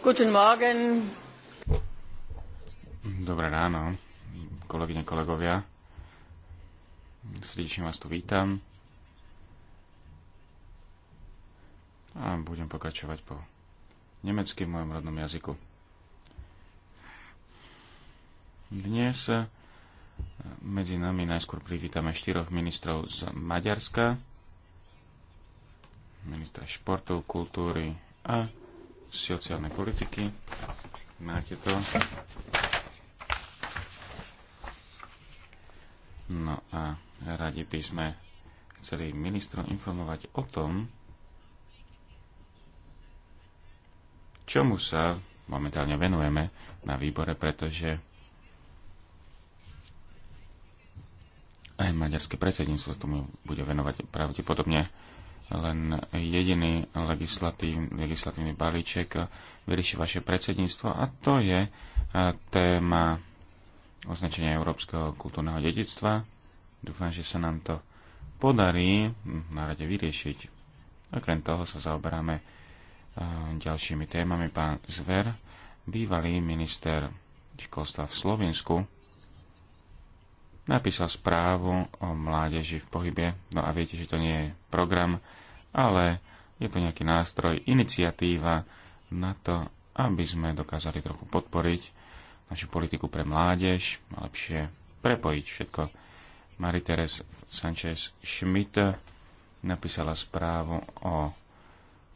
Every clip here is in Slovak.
Guten Morgen. Dobré ráno, kolegyne, kolegovia. Srdečne vás tu vítam. A budem pokračovať po nemecky v mojom rodnom jazyku. Dnes medzi nami najskôr privítame štyroch ministrov z Maďarska, ministra športu, kultúry a sociálnej politiky. Máte to. No a radi by sme chceli ministrom informovať o tom, čomu sa momentálne venujeme na výbore, pretože aj maďarské predsedníctvo tomu bude venovať pravdepodobne len jediný legislatív, legislatívny balíček vyrieši vaše predsedníctvo a to je eh, téma označenia Európskeho kultúrneho dedictva. Dúfam, že sa nám to podarí na rade vyriešiť. Okrem toho sa zaoberáme eh, ďalšími témami. Pán Zver, bývalý minister školstva v Slovensku, napísal správu o mládeži v pohybe. No a viete, že to nie je program ale je to nejaký nástroj, iniciatíva na to, aby sme dokázali trochu podporiť našu politiku pre mládež a lepšie prepojiť všetko. Marie-Therese Sanchez Schmidt napísala správu o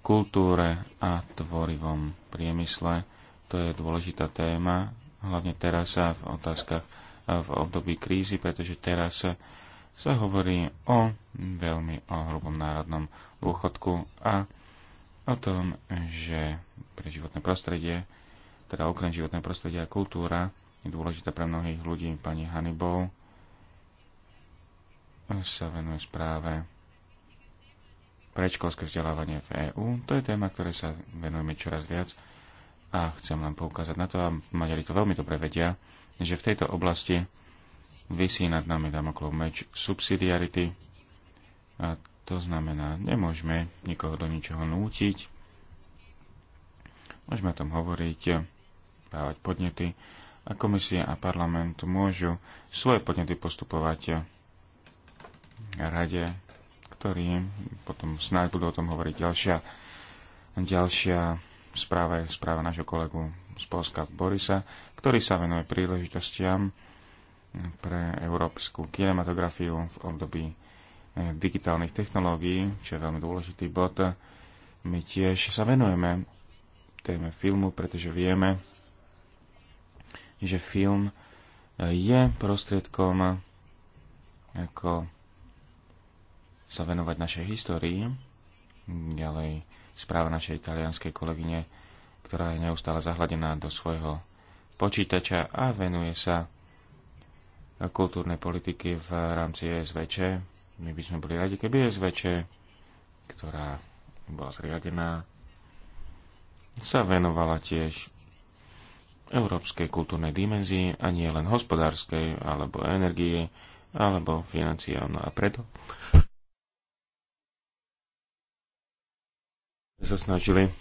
kultúre a tvorivom priemysle. To je dôležitá téma, hlavne teraz v otázkach v období krízy, pretože teraz sa hovorí o veľmi o hrubom národnom dôchodku a o tom, že pre životné prostredie, teda okrem životné prostredie a kultúra je dôležitá pre mnohých ľudí. Pani Hannibal sa venuje správe predškolské vzdelávanie v EÚ. To je téma, ktoré sa venujeme čoraz viac a chcem len poukázať na to, a Maďari to veľmi dobre vedia, že v tejto oblasti vysí nad nami Damoklov meč subsidiarity, a to znamená, nemôžeme nikoho do ničoho nútiť. Môžeme o tom hovoriť, dávať podnety a komisia a parlament môžu svoje podnety postupovať rade, ktorým potom snáď budú o tom hovoriť ďalšia, ďalšia správa správa nášho kolegu z Polska Borisa, ktorý sa venuje príležitostiam pre európsku kinematografiu v období digitálnych technológií, čo je veľmi dôležitý bod. My tiež sa venujeme téme filmu, pretože vieme, že film je prostriedkom, ako sa venovať našej histórii. Ďalej správa našej italianskej kolegyne, ktorá je neustále zahladená do svojho počítača a venuje sa kultúrnej politiky v rámci SVČ, my by sme boli radi, keby SVČ, ktorá bola zriadená, sa venovala tiež európskej kultúrnej dimenzii a nie len hospodárskej, alebo energie, alebo financiálno. A preto sa snažili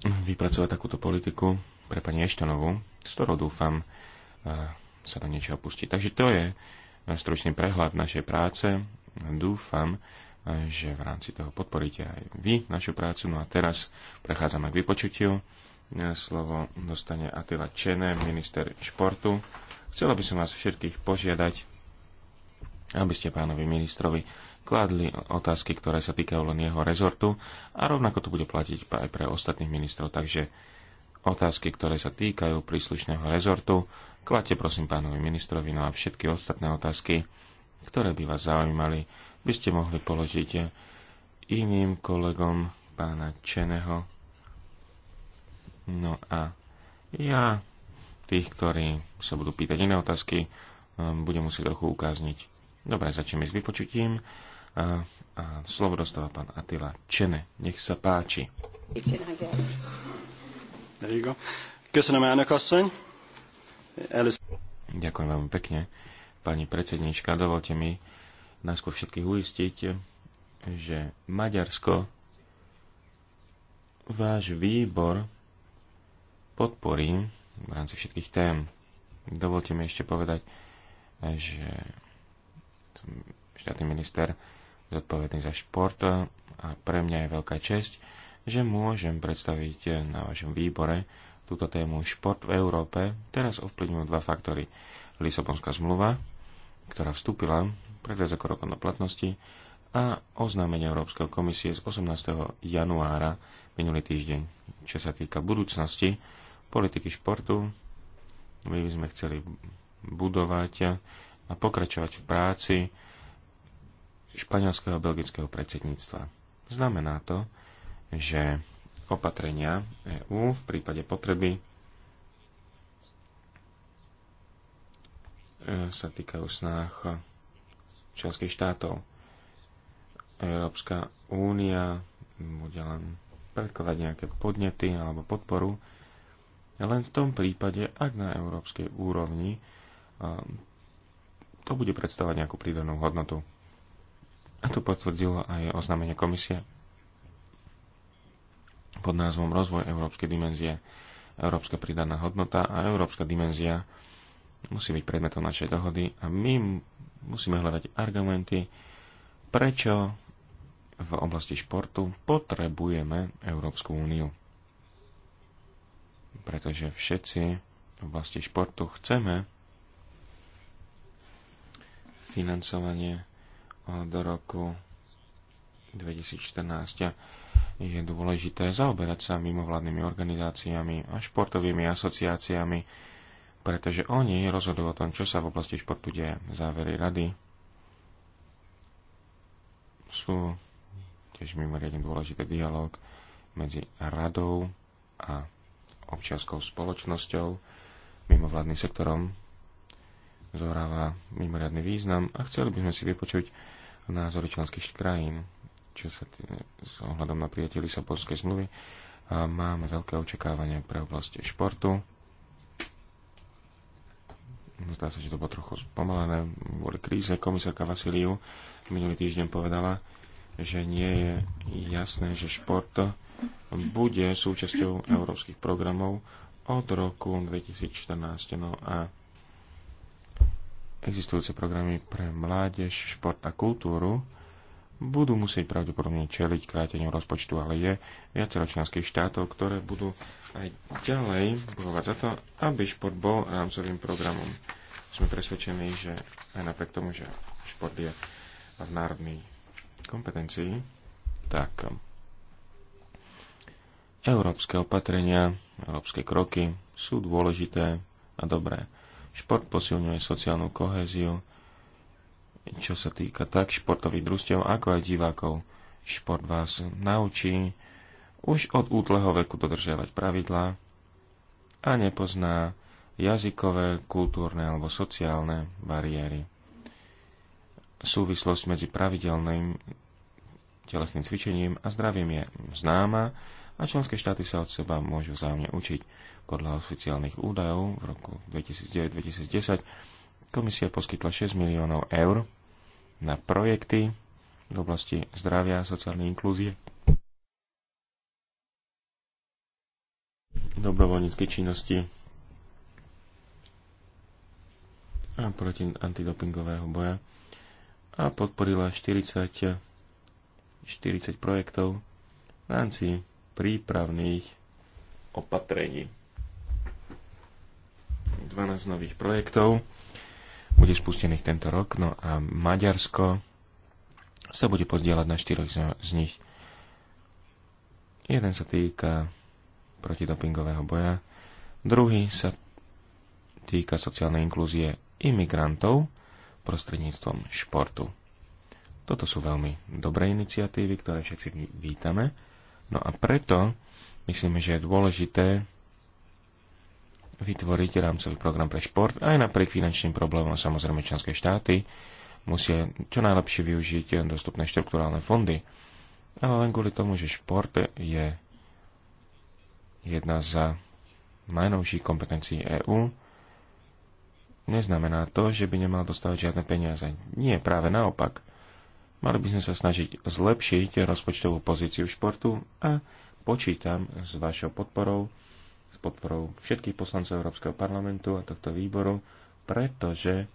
vypracovať takúto politiku pre pani Eštanovú, s ktorou dúfam e, sa do niečoho pustiť. Takže to je stručný prehľad našej práce. Dúfam, že v rámci toho podporíte aj vy našu prácu. No a teraz prechádzame k vypočutiu. Slovo dostane Atila Čene, minister športu. Chcela by som vás všetkých požiadať, aby ste pánovi ministrovi kladli otázky, ktoré sa týkajú len jeho rezortu a rovnako to bude platiť aj pre ostatných ministrov. Takže otázky, ktoré sa týkajú príslušného rezortu, kladte prosím pánovi ministrovi, no a všetky ostatné otázky, ktoré by vás zaujímali, by ste mohli položiť iným kolegom pána Čeneho. No a ja tých, ktorí sa budú pýtať iné otázky, um, budem musieť trochu ukázniť. Dobre, začneme s vypočutím. A, a slovo dostáva pán Atila Čene. Nech sa páči. Čene, There you go. Köszönöm, elnök asszony. Ďakujem veľmi pekne. Pani predsednička, dovolte mi najskôr všetkých uistiť, že Maďarsko váš výbor podporí v rámci všetkých tém. Dovolte mi ešte povedať, že štátny minister zodpovedný za šport a pre mňa je veľká česť, že môžem predstaviť eh, na vašom výbore túto tému šport v Európe. Teraz ovplyvňujú dva faktory. Lisabonská zmluva, ktorá vstúpila pred viac ako rokom do platnosti, a oznámenie Európskeho komisie z 18. januára minulý týždeň. Čo sa týka budúcnosti politiky športu, my by sme chceli budovať a pokračovať v práci španielského a belgického predsedníctva. Znamená to, že opatrenia EÚ v prípade potreby e, sa týkajú snách členských štátov. Európska únia bude len predkladať nejaké podnety alebo podporu, len v tom prípade, ak na európskej úrovni e, to bude predstavovať nejakú prídanú hodnotu. A to potvrdilo aj oznámenie komisie pod názvom Rozvoj európskej dimenzie, európska pridaná hodnota a európska dimenzia musí byť predmetom našej dohody a my musíme hľadať argumenty, prečo v oblasti športu potrebujeme Európsku úniu. Pretože všetci v oblasti športu chceme financovanie do roku 2014 je dôležité zaoberať sa mimovládnymi organizáciami a športovými asociáciami, pretože oni rozhodujú o tom, čo sa v oblasti športu deje. Závery rady sú tiež mimoriadne dôležité dialog medzi radou a občianskou spoločnosťou, mimovládnym sektorom zohráva mimoriadny význam a chceli by sme si vypočuť názory členských krajín čo sa tý, s ohľadom na prijatie Lisabonskej zmluvy. A máme veľké očakávania pre oblasti športu. Zdá sa, že to bolo trochu spomalené kvôli kríze. Komisárka Vasiliu minulý týždeň povedala, že nie je jasné, že šport bude súčasťou európskych programov od roku 2014. No a existujúce programy pre mládež, šport a kultúru budú musieť pravdepodobne čeliť kráteniu rozpočtu, ale je viacero členských štátov, ktoré budú aj ďalej bojovať za to, aby šport bol rámcovým programom. Sme presvedčení, že aj napriek tomu, že šport je v národnej kompetencii, tak európske opatrenia, európske kroky sú dôležité a dobré. Šport posilňuje sociálnu kohéziu, čo sa týka tak športových družstiev, ako aj divákov. Šport vás naučí už od útleho veku dodržiavať pravidlá a nepozná jazykové, kultúrne alebo sociálne bariéry. Súvislosť medzi pravidelným telesným cvičením a zdravím je známa a členské štáty sa od seba môžu vzájomne učiť. Podľa oficiálnych údajov v roku 2009-2010 komisia poskytla 6 miliónov eur na projekty v oblasti zdravia a sociálnej inklúzie, dobrovoľníckej činnosti a proti antidopingového boja a podporila 40, 40 projektov v rámci prípravných opatrení. 12 nových projektov bude spustených tento rok, no a Maďarsko sa bude podielať na štyroch z nich. Jeden sa týka protidopingového boja, druhý sa týka sociálnej inklúzie imigrantov prostredníctvom športu. Toto sú veľmi dobré iniciatívy, ktoré všetci vítame. No a preto myslíme, že je dôležité vytvoriť rámcový program pre šport aj napriek finančným problémom samozrejme členské štáty musia čo najlepšie využiť dostupné štrukturálne fondy. Ale len kvôli tomu, že šport je jedna z najnovších kompetencií EÚ, neznamená to, že by nemal dostávať žiadne peniaze. Nie, práve naopak. Mali by sme sa snažiť zlepšiť rozpočtovú pozíciu športu a počítam s vašou podporou s podporou všetkých poslancov Európskeho parlamentu a tohto výboru, pretože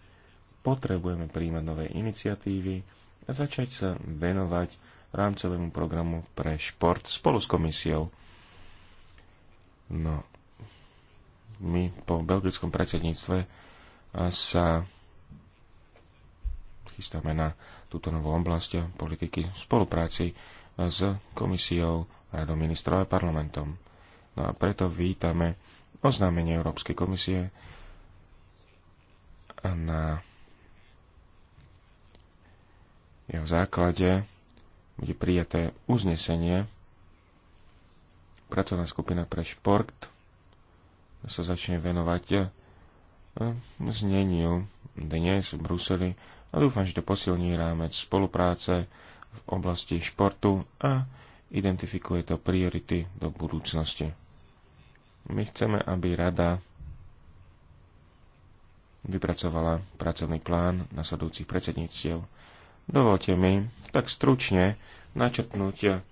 potrebujeme príjmať nové iniciatívy a začať sa venovať rámcovému programu pre šport spolu s komisiou. No, my po belgickom predsedníctve sa chystáme na túto novú oblasť politiky v spolupráci s komisiou, radou ministrov a parlamentom. No a preto vítame oznámenie Európskej komisie a na jeho základe bude prijaté uznesenie pracovná skupina pre šport sa začne venovať eh, zneniu dnes v Bruseli a dúfam, že to posilní rámec spolupráce v oblasti športu a identifikuje to priority do budúcnosti. My chceme, aby rada vypracovala pracovný plán nasledujúcich predsedníctiev. Dovolte mi tak stručne načrtnúť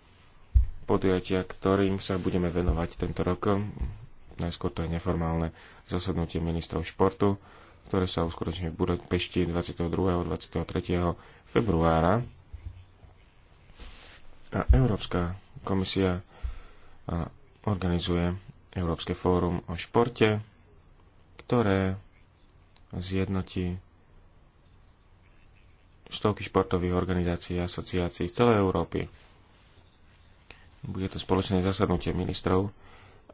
podujatia, ktorým sa budeme venovať tento rok. Najskôr to je neformálne zasadnutie ministrov športu, ktoré sa uskutoční v Budapešti 22. a 23. februára. A Európska komisia organizuje Európske fórum o športe, ktoré zjednotí stovky športových organizácií a asociácií z celej Európy. Bude to spoločné zasadnutie ministrov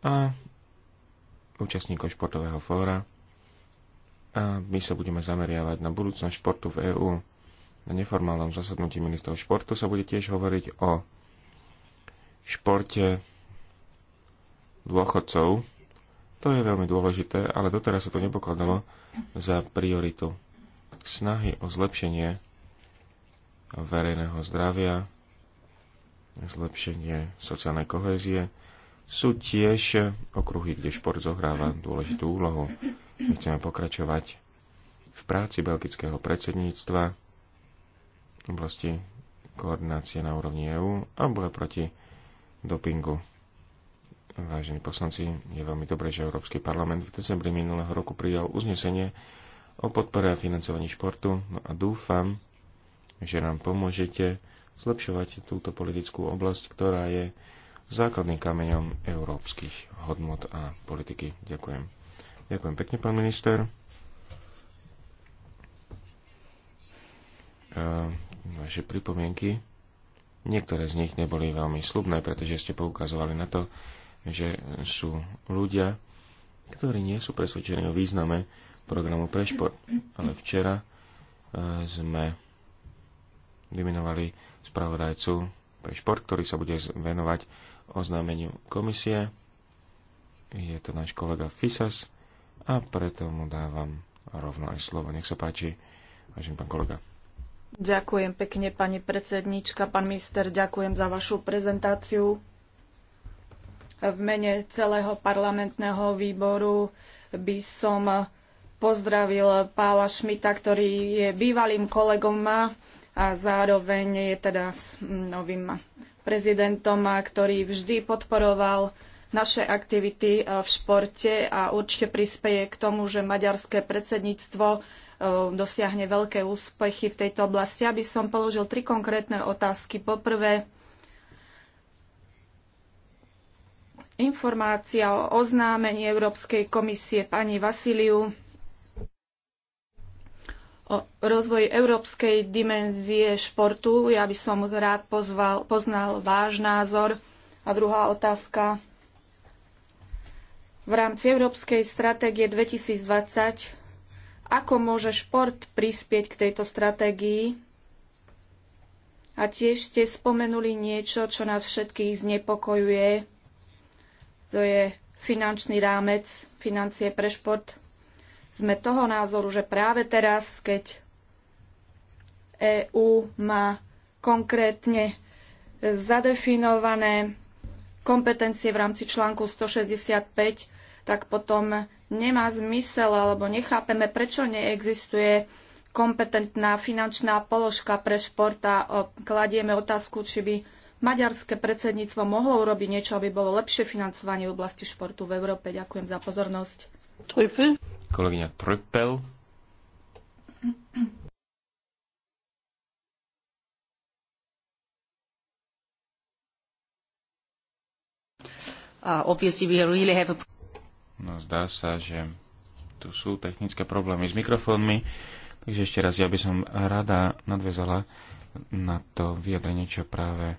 a účastníkov športového fóra a my sa budeme zameriavať na budúcnosť športu v EÚ. Na neformálnom zasadnutí ministrov športu sa bude tiež hovoriť o športe dôchodcov. To je veľmi dôležité, ale doteraz sa to nepokladalo za prioritu. Snahy o zlepšenie verejného zdravia, zlepšenie sociálnej kohézie sú tiež okruhy, kde šport zohráva dôležitú úlohu. My chceme pokračovať v práci belgického predsedníctva v oblasti koordinácie na úrovni EÚ a boja proti dopingu. Vážení poslanci, je veľmi dobré, že Európsky parlament v decembri minulého roku prijal uznesenie o podpore a financovaní športu no a dúfam, že nám pomôžete zlepšovať túto politickú oblasť, ktorá je základným kameňom európskych hodnot a politiky. Ďakujem. Ďakujem pekne, pán minister. E, vaše pripomienky. Niektoré z nich neboli veľmi slubné, pretože ste poukazovali na to, že sú ľudia, ktorí nie sú presvedčení o význame programu pre šport. Ale včera e, sme vymenovali spravodajcu pre šport, ktorý sa bude venovať oznámeniu komisie. Je to náš kolega Fisas a preto mu dávam rovno aj slovo. Nech sa páči, vážený pán kolega. Ďakujem pekne, pani predsednička, pán minister, ďakujem za vašu prezentáciu v mene celého parlamentného výboru by som pozdravil Pála Šmita, ktorý je bývalým kolegom a zároveň je teda novým prezidentom, ktorý vždy podporoval naše aktivity e, v športe a určite prispieje k tomu, že maďarské predsedníctvo e, dosiahne veľké úspechy v tejto oblasti. Aby som položil tri konkrétne otázky. Poprvé, informácia o oznámení Európskej komisie pani Vasiliu o rozvoji európskej dimenzie športu. Ja by som rád pozval, poznal váš názor. A druhá otázka. V rámci Európskej stratégie 2020, ako môže šport prispieť k tejto stratégii? A tiež ste spomenuli niečo, čo nás všetkých znepokojuje, to je finančný rámec, financie pre šport. Sme toho názoru, že práve teraz, keď EÚ má konkrétne zadefinované kompetencie v rámci článku 165, tak potom nemá zmysel alebo nechápeme, prečo neexistuje kompetentná finančná položka pre šport a kladieme otázku, či by maďarské predsedníctvo mohlo urobiť niečo, aby bolo lepšie financovanie v oblasti športu v Európe. Ďakujem za pozornosť. Trüppel. Kolegyňa Trüppel. Uh, no zdá sa, že tu sú technické problémy s mikrofónmi, takže ešte raz ja by som rada nadvezala na to vyjadrenie, čo práve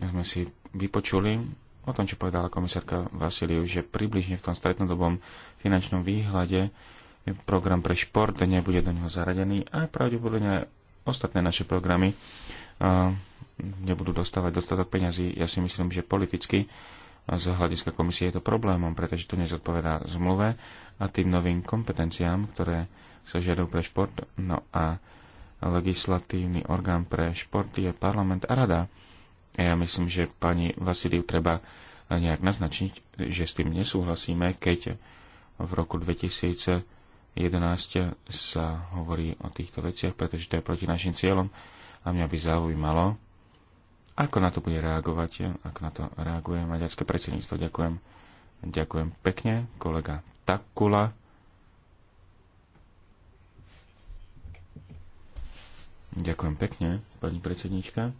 sme si vypočuli o tom, čo povedala komisárka Vasiliu, že približne v tom stretnodobom finančnom výhľade program pre šport nebude do neho zaradený a pravdepodobne aj ostatné naše programy nebudú dostávať dostatok peňazí. Ja si myslím, že politicky z hľadiska komisie je to problémom, pretože to nezodpovedá zmluve a tým novým kompetenciám, ktoré sa žiadajú pre šport. No a legislatívny orgán pre šport je parlament a rada. Ja myslím, že pani Vasiliu treba nejak naznačiť, že s tým nesúhlasíme, keď v roku 2011 sa hovorí o týchto veciach, pretože to je proti našim cieľom a mňa by zaujímalo, ako na to bude reagovať, ako na to reaguje maďarské predsedníctvo. Ďakujem, ďakujem pekne, kolega Takula. Ďakujem pekne, pani predsednička.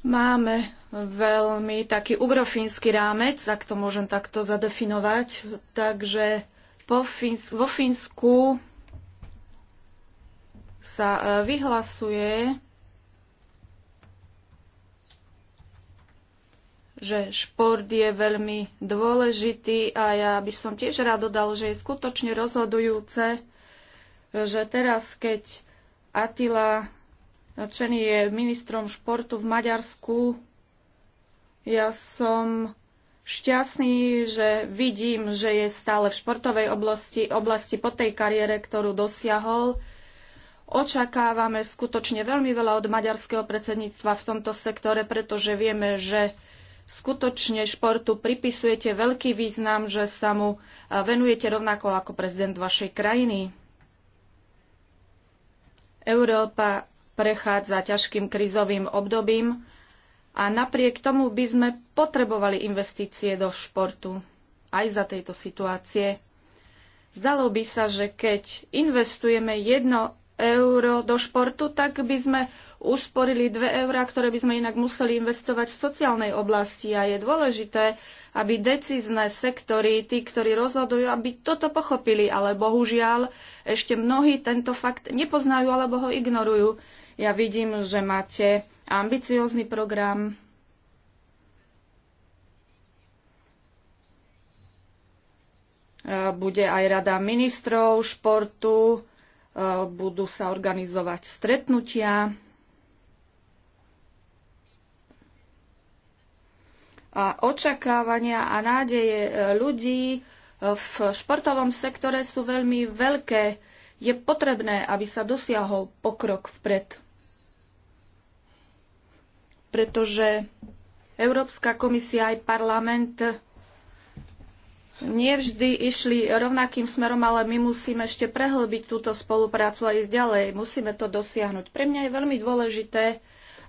Máme veľmi taký ugrofínsky rámec, ak to môžem takto zadefinovať. Takže po Fíns- vo Fínsku sa e, vyhlasuje, že šport je veľmi dôležitý a ja by som tiež rád dodal, že je skutočne rozhodujúce, že teraz, keď Atila nadšený, je ministrom športu v Maďarsku. Ja som šťastný, že vidím, že je stále v športovej oblasti, oblasti po tej kariére, ktorú dosiahol. Očakávame skutočne veľmi veľa od maďarského predsedníctva v tomto sektore, pretože vieme, že skutočne športu pripisujete veľký význam, že sa mu venujete rovnako ako prezident vašej krajiny. Európa prechádza ťažkým krizovým obdobím a napriek tomu by sme potrebovali investície do športu aj za tejto situácie. Zdalo by sa, že keď investujeme 1 euro do športu, tak by sme usporili 2 eurá, ktoré by sme inak museli investovať v sociálnej oblasti. A je dôležité, aby decízne sektory, tí, ktorí rozhodujú, aby toto pochopili, ale bohužiaľ ešte mnohí tento fakt nepoznajú alebo ho ignorujú. Ja vidím, že máte ambiciózny program. E, bude aj rada ministrov športu, e, budú sa organizovať stretnutia. A očakávania a nádeje e, ľudí v športovom sektore sú veľmi veľké. Je potrebné, aby sa dosiahol pokrok vpred pretože Európska komisia aj parlament nevždy išli rovnakým smerom, ale my musíme ešte prehlbiť túto spoluprácu a ísť ďalej. Musíme to dosiahnuť. Pre mňa je veľmi dôležité,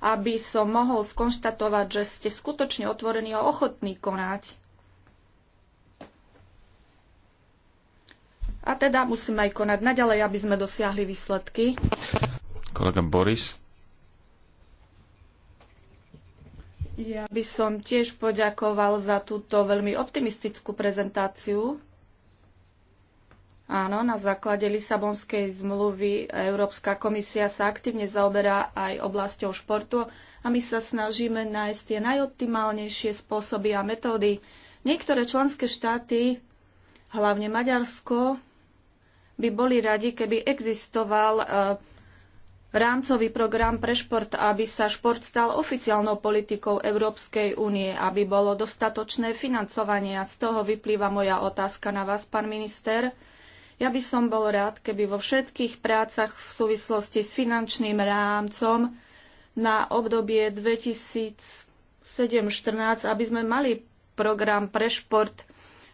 aby som mohol skonštatovať, že ste skutočne otvorení a ochotní konať. A teda musíme aj konať naďalej, aby sme dosiahli výsledky. Kolega Boris. Ja by som tiež poďakoval za túto veľmi optimistickú prezentáciu. Áno, na základe Lisabonskej zmluvy Európska komisia sa aktívne zaoberá aj oblasťou športu a my sa snažíme nájsť tie najoptimálnejšie spôsoby a metódy. Niektoré členské štáty, hlavne Maďarsko, by boli radi, keby existoval uh, rámcový program pre šport, aby sa šport stal oficiálnou politikou Európskej únie, aby bolo dostatočné financovanie. A z toho vyplýva moja otázka na vás, pán minister. Ja by som bol rád, keby vo všetkých prácach v súvislosti s finančným rámcom na obdobie 2007-2014, aby sme mali program pre šport,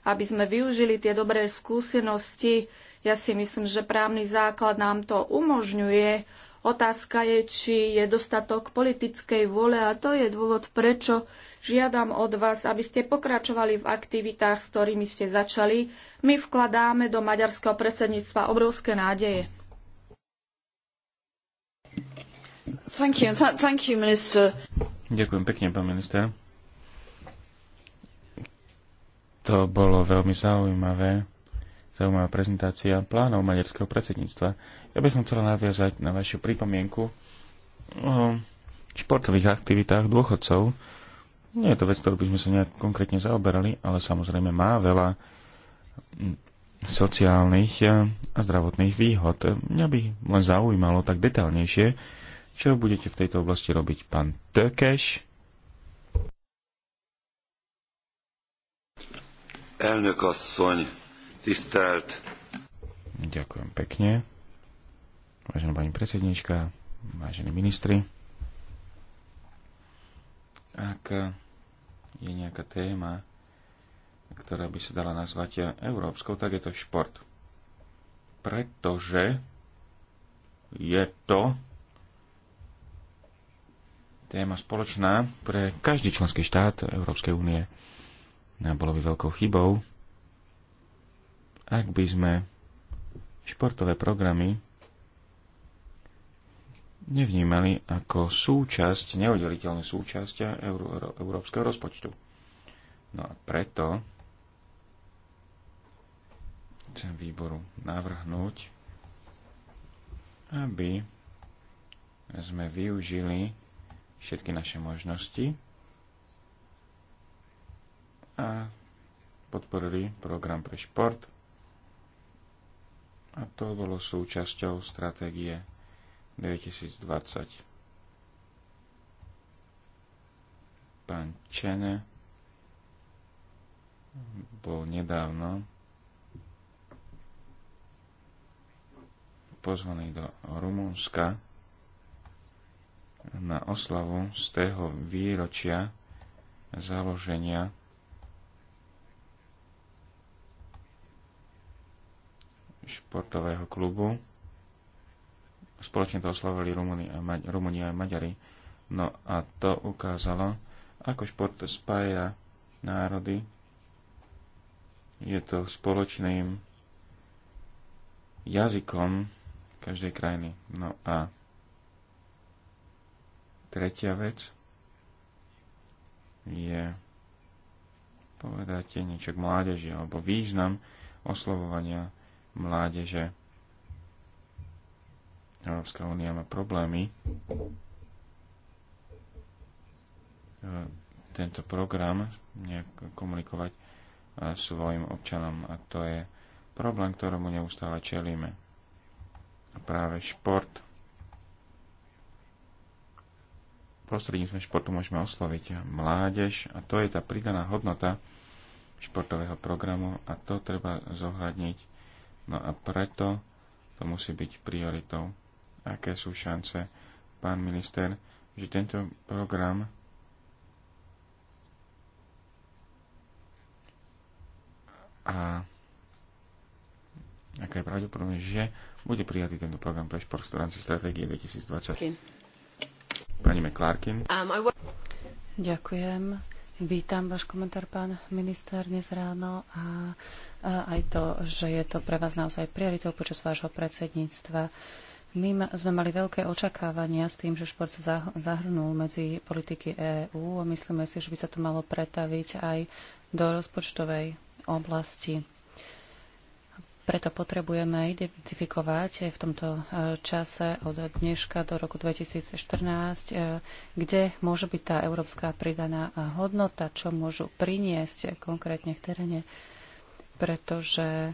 aby sme využili tie dobré skúsenosti. Ja si myslím, že právny základ nám to umožňuje Otázka je, či je dostatok politickej vôle a to je dôvod, prečo žiadam od vás, aby ste pokračovali v aktivitách, s ktorými ste začali. My vkladáme do maďarského predsedníctva obrovské nádeje. Thank you. Thank you, Ďakujem pekne, pán minister. To bolo veľmi zaujímavé zaujímavá prezentácia plánov maďarského predsedníctva. Ja by som chcel naviazať na vašu pripomienku o športových aktivitách dôchodcov. Nie je to vec, ktorú by sme sa nejak konkrétne zaoberali, ale samozrejme má veľa sociálnych a zdravotných výhod. Mňa by len zaujímalo tak detálnejšie, čo budete v tejto oblasti robiť, pán Tökeš. Elnök asszony, Tisztelt. Ďakujem pekne. Vážená pani predsednička, vážení ministri. Ak je nejaká téma, ktorá by sa dala nazvať európskou, tak je to šport. Pretože je to téma spoločná pre každý členský štát Európskej únie. bolo by veľkou chybou, ak by sme športové programy nevnímali ako súčasť, neoddeliteľnú súčasť európskeho rozpočtu. No a preto chcem výboru navrhnúť, aby sme využili všetky naše možnosti a podporili program pre šport, a to bolo súčasťou stratégie 2020. Pán Čene bol nedávno pozvaný do Rumunska na oslavu z tého výročia založenia športového klubu. Spoločne to oslovili Rumúni a, Maď- a Maďari. No a to ukázalo, ako šport spája národy. Je to spoločným jazykom každej krajiny. No a tretia vec je povedáte niečo k mládeži alebo význam oslovovania mládeže. Európska únia má problémy. E, tento program nejak komunikovať e, svojim občanom a to je problém, ktorému neustále čelíme. A práve šport prostredníctvom športu môžeme osloviť mládež a to je tá pridaná hodnota športového programu a to treba zohľadniť No a preto to musí byť prioritou. Aké sú šance, pán minister, že tento program a aká je pravdepodobne, že bude prijatý tento program pre šport v rámci stratégie 2020. Pani McClarkin. Um, Ďakujem. Vítam váš komentár, pán minister, dnes ráno a, a aj to, že je to pre vás naozaj prioritou počas vášho predsedníctva. My ma, sme mali veľké očakávania s tým, že šport sa zahrnul medzi politiky EÚ a myslíme si, že by sa to malo pretaviť aj do rozpočtovej oblasti. Preto potrebujeme identifikovať v tomto e, čase od dneška do roku 2014, e, kde môže byť tá európska pridaná hodnota, čo môžu priniesť konkrétne v teréne, pretože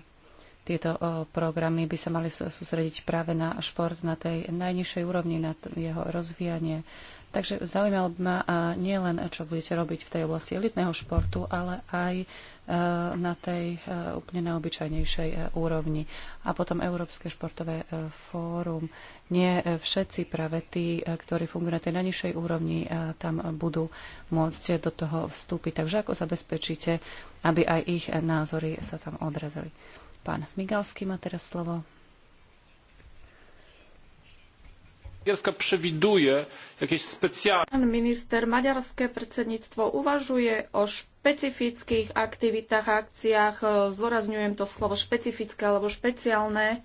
tieto e, programy by sa mali sústrediť práve na šport na tej najnižšej úrovni, na jeho rozvíjanie. Takže zaujímalo by ma nie len, čo budete robiť v tej oblasti elitného športu, ale aj e, na tej e, úplne najobyčajnejšej e, úrovni. A potom Európske športové fórum. Nie všetci práve tí, ktorí fungujú na tej najnižšej úrovni, tam budú môcť do toho vstúpiť. Takže ako zabezpečíte, aby aj ich názory sa tam odrazili? Pán Migalský má teraz slovo. przewiduje jakieś specjalne... Pán minister, maďarské predsedníctvo uvažuje o špecifických aktivitách, akciách, e, zdôrazňujem to slovo špecifické alebo špeciálne,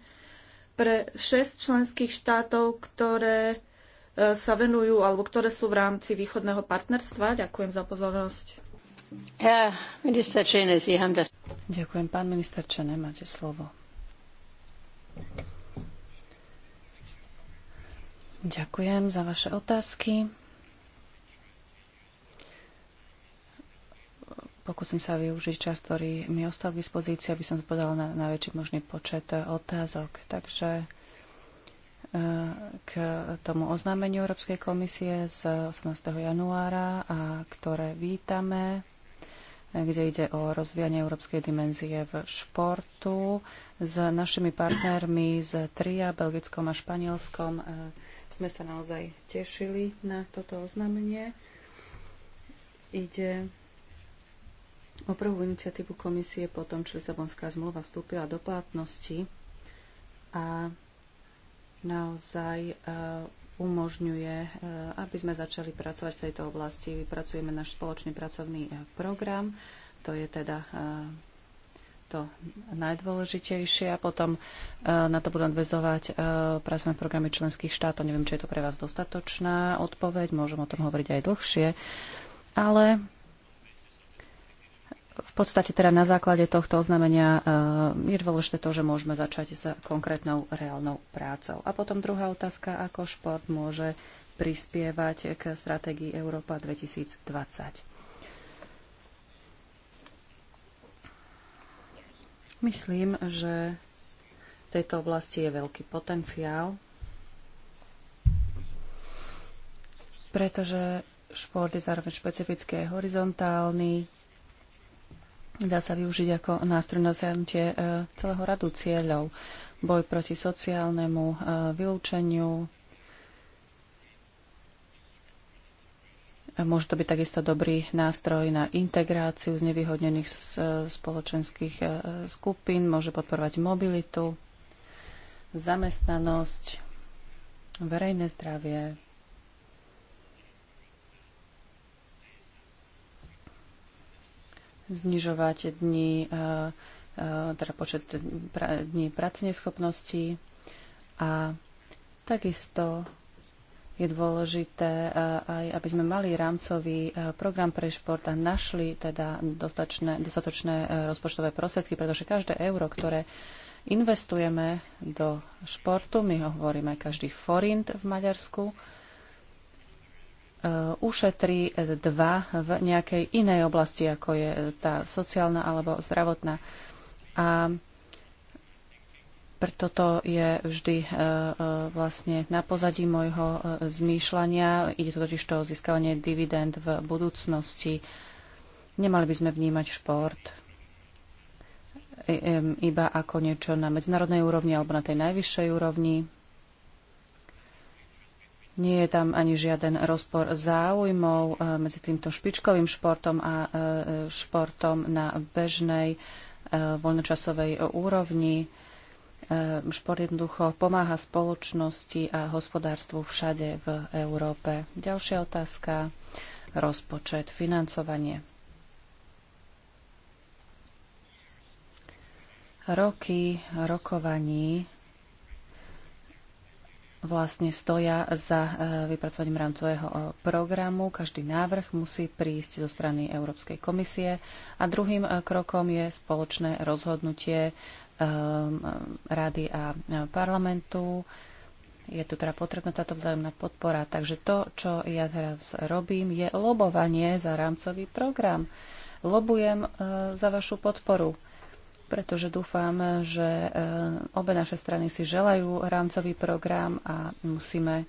pre šest členských štátov, ktoré e, sa venujú alebo ktoré sú v rámci východného partnerstva. Ďakujem za pozornosť. Ja, minister Čene, das... Ďakujem. Pán minister Čene, máte slovo. Ďakujem za vaše otázky. Pokúsim sa využiť čas, ktorý mi ostal k dispozícii, aby som zodpovedala na najväčší možný počet otázok. Takže e, k tomu oznámeniu Európskej komisie z 18. januára, a ktoré vítame, kde ide o rozvíjanie európskej dimenzie v športu s našimi partnermi z TRIA, Belgickom a Španielskom e, sme sa naozaj tešili na toto oznámenie. Ide o prvú iniciatívu komisie po tom, čo Lisabonská zmluva vstúpila do platnosti a naozaj e, umožňuje, e, aby sme začali pracovať v tejto oblasti. Vypracujeme náš spoločný pracovný e, program. To je teda to najdôležitejšie a potom e, na to budú nadvezovať e, pracovné programy členských štátov. Neviem, či je to pre vás dostatočná odpoveď, môžem o tom hovoriť aj dlhšie, ale v podstate teda na základe tohto oznámenia e, je dôležité to, že môžeme začať s konkrétnou reálnou prácou. A potom druhá otázka, ako šport môže prispievať k stratégii Európa 2020. Myslím, že v tejto oblasti je veľký potenciál, pretože šport je zároveň špecifický a horizontálny. Dá sa využiť ako nástroj na dosiahnutie e, celého radu cieľov. Boj proti sociálnemu e, vylúčeniu, Môže to byť takisto dobrý nástroj na integráciu znevýhodnených e, spoločenských e, skupín, môže podporovať mobilitu, zamestnanosť, verejné zdravie. znižovať dní, e, teda počet dní pracovneschopnosti a takisto je dôležité e, aj, aby sme mali rámcový e, program pre šport a našli teda dostatočné, dostatočné e, rozpočtové prostriedky, pretože každé euro, ktoré investujeme do športu, my ho hovoríme každý forint v Maďarsku, ušetrí dva v nejakej inej oblasti, ako je tá sociálna alebo zdravotná. A preto to je vždy e, e, vlastne na pozadí môjho e, zmýšľania. Ide to totiž to o získavanie dividend v budúcnosti. Nemali by sme vnímať šport iba ako niečo na medzinárodnej úrovni alebo na tej najvyššej úrovni. Nie je tam ani žiaden rozpor záujmov medzi týmto špičkovým športom a športom na bežnej voľnočasovej úrovni Ehm, šport jednoducho pomáha spoločnosti a hospodárstvu všade v Európe. Ďalšia otázka, rozpočet, financovanie. Roky rokovaní vlastne stoja za e, vypracovaním rámcového e, programu. Každý návrh musí prísť zo strany Európskej komisie a druhým e, krokom je spoločné rozhodnutie Um, rady a parlamentu. Je tu teda potrebná táto vzájomná podpora. Takže to, čo ja teraz robím, je lobovanie za rámcový program. Lobujem uh, za vašu podporu, pretože dúfam, že uh, obe naše strany si želajú rámcový program a musíme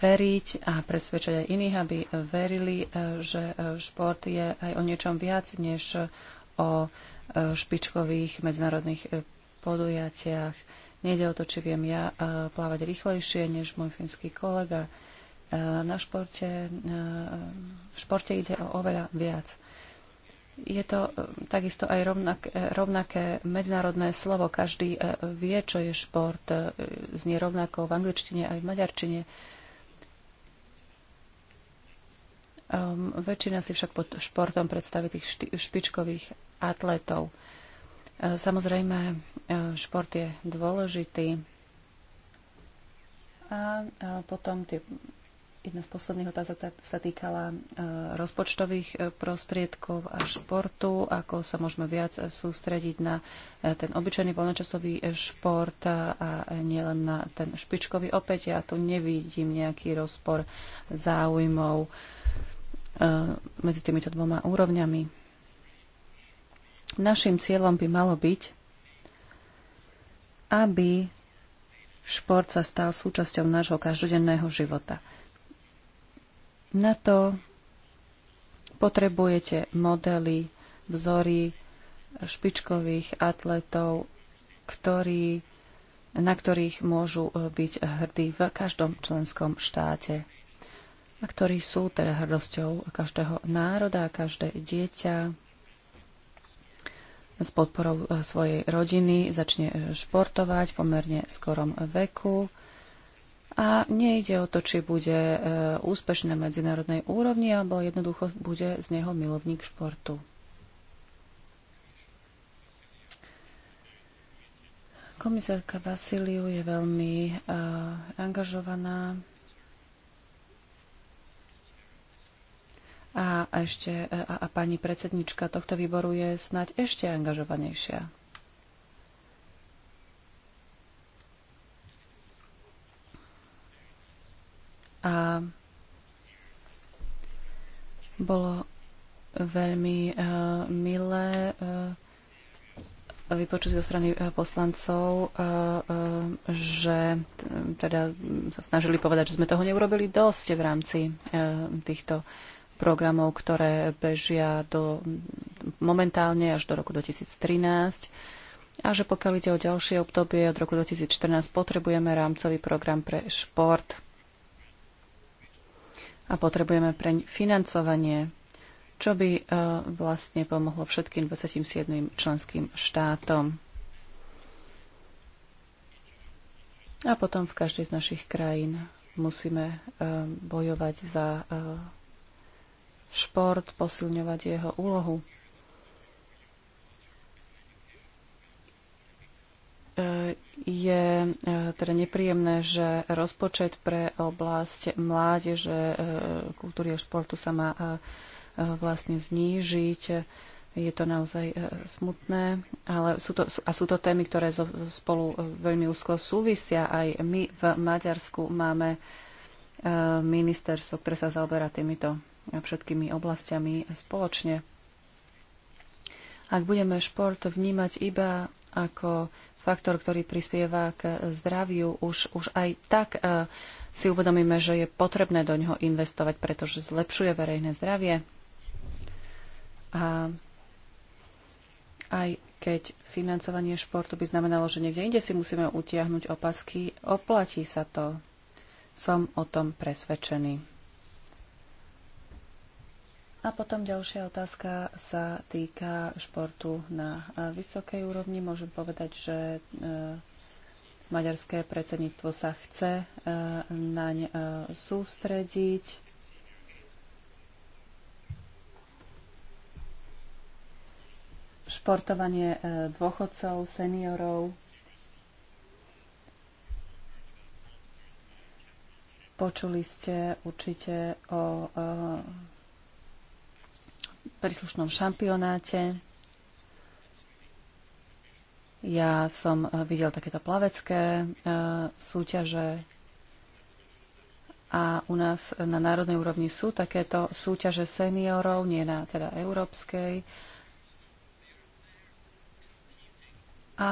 veriť a presvedčať aj iných, aby verili, uh, že šport je aj o niečom viac než o Eh, špičkových medzinárodných eh, podujatiach. Nejde o to, či viem ja eh, plávať rýchlejšie než môj finský kolega. Na športe, v športe ide o oveľa viac. Je to takisto aj rovnak, rovnaké medzinárodné slovo. Každý vie, čo je šport. Znie rovnako v angličtine aj v maďarčine. Um, väčšina si však pod športom predstaví tých šti- špičkových atletov. Ehm, samozrejme, ehm, šport je dôležitý. A, potom tie, jedna z posledných otázok sa týkala rozpočtových prostriedkov a športu, ako sa môžeme viac sústrediť na e, ten obyčajný voľnočasový e, šport a, nielen na ten špičkový. Opäť ja tu nevidím nejaký rozpor záujmov E, medzi týmito dvoma úrovňami. Našim cieľom by malo byť, aby šport sa stal súčasťou nášho každodenného života. Na to potrebujete modely, vzory špičkových atletov, ktorí, na ktorých môžu e, byť hrdí v každom členskom štáte a ktorí sú teda hrdosťou každého národa a každé dieťa s podporou eh, svojej rodiny začne eh, športovať pomerne skorom veku. A nejde o to, či bude eh, úspešný na medzinárodnej úrovni, alebo jednoducho bude z neho milovník športu. Komisárka Vasiliu je veľmi uh, angažovaná A ešte e, a, a pani predsednička tohto výboru je snať ešte angažovanejšia. A bolo veľmi uh, milé uh, vypočuť zo strany uh, poslancov, uh, uh, že teda sa snažili povedať, že sme toho neurobili dosť v rámci uh, týchto uh, programov, ktoré bežia do, momentálne až do roku 2013 a že pokiaľ ide o ďalšie obdobie od roku 2014 potrebujeme rámcový program pre šport a potrebujeme pre financovanie, čo by e, vlastne pomohlo všetkým 27 členským štátom. A potom v každej z našich krajín musíme e, bojovať za e, šport, posilňovať jeho úlohu. E, je e, teda nepríjemné, že rozpočet pre oblasť mládeže, e, kultúry a športu sa má vlastne znížiť. Je to naozaj smutné, ale sú to, a sú to témy, ktoré spolu veľmi úzko súvisia. Aj my v Maďarsku máme ministerstvo, ktoré sa zaoberá týmito všetkými oblastiami aj spoločne. Ak budeme šport vnímať iba ako faktor, ktorý prispieva k zdraviu, už, už aj tak e, si uvedomíme, že je potrebné do ňoho investovať, pretože zlepšuje verejné zdravie. A aj keď financovanie športu by znamenalo, že niekde inde si musíme utiahnuť opasky, oplatí sa to. Som o tom presvedčený. A potom ďalšia otázka sa týka športu na vysokej úrovni. Môžem povedať, že e, maďarské predsedníctvo sa chce e, naň e, sústrediť. Športovanie dôchodcov, seniorov. Počuli ste určite o príslušnom šampionáte. Ja som eh, videl takéto plavecké eh, súťaže a u nás na národnej úrovni sú takéto súťaže seniorov, nie na teda európskej. A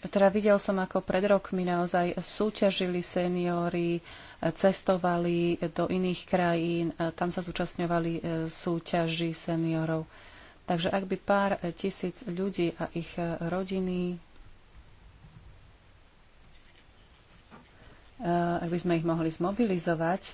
teda videl som, ako pred rokmi naozaj súťažili seniory, cestovali do iných krajín, tam sa zúčastňovali e, súťaži seniorov. Takže ak by pár e, tisíc ľudí a ich e, rodiny, ak by sme ich mohli zmobilizovať,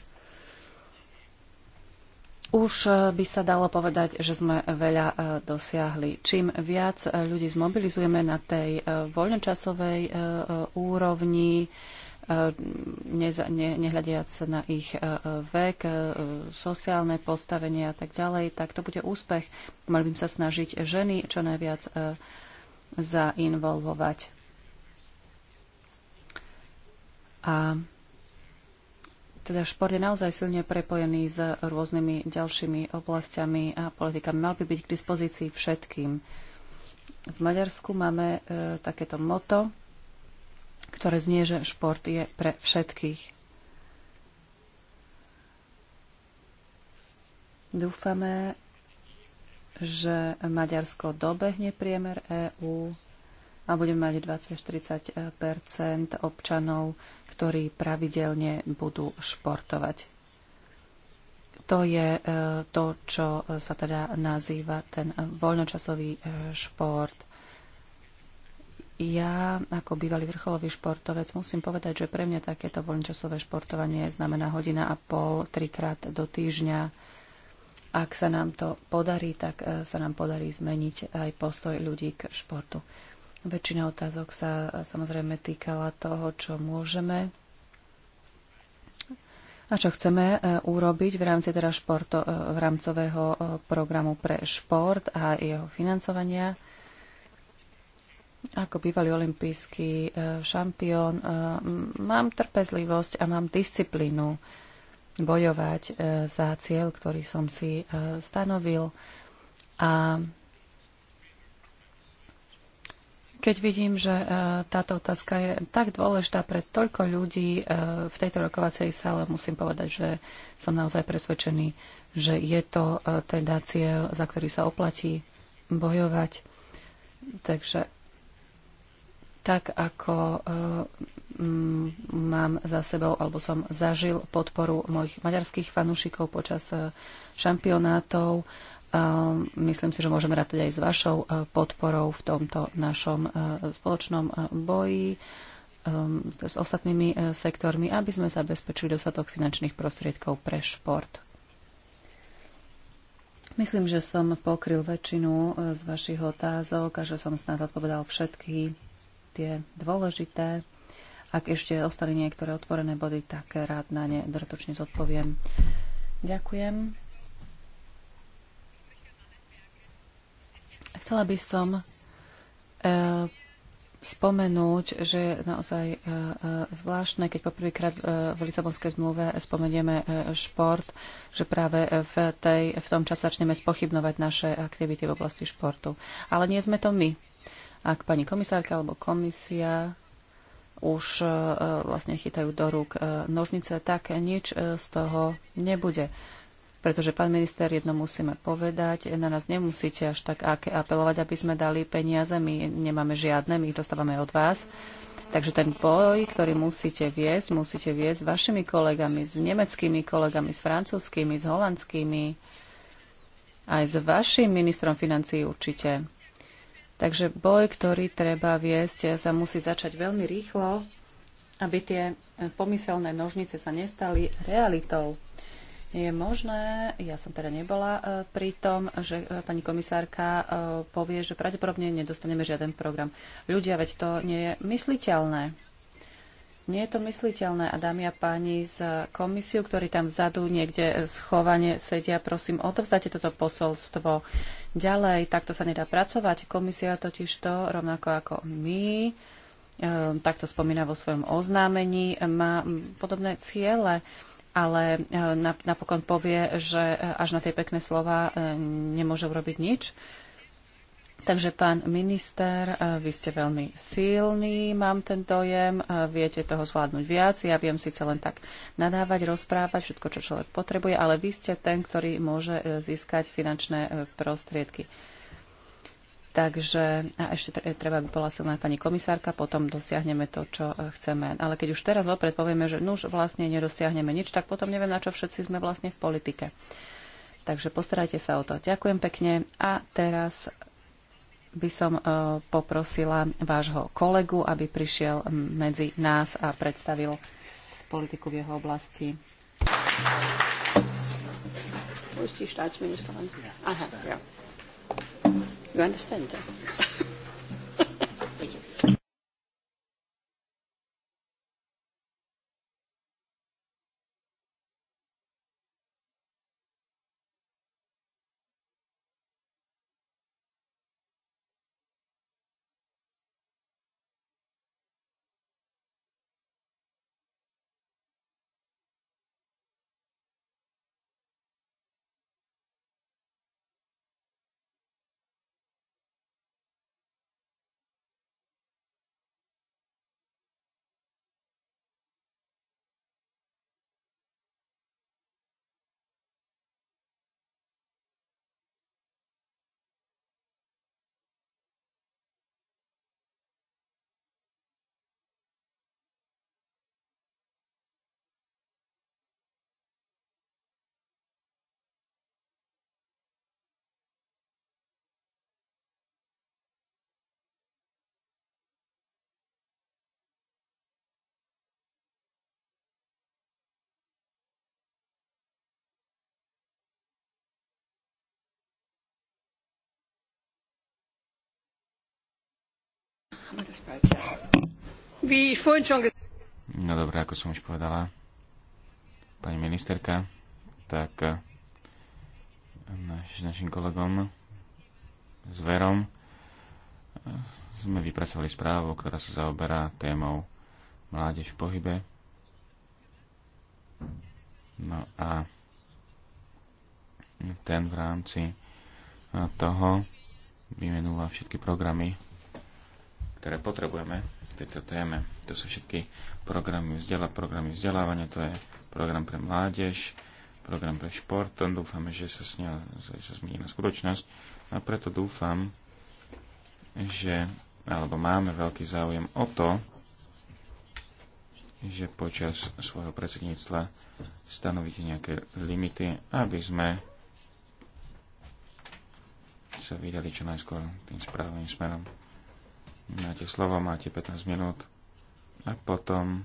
už by sa dalo povedať, že sme veľa dosiahli. Čím viac ľudí zmobilizujeme na tej voľnočasovej úrovni, nehľadiac na ich e, e, vek, e, sociálne postavenie a tak ďalej, tak to bude úspech. Mali by sa snažiť ženy čo najviac zainvolvovať. A teda šport je naozaj silne prepojený s rôznymi ďalšími oblastiami a politikami. Mal by byť k dispozícii všetkým. V Maďarsku máme e, takéto moto, ktoré znie, že šport je pre všetkých. Dúfame, že Maďarsko dobehne priemer EÚ a budeme mať 20-40 občanov, ktorí pravidelne budú športovať. To je e, to, čo sa teda nazýva ten voľnočasový e, šport ja ako bývalý vrcholový športovec musím povedať, že pre mňa takéto voľnočasové športovanie znamená hodina a pol, trikrát do týždňa. Ak sa nám to podarí, tak e, sa nám podarí zmeniť aj postoj ľudí k športu. Väčšina otázok sa e, samozrejme týkala toho, čo môžeme a čo chceme e, urobiť v rámci teda športo, v rámcového programu pre šport a jeho financovania ako bývalý olimpijský e, šampión, e, mám trpezlivosť a mám disciplínu bojovať e, za cieľ, ktorý som si stanovil. A keď vidím, že táto otázka je tak dôležitá pre toľko ľudí v tejto rokovacej sále, musím povedať, že som naozaj presvedčený, že je to teda cieľ, za ktorý sa oplatí bojovať. Takže tak ako e, mám za sebou, alebo som zažil podporu mojich maďarských fanúšikov počas e, šampionátov. E, myslím si, že môžeme rátať aj s vašou podporou v tomto našom spoločnom boji s ostatnými sektormi, aby sme zabezpečili dostatok finančných prostriedkov pre šport. Myslím, že som pokryl väčšinu z vašich otázok a že som snad odpovedal všetky tie dôležité. Ak ešte ostali niektoré otvorené body, tak rád na ne dodatočne zodpoviem. Ďakujem. Chcela by som e, spomenúť, že je naozaj e, e, zvláštne, keď poprvýkrát e, v Lisabonskej zmluve spomenieme e, šport, že práve v, tej, v tom čase začneme spochybnovať naše aktivity v oblasti športu. Ale nie sme to my ak pani komisárka alebo komisia už e, vlastne chytajú do rúk e, nožnice, tak nič e, z toho nebude. Pretože, pán minister, jedno musíme povedať, na nás nemusíte až tak apelovať, aby sme dali peniaze, my nemáme žiadne, my ich dostávame od vás. Takže ten boj, ktorý musíte viesť, musíte viesť s vašimi kolegami, s nemeckými kolegami, s francúzskými, s holandskými, aj s vašim ministrom financií určite Takže boj, ktorý treba viesť, sa musí začať veľmi rýchlo, aby tie pomyselné nožnice sa nestali realitou. Je možné, ja som teda nebola e, pri tom, že e, pani komisárka e, povie, že pravdepodobne nedostaneme žiaden program. Ľudia, veď to nie je mysliteľné. Nie je to mysliteľné. A dámy a páni z komisiu, ktorí tam vzadu niekde schovane sedia, prosím, odovzdajte toto posolstvo ďalej. Takto sa nedá pracovať. Komisia totiž to, rovnako ako my, e, takto spomína vo svojom oznámení, má podobné ciele, ale e, napokon povie, že e, až na tie pekné slova nemôže urobiť nič. Takže pán minister, eh, vy ste veľmi silný, mám ten dojem, eh, viete toho zvládnuť viac. Ja viem síce len tak nadávať, rozprávať všetko, čo človek potrebuje, ale vy ste ten, ktorý môže eh, získať finančné prostriedky. Takže a ešte treba by bola silná pani komisárka, potom dosiahneme to, čo chceme. Ale keď už teraz vopred povieme, že už vlastne nedosiahneme nič, tak potom neviem, na čo všetci sme vlastne v politike. Takže postarajte sa o to. Ďakujem pekne. A teraz by som e, poprosila vášho kolegu, aby prišiel medzi nás a predstavil politiku v jeho oblasti. Wo ist die Staatsministerin? Aha, ja. You understand? Yes. No dobré, ako som už povedala, pani ministerka, tak eh, naš, našim kolegom s Verom eh, sme vypracovali správu, ktorá sa zaoberá témou mládež v pohybe. No a ten v rámci eh, toho vymenúva všetky programy ktoré potrebujeme v tejto téme. To sú všetky programy, vzdela, programy vzdelávania, to je program pre mládež, program pre šport. Dúfame, že sa, že sa zmení na skutočnosť a preto dúfam, že alebo máme veľký záujem o to, že počas svojho predsedníctva stanovíte nejaké limity, aby sme sa vydali čo najskôr tým správnym smerom. Máte slovo, máte 15 minút a potom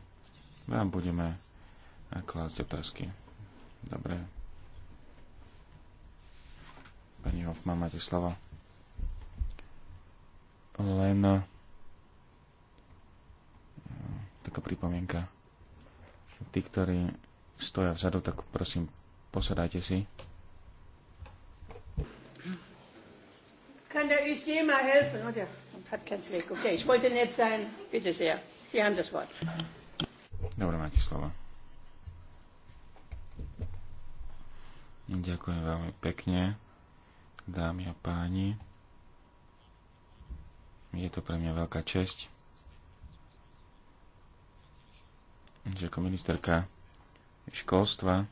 vám budeme klásť otázky. Dobre. Pani Hoffman, máte slovo. Len eh, taká pripomienka. Tí, ktorí stoja vzadu, tak prosím, posadajte si. Kann da ist jemand helfen, oder? Hat kein Zweck. Okay, ich wollte nett sein. Bitte sehr. Sie haben das Wort. Dobre, máte slovo. Ďakujem veľmi pekne, dámy a páni. Je to pre mňa veľká česť, že ako ministerka školstva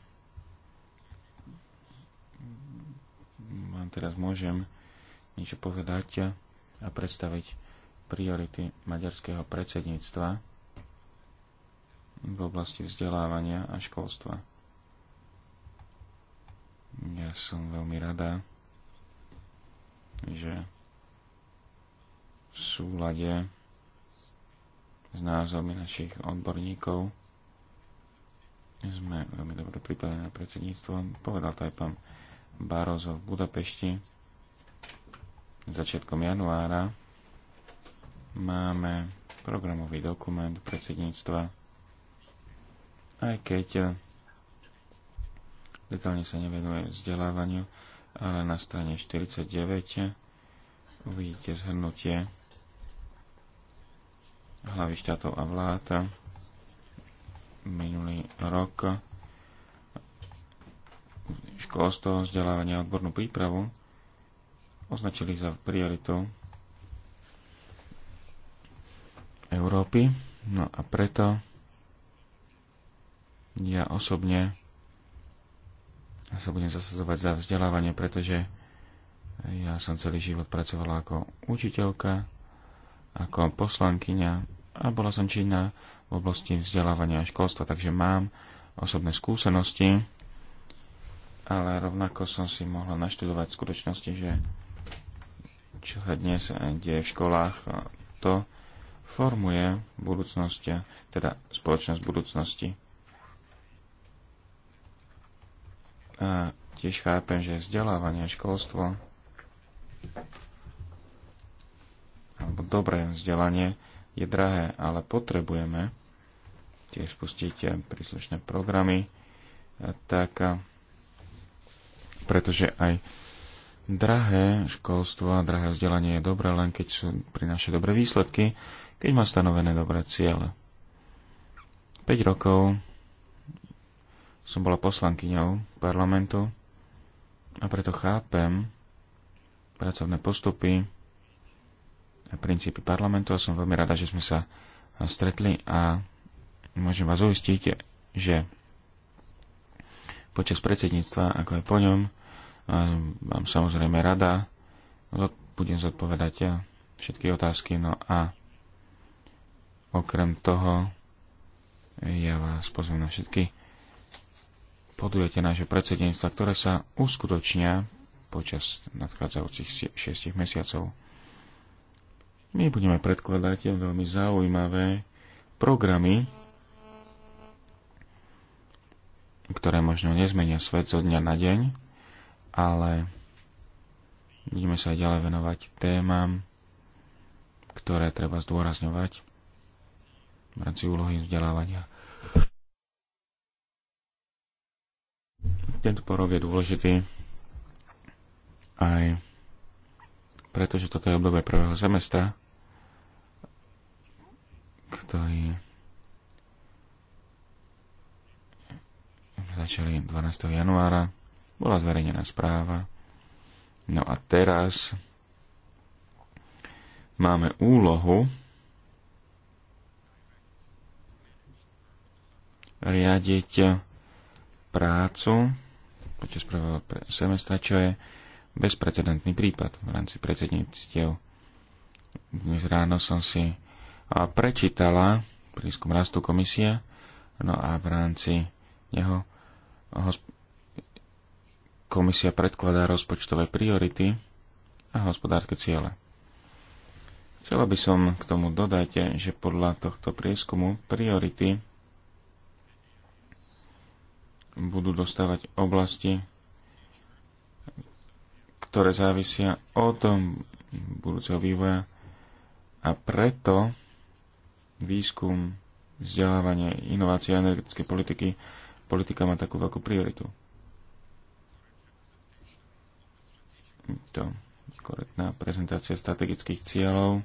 vám teraz môžem niečo povedať a predstaviť priority maďarského predsedníctva v oblasti vzdelávania a školstva. Ja som veľmi rada, že v súlade s názormi našich odborníkov sme veľmi dobre pripravení na predsedníctvo. Povedal to aj pán Barozov v Budapešti začiatkom januára máme programový dokument predsedníctva, aj keď detálne sa nevenuje vzdelávaniu, ale na strane 49 uvidíte zhrnutie hlavy štátov a vlád minulý rok školstvo, vzdelávanie a odbornú prípravu označili za prioritu Európy. No a preto ja osobne sa budem zasadzovať za vzdelávanie, pretože ja som celý život pracovala ako učiteľka, ako poslankyňa a bola som činná v oblasti vzdelávania a školstva, takže mám osobné skúsenosti, ale rovnako som si mohla naštudovať skutočnosti, že čo sa dnes deje v školách, to formuje budúcnosť, teda spoločnosť budúcnosti. A tiež chápem, že vzdelávanie školstvo alebo dobré vzdelanie je drahé, ale potrebujeme tiež spustiť príslušné programy, tak pretože aj drahé školstvo a drahé vzdelanie je dobré len keď sú, naše dobré výsledky, keď má stanovené dobré ciele. 5 rokov som bola poslankyňou parlamentu a preto chápem pracovné postupy a princípy parlamentu a som veľmi rada, že sme sa stretli a môžem vás uistiť, že počas predsedníctva, ako aj po ňom, vám samozrejme rada budem zodpovedať ja všetky otázky. No a okrem toho ja vás pozvem na všetky podujete naše predsedenstva, ktoré sa uskutočnia počas nadchádzajúcich 6 mesiacov. My budeme predkladať veľmi zaujímavé programy, ktoré možno nezmenia svet zo dňa na deň, ale budeme sa aj ďalej venovať témam, ktoré treba zdôrazňovať v rámci úlohy vzdelávania. Tento porov je dôležitý aj pretože toto je obdobie prvého semestra, ktorý začali 12. januára bola zverejnená správa. No a teraz máme úlohu riadiť prácu počas prvého semestra, čo je bezprecedentný prípad v rámci predsedníctiev. Dnes ráno som si prečítala prískum rastu komisia, no a v rámci neho Komisia predkladá rozpočtové priority a hospodárske ciele. Chcela by som k tomu dodať, že podľa tohto prieskumu priority budú dostávať oblasti, ktoré závisia od budúceho vývoja a preto výskum, vzdelávanie, inovácia energetické politiky, politika má takú veľkú prioritu. to korektná prezentácia strategických cieľov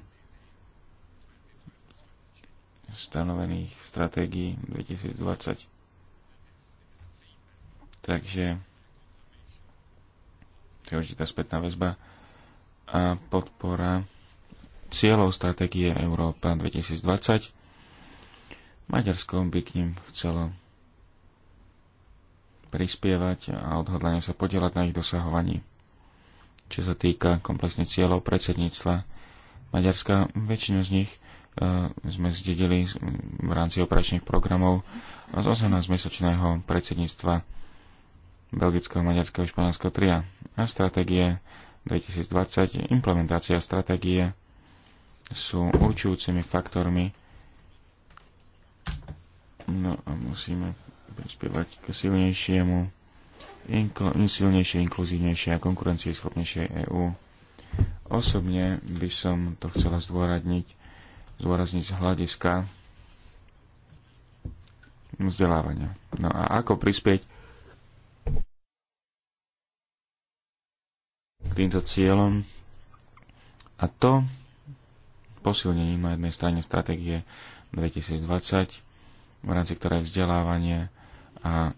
stanovených stratégií 2020. Takže to je určitá spätná väzba a podpora cieľov stratégie Európa 2020. Maďarsko by k ním chcelo prispievať a odhodlanie sa podielať na ich dosahovaní čo sa týka komplexných cieľov predsedníctva Maďarska. Väčšinu z nich eh, sme zdedili v rámci operačných programov z 18-mesačného predsedníctva Belgického, Maďarského, Španielského tria a stratégie 2020, implementácia stratégie sú určujúcimi faktormi. No a musíme prispievať k silnejšiemu inkl- silnejšie, inkluzívnejšie a konkurencieschopnejšie EÚ. Osobne by som to chcela zdôrazniť, zdôrazniť z hľadiska vzdelávania. No a ako prispieť k týmto cieľom a to posilnením na jednej strane stratégie 2020, v rámci ktorej vzdelávanie a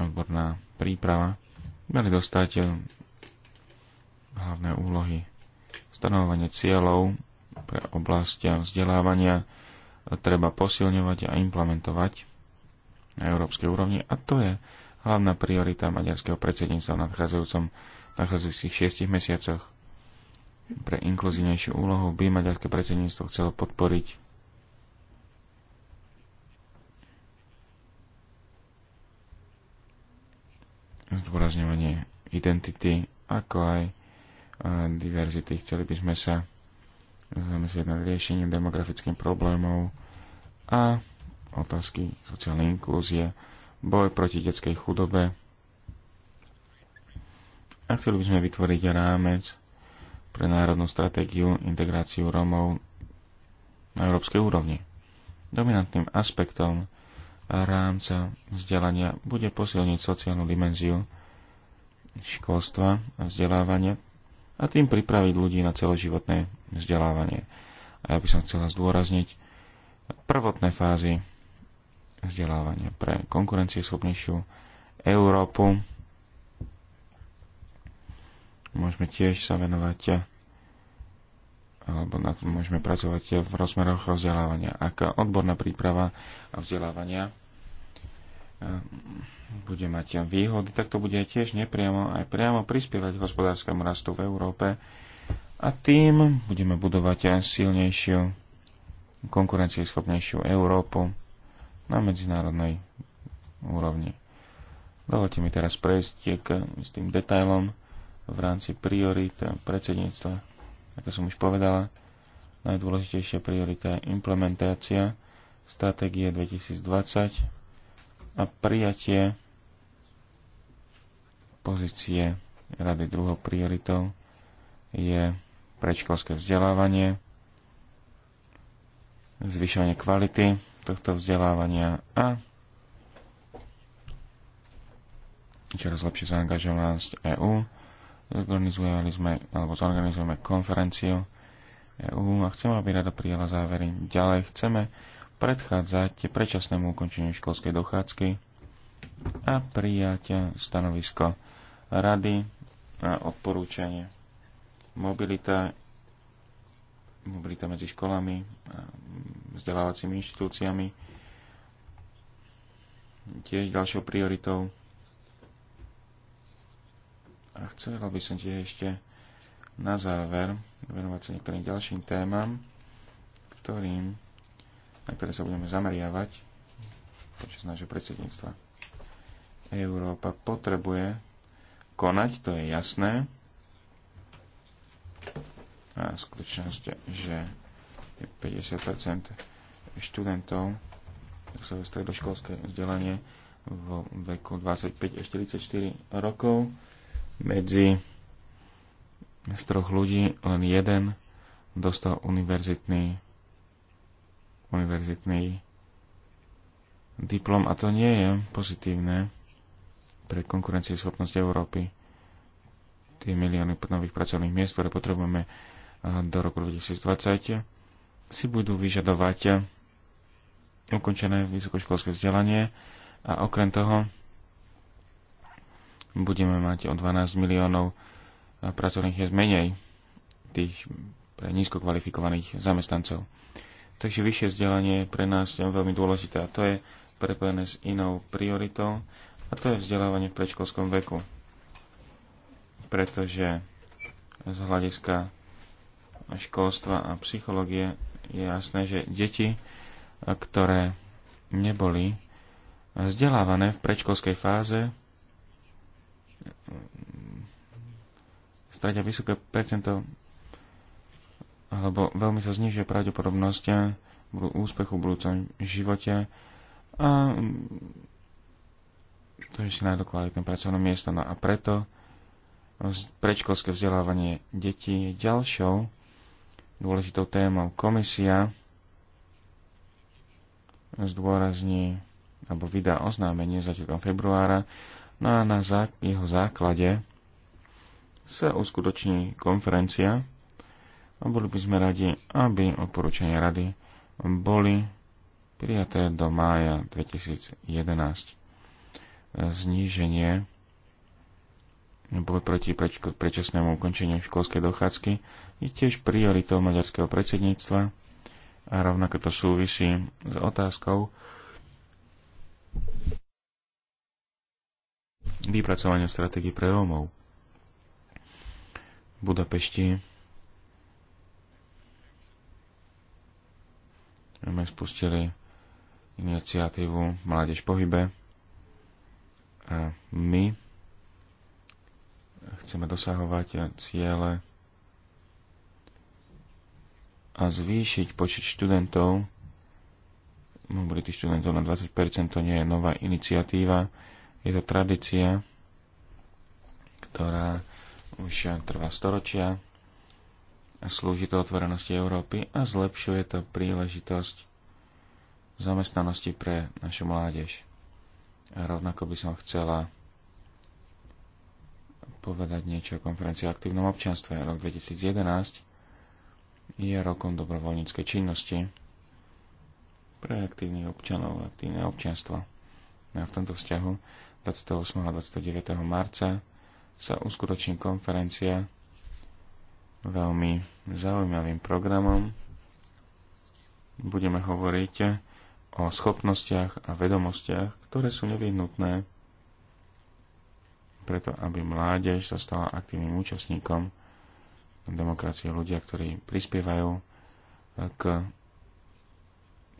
odborná príprava mali dostať eh, hlavné úlohy stanovovanie cieľov pre oblasť eh, vzdelávania eh, treba posilňovať a implementovať na európskej úrovni a to je hlavná priorita maďarského predsedníctva v nadchádzajúcom, nadchádzajúcich šiestich mesiacoch. Pre inkluzívnejšiu úlohu by maďarské predsedníctvo chcelo podporiť zdôrazňovanie identity, ako aj e, diverzity. Chceli by sme sa zamyslieť nad riešením demografických problémov a otázky sociálnej inklúzie, boj proti detskej chudobe. A chceli by sme vytvoriť rámec pre národnú stratégiu integráciu Rómov na európskej úrovni. Dominantným aspektom rámca vzdelania bude posilniť sociálnu dimenziu školstva a vzdelávania a tým pripraviť ľudí na celoživotné vzdelávanie. A ja by som chcela zdôrazniť prvotné fázy vzdelávania pre konkurencieschopnejšiu Európu. Môžeme tiež sa venovať alebo na tom môžeme pracovať v rozmeroch vzdelávania. Ak odborná príprava a vzdelávania Eh, bude mať výhody, tak to bude tiež nepriamo aj priamo prispievať k hospodárskému rastu v Európe a tým budeme budovať aj silnejšiu, konkurencieschopnejšiu Európu na medzinárodnej úrovni. Dovolte mi teraz prejsť k s tým detailom v rámci priorit predsedníctva. Ako som už povedala, najdôležitejšia priorita je implementácia stratégie 2020 a prijatie pozície rady druhou prioritou je predškolské vzdelávanie, zvyšovanie kvality tohto vzdelávania a čoraz lepšie zaangažovanosť EÚ. Zorganizovali sme, alebo zorganizujeme konferenciu EÚ a chceme, aby rada prijala závery. Ďalej chceme predchádzať predčasnému ukončeniu školskej dochádzky a prijať stanovisko rady a odporúčanie. Mobilita, mobilita medzi školami a vzdelávacími inštitúciami tiež ďalšou prioritou. A chcel by som tiež ešte na záver venovať sa niektorým ďalším témam, ktorým na ktoré sa budeme zameriavať počas nášho predsedníctva. Európa potrebuje konať, to je jasné. A skutočnosť, že 50 študentov dosahuje stredoškolské vzdelanie v veku 25 až 44 rokov. Medzi z troch ľudí len jeden dostal univerzitný univerzitný diplom a to nie je pozitívne pre konkurencieschopnosť Európy. Tie milióny nových pracovných miest, ktoré potrebujeme eh, do roku 2020, si budú vyžadovať eh, ukončené vysokoškolské vzdelanie a okrem toho budeme mať o 12 miliónov eh, pracovných miest menej tých pre nízko kvalifikovaných zamestnancov. Takže vyššie vzdelanie je pre nás veľmi dôležité a to je prepojené s inou prioritou a to je vzdelávanie v predškolskom veku. Pretože z hľadiska školstva a psychológie je jasné, že deti, ktoré neboli vzdelávané v predškolskej fáze, stratia vysoké percento alebo veľmi sa znižuje pravdepodobnosť eh, úspechu v budúcom živote a mm, to, že si nájdu kvalitné pracovné miesto. No a preto predškolské vzdelávanie detí je ďalšou dôležitou témou. Komisia zdôrazní alebo vydá oznámenie začiatkom februára, no a na jeho základe sa uskutoční konferencia a boli by sme radi, aby odporúčania rady boli prijaté do mája 2011. Zníženie boj proti predčasnému ukončeniu školskej dochádzky je tiež prioritou maďarského predsedníctva a rovnako to súvisí s otázkou vypracovania stratégie pre Rómov. V Budapešti sme spustili iniciatívu Mládež pohybe a my chceme dosahovať ciele a zvýšiť počet študentov, mobility no, študentov na 20%, to nie je nová iniciatíva, je to tradícia, ktorá už trvá storočia, slúži to otvorenosti Európy a zlepšuje to príležitosť zamestnanosti pre našu mládež. A rovnako by som chcela povedať niečo o konferencii o aktívnom občanstve. Rok 2011 je rokom dobrovoľníckej činnosti pre aktívnych občanov a aktívne občanstvo. A v tomto vzťahu 28. a 29. marca sa uskutoční konferencia veľmi zaujímavým programom. Budeme hovoriť o schopnostiach a vedomostiach, ktoré sú nevyhnutné preto, aby mládež sa stala aktívnym účastníkom demokracie ľudia, ktorí prispievajú k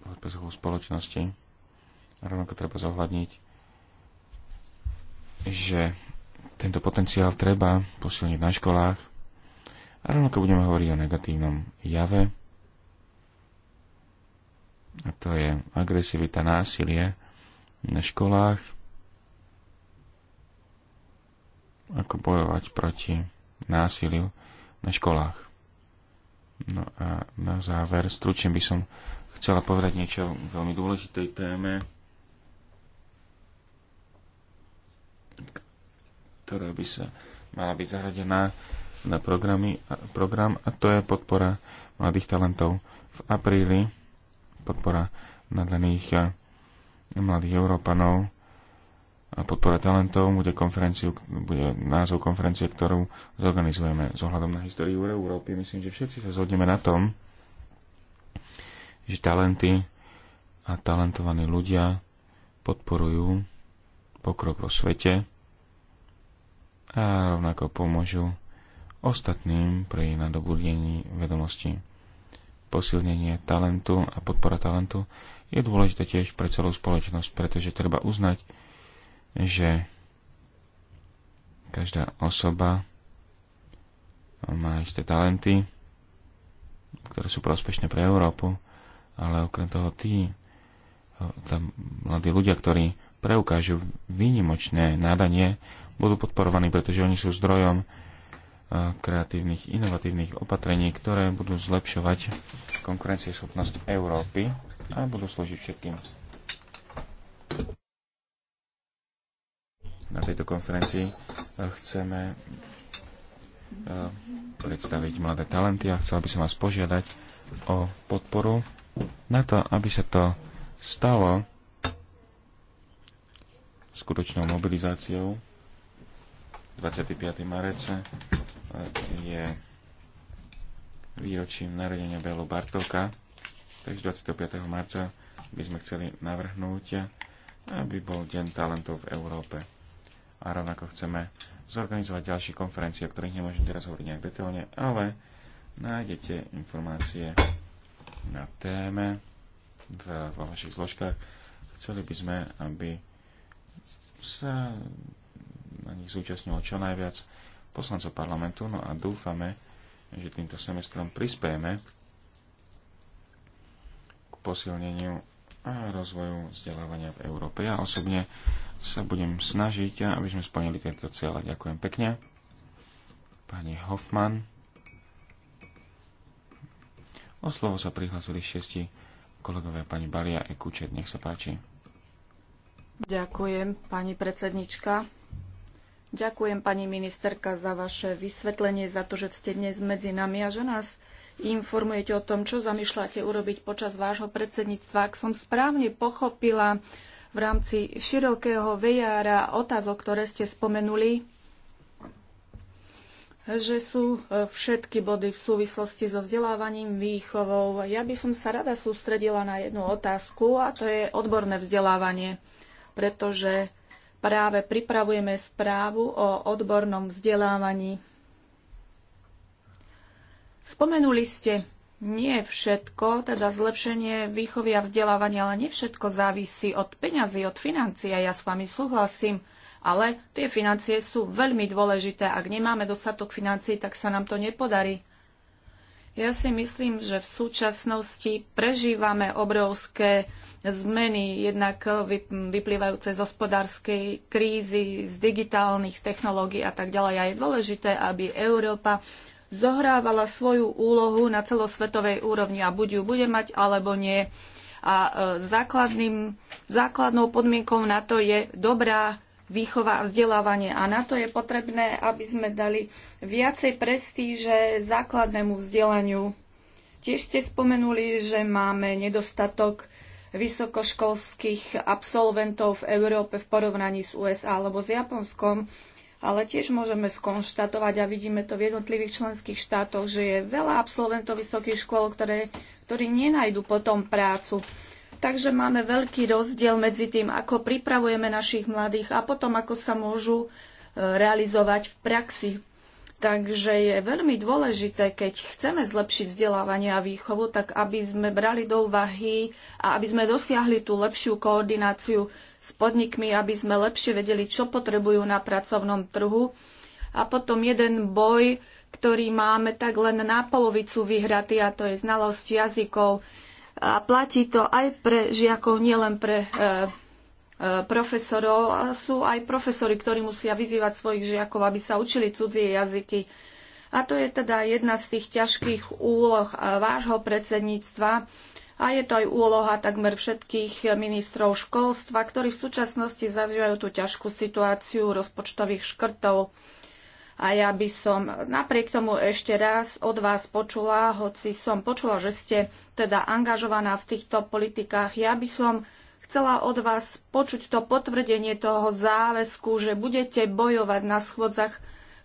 podpisu spoločnosti. A rovnako treba zohľadniť, že tento potenciál treba posilniť na školách, a rovnako budeme hovoriť o negatívnom jave. A to je agresivita, násilie na školách. Ako bojovať proti násiliu na školách. No a na záver stručne by som chcela povedať niečo o veľmi dôležitej téme, ktorá by sa mala byť zahradená na programy, program a to je podpora mladých talentov. V apríli podpora nadaných mladých Európanov a podpora talentov bude, konferenciu, bude názov konferencie, ktorú zorganizujeme z ohľadom na históriu Európy. Myslím, že všetci sa zhodneme na tom, že talenty a talentovaní ľudia podporujú pokrok vo svete a rovnako pomôžu ostatným pri nadobudení vedomosti Posilnenie talentu a podpora talentu je dôležité tiež pre celú spoločnosť, pretože treba uznať, že každá osoba má isté talenty, ktoré sú prospešné pre Európu, ale okrem toho tí tí mladí ľudia, ktorí preukážu výnimočné nádanie, budú podporovaní, pretože oni sú zdrojom kreatívnych, inovatívnych opatrení, ktoré budú zlepšovať konkurencieschopnosť Európy a budú slúžiť všetkým. Na tejto konferencii e, chceme e, predstaviť mladé talenty a chcel by som vás požiadať o podporu na to, aby sa to stalo skutočnou mobilizáciou 25. marece je výročím narodenia Belu Bartovka, takže 25. marca by sme chceli navrhnúť, aby bol Deň talentov v Európe. A rovnako chceme zorganizovať ďalšie konferencie, o ktorých nemôžem teraz hovoriť nejak detailne, ale nájdete informácie na téme v, vo vašich zložkách. Chceli by sme, aby sa na nich zúčastnilo čo najviac poslancov parlamentu. No a dúfame, že týmto semestrom prispieme k posilneniu a rozvoju vzdelávania v Európe. Ja osobne sa budem snažiť, aby sme splnili tieto cieľe. Ďakujem pekne. Pani Hoffman. O slovo sa prihlásili šiesti kolegovia pani Balia Ekučet. Nech sa páči. Ďakujem, pani predsednička. Ďakujem pani ministerka za vaše vysvetlenie, za to, že ste dnes medzi nami a že nás informujete o tom, čo zamýšľate urobiť počas vášho predsedníctva. Ak som správne pochopila v rámci širokého vejára otázok, ktoré ste spomenuli, že sú e, všetky body v súvislosti so vzdelávaním, výchovou. Ja by som sa rada sústredila na jednu otázku a to je odborné vzdelávanie, pretože práve pripravujeme správu o odbornom vzdelávaní. Spomenuli ste nie všetko, teda zlepšenie výchovy a vzdelávania, ale nie všetko závisí od peňazí, od financií. Ja s vami súhlasím, ale tie financie sú veľmi dôležité. Ak nemáme dostatok financií, tak sa nám to nepodarí. Ja si myslím, že v súčasnosti prežívame obrovské zmeny, jednak vyplývajúce z hospodárskej krízy, z digitálnych technológií a tak ďalej. A je dôležité, aby Európa zohrávala svoju úlohu na celosvetovej úrovni a buď ju bude mať, alebo nie. A e, základným, základnou podmienkou na to je dobrá výchova a vzdelávanie. A na to je potrebné, aby sme dali viacej prestíže základnému vzdelaniu. Tiež ste spomenuli, že máme nedostatok vysokoškolských absolventov v Európe v porovnaní s USA alebo s Japonskom, ale tiež môžeme skonštatovať a vidíme to v jednotlivých členských štátoch, že je veľa absolventov vysokých škôl, ktoré, ktorí nenajdu potom prácu. Takže máme veľký rozdiel medzi tým, ako pripravujeme našich mladých a potom, ako sa môžu e, realizovať v praxi. Takže je veľmi dôležité, keď chceme zlepšiť vzdelávanie a výchovu, tak aby sme brali do úvahy a aby sme dosiahli tú lepšiu koordináciu s podnikmi, aby sme lepšie vedeli, čo potrebujú na pracovnom trhu. A potom jeden boj, ktorý máme tak len na polovicu vyhratý, a to je znalosť jazykov. A platí to aj pre žiakov, nielen pre e, e, profesorov. A sú aj profesori, ktorí musia vyzývať svojich žiakov, aby sa učili cudzie jazyky. A to je teda jedna z tých ťažkých úloh e, vášho predsedníctva. A je to aj úloha takmer všetkých ministrov školstva, ktorí v súčasnosti zažívajú tú ťažkú situáciu rozpočtových škrtov. A ja by som napriek tomu ešte raz od vás počula, hoci som počula, že ste teda angažovaná v týchto politikách, ja by som chcela od vás počuť to potvrdenie toho záväzku, že budete bojovať na schôdzach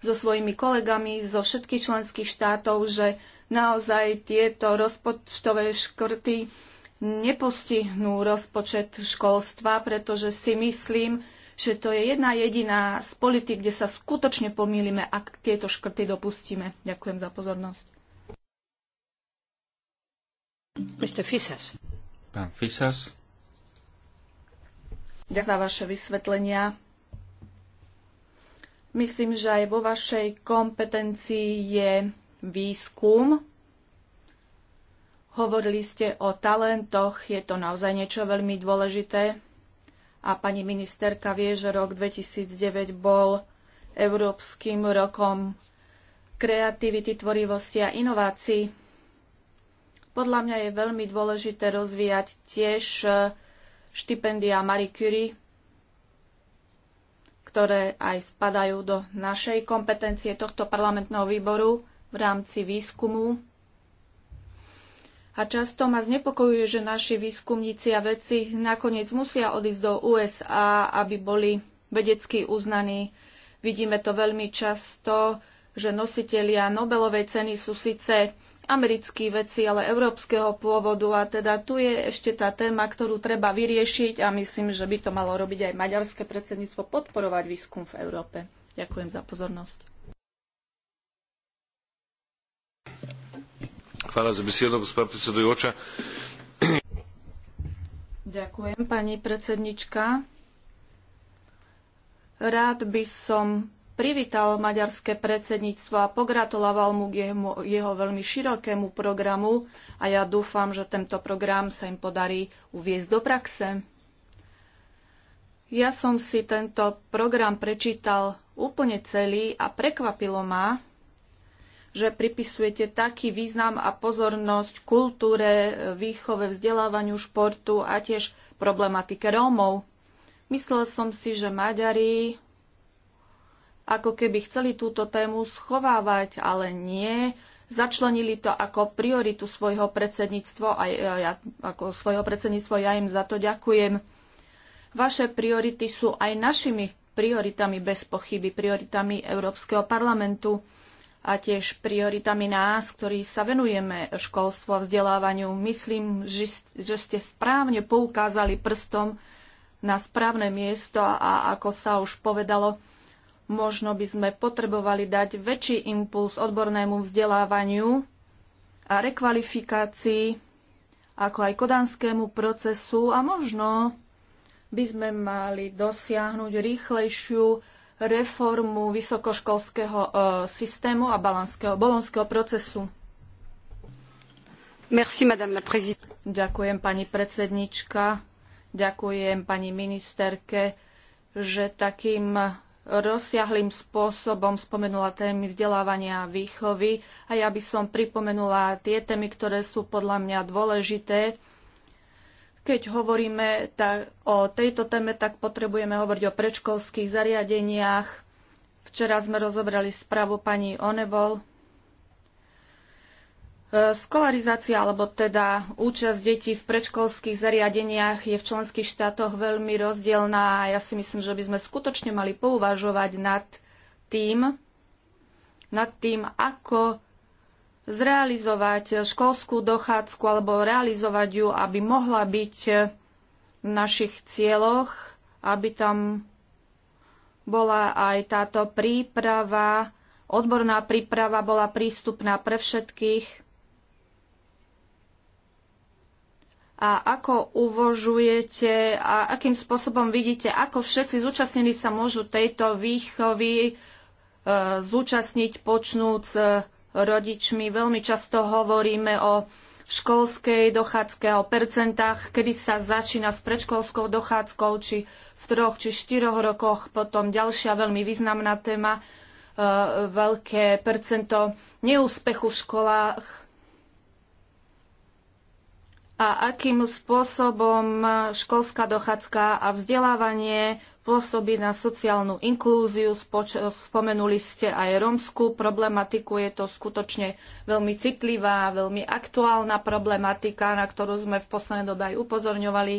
so svojimi kolegami zo všetkých členských štátov, že naozaj tieto rozpočtové škrty nepostihnú rozpočet školstva, pretože si myslím, že to je jedna jediná z politik, kde sa skutočne pomýlime, ak tieto škrty dopustíme. Ďakujem za pozornosť. Mr. Fisas. Pán Fisas. Ďakujem za vaše vysvetlenia. Myslím, že aj vo vašej kompetencii je výskum. Hovorili ste o talentoch, je to naozaj niečo veľmi dôležité a pani ministerka vie, že rok 2009 bol Európskym rokom kreativity, tvorivosti a inovácií. Podľa mňa je veľmi dôležité rozvíjať tiež e, štipendia Marie Curie, ktoré aj spadajú do našej kompetencie tohto parlamentného výboru v rámci výskumu a často ma znepokojuje, že naši výskumníci a vedci nakoniec musia odísť do USA, aby boli vedecky uznaní. Vidíme to veľmi často, že nositelia Nobelovej ceny sú síce americkí vedci, ale európskeho pôvodu. A teda tu je ešte tá téma, ktorú treba vyriešiť a myslím, že by to malo robiť aj maďarské predsedníctvo podporovať výskum v Európe. Ďakujem za pozornosť. Hvala za besedo, gospa predsedujoča. Ďakujem, pani predsednička. Rád by som privítal maďarské predsedníctvo a pogratuloval mu k jeho, jeho veľmi širokému programu a ja dúfam, že tento program sa im podarí uviezť do praxe. Ja som si tento program prečítal úplne celý a prekvapilo ma, že pripisujete taký význam a pozornosť kultúre, výchove, vzdelávaniu, športu a tiež problematike Rómov. Myslel som si, že Maďari ako keby chceli túto tému schovávať, ale nie. Začlenili to ako prioritu svojho predsedníctva a ja, ako svojho predsedníctva ja im za to ďakujem. Vaše priority sú aj našimi prioritami bez pochyby, prioritami Európskeho parlamentu a tiež prioritami nás, ktorí sa venujeme školstvu a vzdelávaniu. Myslím, že, že ste správne poukázali prstom na správne miesto a ako sa už povedalo, možno by sme potrebovali dať väčší impuls odbornému vzdelávaniu a rekvalifikácii, ako aj kodanskému procesu a možno by sme mali dosiahnuť rýchlejšiu reformu vysokoškolského e, systému a bolonského procesu. Merci, la Ďakujem pani predsednička, ďakujem pani ministerke, že takým rozsiahlým spôsobom spomenula témy vzdelávania a výchovy a ja by som pripomenula tie témy, ktoré sú podľa mňa dôležité keď hovoríme o tejto téme, tak potrebujeme hovoriť o predškolských zariadeniach. Včera sme rozobrali správu pani Onebol. E, skolarizácia, alebo teda účasť detí v predškolských zariadeniach je v členských štátoch veľmi rozdielná a ja si myslím, že by sme skutočne mali pouvažovať nad tým, nad tým, ako zrealizovať školskú dochádzku alebo realizovať ju, aby mohla byť v našich cieľoch, aby tam bola aj táto príprava, odborná príprava bola prístupná pre všetkých. A ako uvožujete a akým spôsobom vidíte, ako všetci zúčastnení sa môžu tejto výchovy e, zúčastniť počnúc e, rodičmi veľmi často hovoríme o školskej dochádzke, o percentách, kedy sa začína s predškolskou dochádzkou, či v troch, či štyroch rokoch. Potom ďalšia veľmi významná téma, e, veľké percento neúspechu v školách. A akým spôsobom školská dochádzka a vzdelávanie pôsobí na sociálnu inklúziu. Spomenuli ste aj rómskú problematiku. Je to skutočne veľmi citlivá, veľmi aktuálna problematika, na ktorú sme v poslednej dobe aj upozorňovali.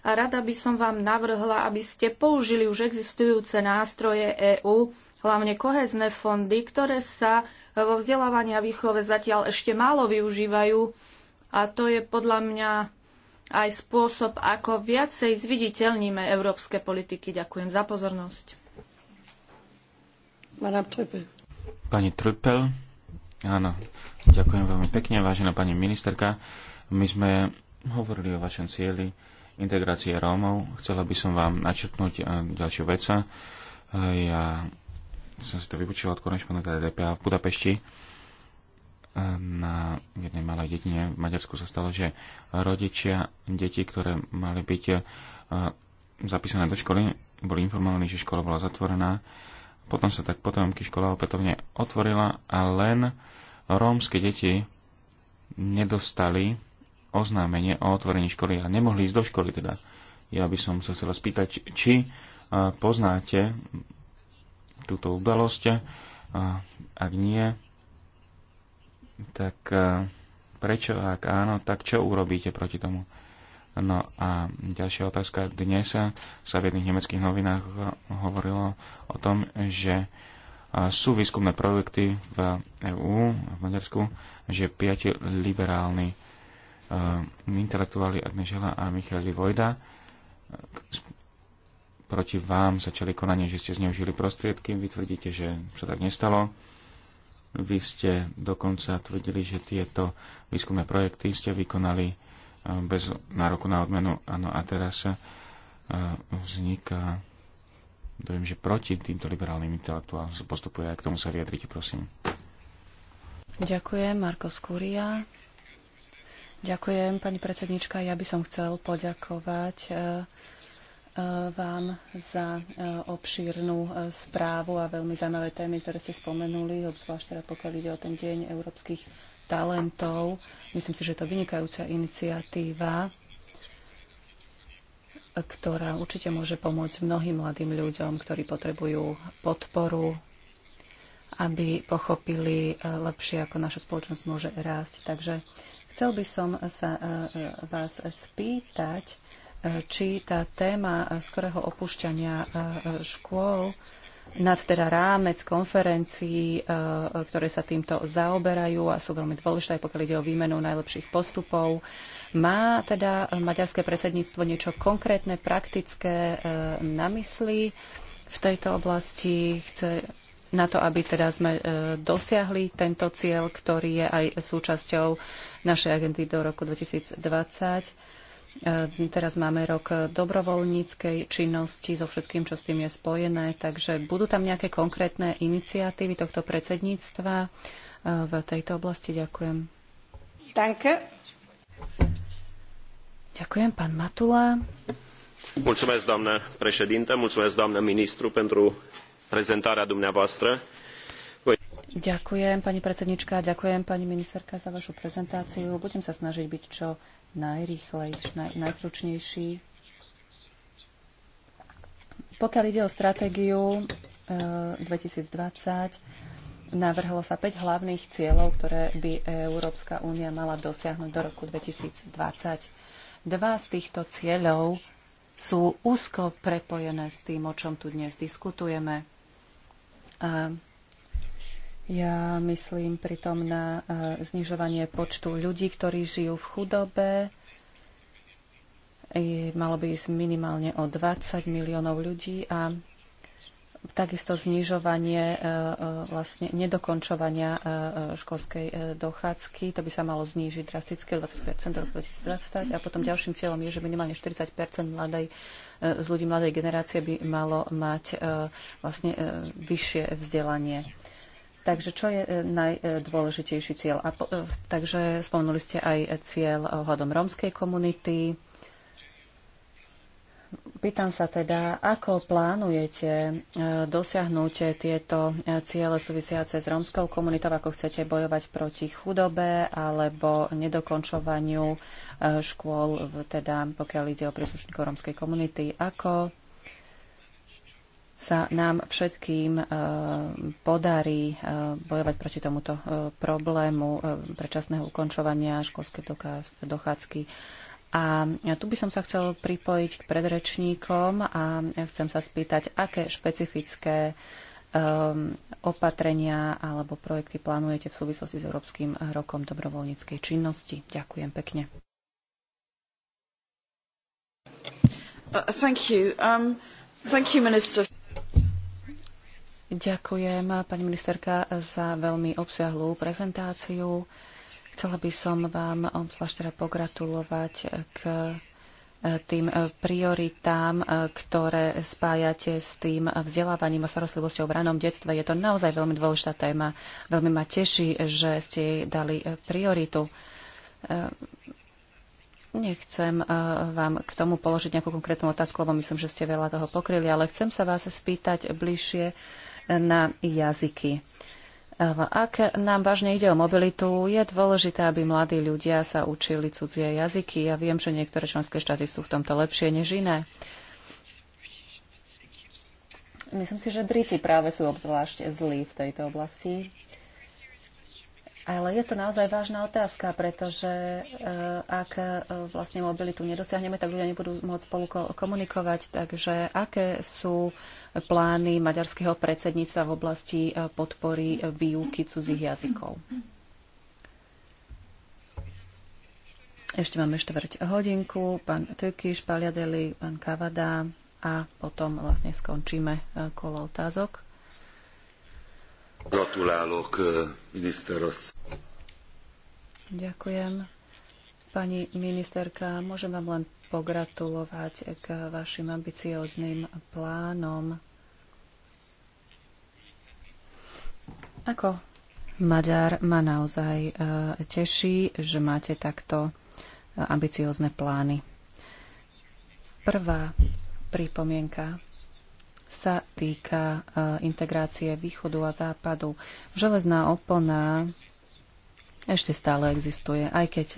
A rada by som vám navrhla, aby ste použili už existujúce nástroje EÚ, hlavne kohezné fondy, ktoré sa vo vzdelávaní a výchove zatiaľ ešte málo využívajú. A to je podľa mňa aj spôsob, ako viacej zviditeľníme európske politiky. Ďakujem za pozornosť. Pani Trupel. áno, ďakujem veľmi pekne, vážená pani ministerka. My sme hovorili o vašom cieli integrácie Rómov. Chcela by som vám načrtnúť e, ďalšiu vec. E, ja som si to vypočula od korešpondenta DPA v Budapešti na jednej malej dedine v Maďarsku sa stalo, že rodičia detí, ktoré mali byť e, zapísané do školy, boli informovaní, že škola bola zatvorená. Potom sa tak potomky škola opätovne otvorila a len rómske deti nedostali oznámenie o otvorení školy a nemohli ísť do školy teda. Ja by som sa chcela spýtať, či e, poznáte túto udalosť. Ak nie, tak e, prečo, ak áno, tak čo urobíte proti tomu? No a ďalšia otázka. Dnes sa v jedných nemeckých novinách e, hovorilo o tom, že e, sú výskumné projekty v EÚ, v Maďarsku, že piati liberálni uh, intelektuáli Agnežela a Michaeli Vojda proti vám začali konanie, že ste zneužili prostriedky. Vy tvrdíte, že sa tak nestalo. Vy ste dokonca tvrdili, že tieto výskumné projekty ste vykonali eh, bez nároku na odmenu. Áno, a teraz eh, vzniká dojem, že proti týmto liberálnym intelektuálom sa postupuje. a k tomu sa vyjadrite, prosím. Ďakujem, Marko Skúria. Ďakujem, pani predsednička. Ja by som chcel poďakovať eh, Eh, vám za eh, obšírnu eh, správu a veľmi zaujímavé témy, ktoré ste spomenuli, obzvlášť teda pokiaľ ide o ten deň európskych talentov. Myslím si, že je to vynikajúca iniciatíva, ktorá určite môže pomôcť mnohým mladým ľuďom, ktorí potrebujú podporu, aby pochopili lepšie, ako naša spoločnosť môže rásť. Takže chcel by som sa vás spýtať, či tá téma skorého opúšťania e, škôl nad teda rámec konferencií, e, ktoré sa týmto zaoberajú a sú veľmi dôležité, pokiaľ ide o výmenu najlepších postupov. Má teda maďarské predsedníctvo niečo konkrétne, praktické e, na mysli v tejto oblasti? Chce na to, aby teda sme dosiahli tento cieľ, ktorý je aj súčasťou našej agendy do roku 2020 E, teraz máme rok dobrovoľníckej činnosti so všetkým, čo s tým je spojené, takže budú tam nejaké konkrétne iniciatívy tohto predsedníctva e, v tejto oblasti. Ďakujem. Danke. Ďakujem, pán Matula. Mulțumesc, doamnă președinte, mulțumesc, doamnă ministru, pentru prezentarea dumneavoastră. Ďakujem, pani predsednička, ďakujem, pani ministerka, za vašu prezentáciu. Budem sa snažiť byť čo najrychlejší, naj, najstručnejší. Pokiaľ ide o stratégiu e, eh, 2020, navrhlo sa 5 hlavných cieľov, ktoré by Európska únia mala dosiahnuť do roku 2020. Dva z týchto cieľov sú úzko prepojené s tým, o čom tu dnes diskutujeme. A ja myslím pritom na e, znižovanie počtu ľudí, ktorí žijú v chudobe. Malo by ísť minimálne o 20 miliónov ľudí a takisto znižovanie e, e, vlastne nedokončovania školskej dochádzky. To by sa malo znížiť drasticky 20 do roku 2020. A potom ďalším cieľom je, že minimálne 40 mladej, z ľudí mladej generácie by malo mať vlastne vyššie vzdelanie. Takže čo je e, najdôležitejší cieľ? A po, e, takže spomenuli ste aj cieľ ohľadom rómskej komunity. Pýtam sa teda, ako plánujete e, dosiahnuť tieto ciele súvisiace s rómskou komunitou, ako chcete bojovať proti chudobe alebo nedokončovaniu škôl, teda pokiaľ ide o príslušníkov rómskej komunity, ako sa nám všetkým eh, podarí eh, bojovať proti tomuto eh, problému predčasného ukončovania školskej dochádzky. A tu by som sa chcel pripojiť k predrečníkom a chcem sa spýtať, aké špecifické opatrenia alebo projekty plánujete v súvislosti s Európskym rokom dobrovoľníckej činnosti. Ďakujem pekne. Uh, thank you. Um, thank you, Minister. Ďakujem, pani ministerka, za veľmi obsiahlú prezentáciu. Chcela by som vám obzvlášť teda pogratulovať k e, tým e, prioritám, e, ktoré spájate s tým vzdelávaním a starostlivosťou v ranom detstve. Je to naozaj veľmi dôležitá téma. Veľmi ma teší, že ste jej dali prioritu. Nechcem vám k tomu položiť nejakú konkrétnu otázku, lebo myslím, že ste veľa toho pokryli, ale chcem sa vás spýtať bližšie na jazyky. Ak nám vážne ide o mobilitu, je dôležité, aby mladí ľudia sa učili cudzie jazyky. Ja viem, že niektoré členské štáty sú v tomto lepšie než iné. Myslím si, že Briti práve sú obzvlášť zlí v tejto oblasti. Ale je to naozaj vážna otázka, pretože eh, ak eh, vlastne mobilitu nedosiahneme, tak ľudia nebudú môcť spolu komunikovať. Takže aké sú plány maďarského predsedníctva v oblasti eh, podpory eh, výuky cudzích jazykov. Ešte máme štvrť hodinku, pán Tökiš, Paliadeli, pán Kavada a potom vlastne skončíme eh, kolo otázok. Gratulálok, ministeros. Ďakujem. Pani ministerka, môžem vám len pogratulovať k vašim ambicióznym plánom. Ako Maďar ma naozaj e, teší, že máte takto e, ambiciózne plány. Prvá pripomienka sa týka e, integrácie východu a západu. Železná opona ešte stále existuje, aj keď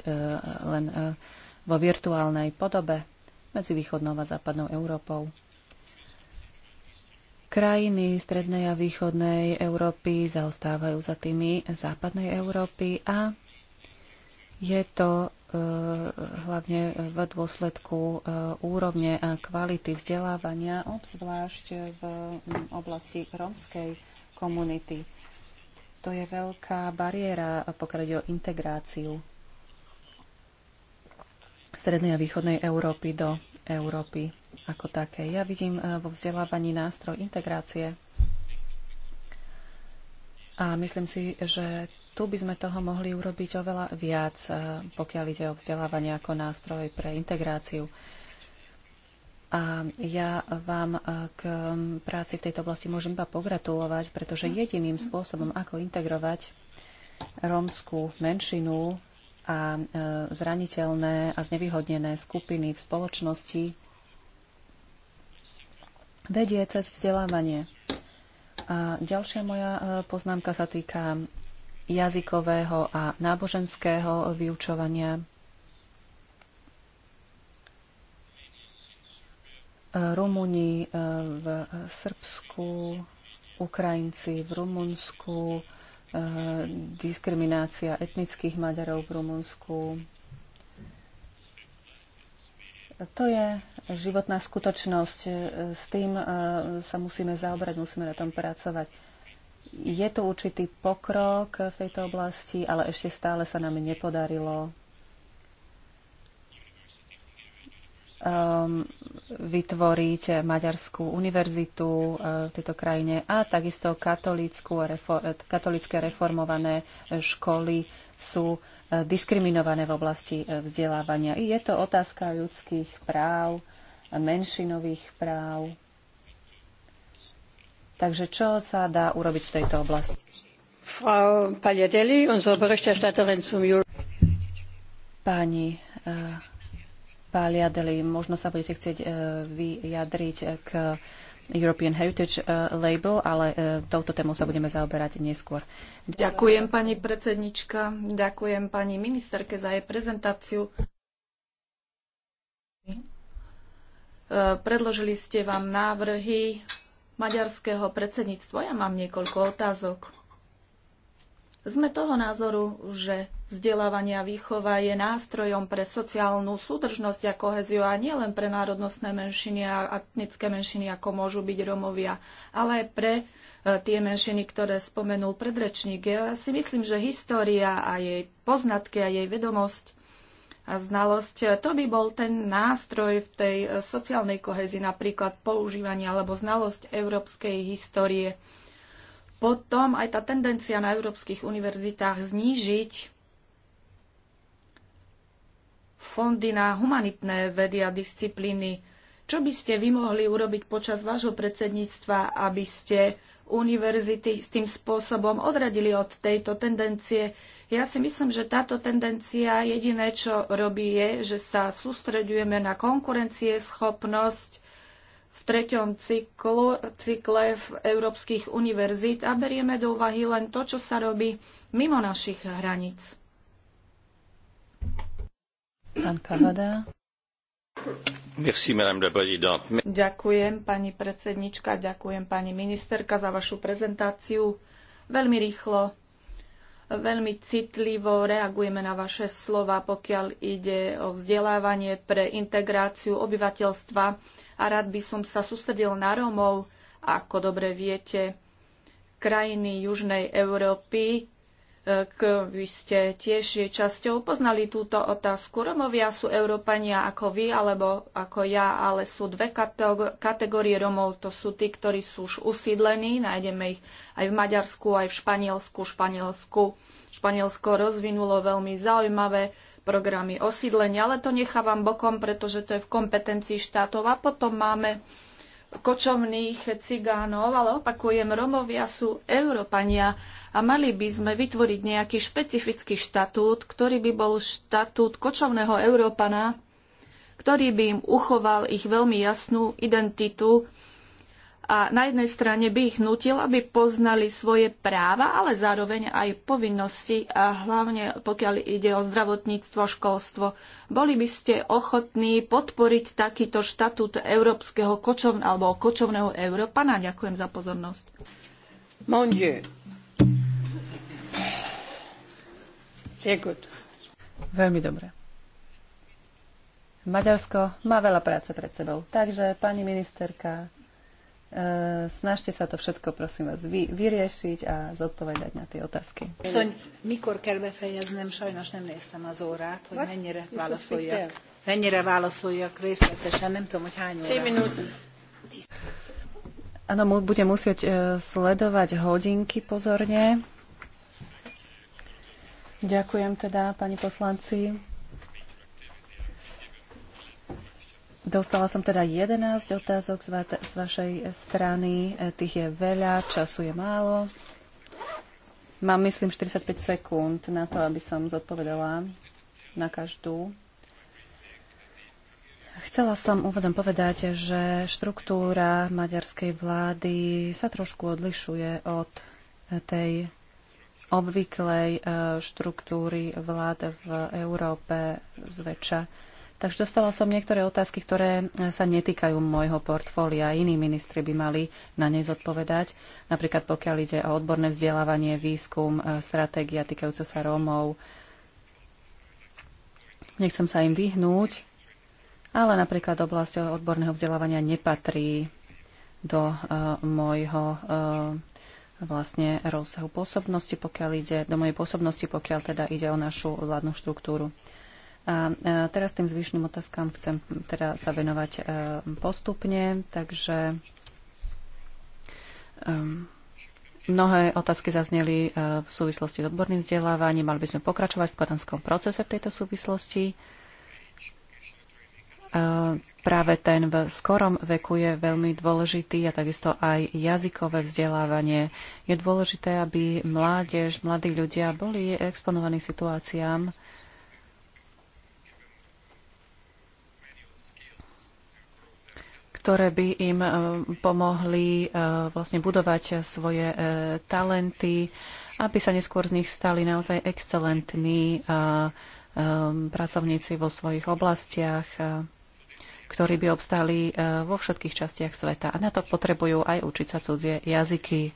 len vo virtuálnej podobe medzi východnou a západnou Európou. Krajiny strednej a východnej Európy zaostávajú za tými západnej Európy a je to e, hlavne v dôsledku e, úrovne a kvality vzdelávania, obzvlášť v oblasti rómskej komunity. To je veľká bariéra, pokiaľ ide o integráciu strednej a východnej Európy do Európy ako také. Ja vidím eh, vo vzdelávaní nástroj integrácie a myslím si, že tu by sme toho mohli urobiť oveľa viac, eh, pokiaľ ide o vzdelávanie ako nástroj pre integráciu. A ja vám eh, k hm, práci v tejto oblasti môžem iba pogratulovať, pretože jediným spôsobom, ako integrovať rómskú menšinu a e, zraniteľné a znevýhodnené skupiny v spoločnosti vedie cez vzdelávanie. A ďalšia moja e, poznámka sa týka jazykového a náboženského vyučovania. E, Rumúni v Srbsku, Ukrajinci v Rumunsku, Eh, diskriminácia etnických Maďarov v Rumunsku. To je životná skutočnosť. Eh, s tým eh, sa musíme zaobrať, musíme na tom pracovať. Je tu určitý pokrok v tejto oblasti, ale ešte stále sa nám nepodarilo um, vytvoriť Maďarskú univerzitu uh, v tejto krajine a takisto katolické eh, reformované školy sú eh, diskriminované v oblasti eh, vzdelávania. I je to otázka ľudských práv, menšinových práv. Takže čo sa dá urobiť v tejto oblasti? Frau Pagliadelli, unsere Berichterstatterin zum Pani uh, Paliadeli, možno sa budete chcieť e, vyjadriť k European Heritage e, Label, ale e, touto tému sa budeme zaoberať neskôr. Ďakujem pani predsednička, ďakujem pani ministerke za jej prezentáciu. Predložili ste vám návrhy maďarského predsedníctva. Ja mám niekoľko otázok. Sme toho názoru, že vzdelávanie a výchova je nástrojom pre sociálnu súdržnosť a koheziu a nielen pre národnostné menšiny a etnické menšiny, ako môžu byť Romovia, ale aj pre e, tie menšiny, ktoré spomenul predrečník. Ja si myslím, že história a jej poznatky a jej vedomosť a znalosť, e, to by bol ten nástroj v tej e, sociálnej kohezii, napríklad používanie alebo znalosť európskej histórie potom aj tá tendencia na európskych univerzitách znížiť fondy na humanitné vedy a disciplíny. Čo by ste vy mohli urobiť počas vášho predsedníctva, aby ste univerzity s tým spôsobom odradili od tejto tendencie? Ja si myslím, že táto tendencia jediné, čo robí, je, že sa sústreďujeme na konkurencieschopnosť v treťom cyklu, cykle v európskych univerzít a berieme do úvahy len to, čo sa robí mimo našich hraníc. Pán Kavada. Merci, Ďakujem, pani predsednička, ďakujem, pani ministerka, za vašu prezentáciu. Veľmi rýchlo Veľmi citlivo reagujeme na vaše slova, pokiaľ ide o vzdelávanie pre integráciu obyvateľstva a rád by som sa sústredil na Rómov. Ako dobre viete, krajiny Južnej Európy vy ste tiež jej časťou poznali túto otázku. Romovia sú Európania ako vy alebo ako ja, ale sú dve kategórie Romov. To sú tí, ktorí sú už usídlení. Nájdeme ich aj v Maďarsku, aj v Španielsku. Španielsku. Španielsko rozvinulo veľmi zaujímavé programy osídlenia, ale to nechávam bokom, pretože to je v kompetencii štátov. A potom máme kočovných cigánov, ale opakujem, Romovia sú Európania a mali by sme vytvoriť nejaký špecifický štatút, ktorý by bol štatút kočovného Európana, ktorý by im uchoval ich veľmi jasnú identitu a na jednej strane by ich nutil, aby poznali svoje práva, ale zároveň aj povinnosti a hlavne pokiaľ ide o zdravotníctvo, školstvo. Boli by ste ochotní podporiť takýto štatút európskeho kočov, alebo kočovného Európana? Ďakujem za pozornosť. Veľmi dobre. Maďarsko má veľa práce pred sebou. Takže, pani ministerka, Eh, snažte sa to všetko, prosím vás, vy, vyriešiť a zodpovedať na tie otázky. Viszont mikor kell befejeznem, sajnos nem néztem az órát, hogy mennyire válaszoljak, mennyire válaszoljak részletesen, nem tudom, hogy hány óra. Áno, budem musieť uh, sledovať hodinky pozorne. Ďakujem teda, pani poslanci. Dostala som teda 11 otázok z, va- z vašej strany. E, tých je veľa, času je málo. Mám, myslím, 45 sekúnd na to, aby som zodpovedala na každú. Chcela som úvodom povedať, že štruktúra maďarskej vlády sa trošku odlišuje od tej obvyklej e, štruktúry vlád v Európe zväčša Takže dostala som niektoré otázky, ktoré e, sa netýkajú môjho portfólia. Iní ministri by mali na ne zodpovedať. Napríklad pokiaľ ide o odborné vzdelávanie, výskum, e, stratégia týkajúca sa Rómov. Nechcem sa im vyhnúť, ale napríklad oblasť odborného vzdelávania nepatrí do uh, môjho uh, vlastne rozsahu pôsobnosti, pokiaľ ide, do mojej pôsobnosti, pokiaľ teda ide o našu vládnu štruktúru. A teraz tým zvyšným otázkam chcem teda sa venovať e, postupne, takže mnohé otázky zazneli e, v súvislosti s odborným vzdelávaním. Mali by sme pokračovať v kladanskom procese v tejto súvislosti. E, práve ten v skorom veku je veľmi dôležitý a takisto aj jazykové vzdelávanie. Je dôležité, aby mládež, mladí ľudia boli exponovaní situáciám, ktoré by im eh, pomohli eh, vlastne budovať svoje eh, talenty, aby sa neskôr z nich stali naozaj excelentní pracovníci vo svojich oblastiach, ktorí by obstáli vo všetkých častiach sveta. A na to potrebujú aj učiť sa cudzie jazyky.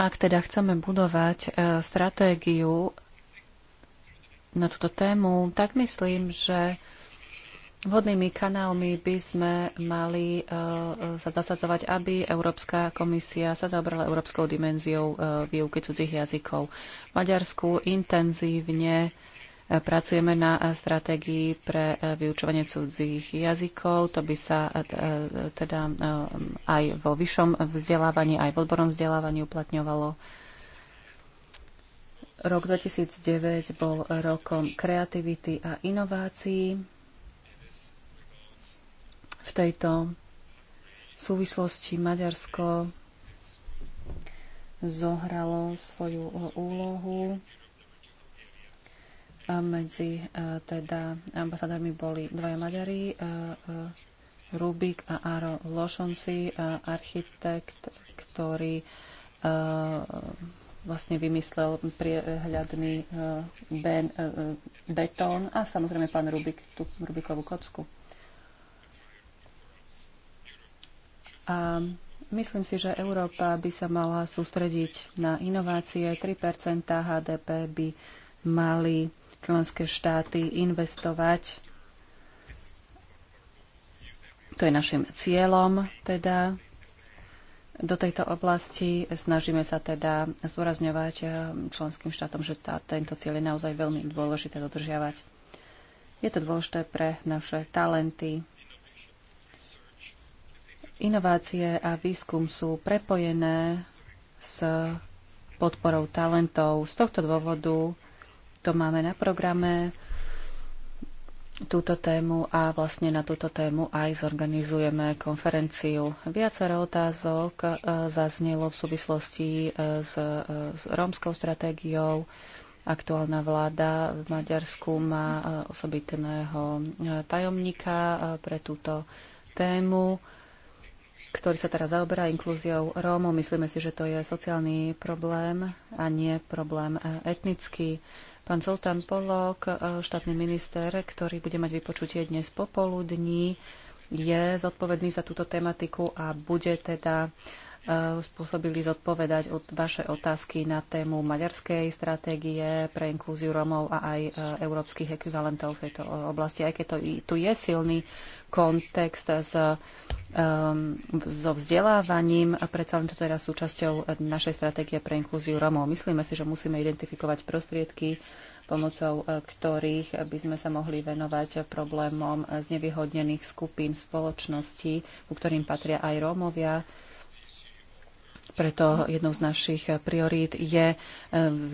Ak teda chceme budovať stratégiu na túto tému, tak myslím, že Vhodnými kanálmi by sme mali e, e, sa zasadzovať, aby Európska komisia sa zaobrala európskou dimenziou e, výuky cudzích jazykov. V Maďarsku intenzívne pracujeme na stratégii pre vyučovanie cudzích jazykov. To by sa teda aj vo vyššom vzdelávaní, aj v odbornom vzdelávaní uplatňovalo. Rok 2009 bol rokom kreativity a inovácií tejto súvislosti Maďarsko zohralo svoju úlohu. A medzi e, teda ambasadármi boli dvaja Maďari, e, e, Rubik a Aro Lošonci, architekt, ktorý vlastne vymyslel priehľadný ben, betón a samozrejme pán Rubik, tú Rubikovú kocku. A myslím si, že Európa by sa mala sústrediť na inovácie. 3 HDP by mali členské štáty investovať. To je našim cieľom teda do tejto oblasti. Snažíme sa teda zdôrazňovať eh, členským štátom, že tá, tento cieľ je naozaj veľmi dôležité dodržiavať. Je to dôležité pre naše talenty, Inovácie a výskum sú prepojené s podporou talentov. Z tohto dôvodu to máme na programe túto tému a vlastne na túto tému aj zorganizujeme konferenciu. Viacero otázok e, zaznelo v súvislosti e, s, e, s rómskou stratégiou. Aktuálna vláda v Maďarsku má osobitného tajomníka pre túto tému ktorý sa teraz zaoberá inklúziou Rómov. Myslíme si, že to je sociálny problém a nie problém e, etnický. Pán Zoltán Polok, e, štátny minister, ktorý bude mať vypočutie dnes popoludní, je zodpovedný za túto tematiku a bude teda e, spôsobili zodpovedať od vaše otázky na tému maďarskej stratégie pre inklúziu Romov a aj európskych ekvivalentov v tejto oblasti. Aj keď to, tu je silný kontext s, um, so vzdelávaním. A predsa len to teraz súčasťou našej stratégie pre inklúziu Romov. Myslíme si, že musíme identifikovať prostriedky, pomocou eh, ktorých by sme sa mohli venovať problémom znevýhodnených skupín spoločnosti, ku ktorým patria aj Rómovia preto jednou z našich priorít je e,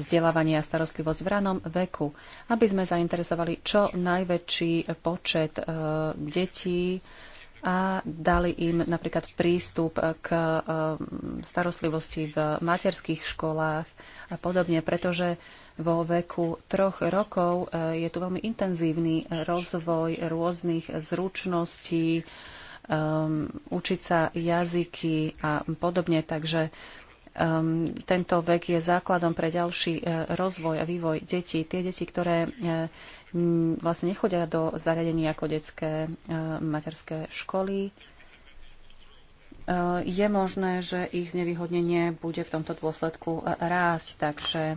vzdelávanie a starostlivosť v ranom veku, aby sme zainteresovali čo najväčší počet e, detí a dali im napríklad prístup k e, starostlivosti v materských školách a podobne, pretože vo veku troch rokov je tu veľmi intenzívny rozvoj rôznych zručností, um, učiť sa jazyky a podobne. Takže um, tento vek je základom pre ďalší uh, rozvoj a vývoj detí. Tie deti, ktoré uh, vlastne nechodia do zariadení ako detské uh, materské školy, Eh, je možné, že ich znevýhodnenie bude v tomto dôsledku eh, rásť. Takže eh,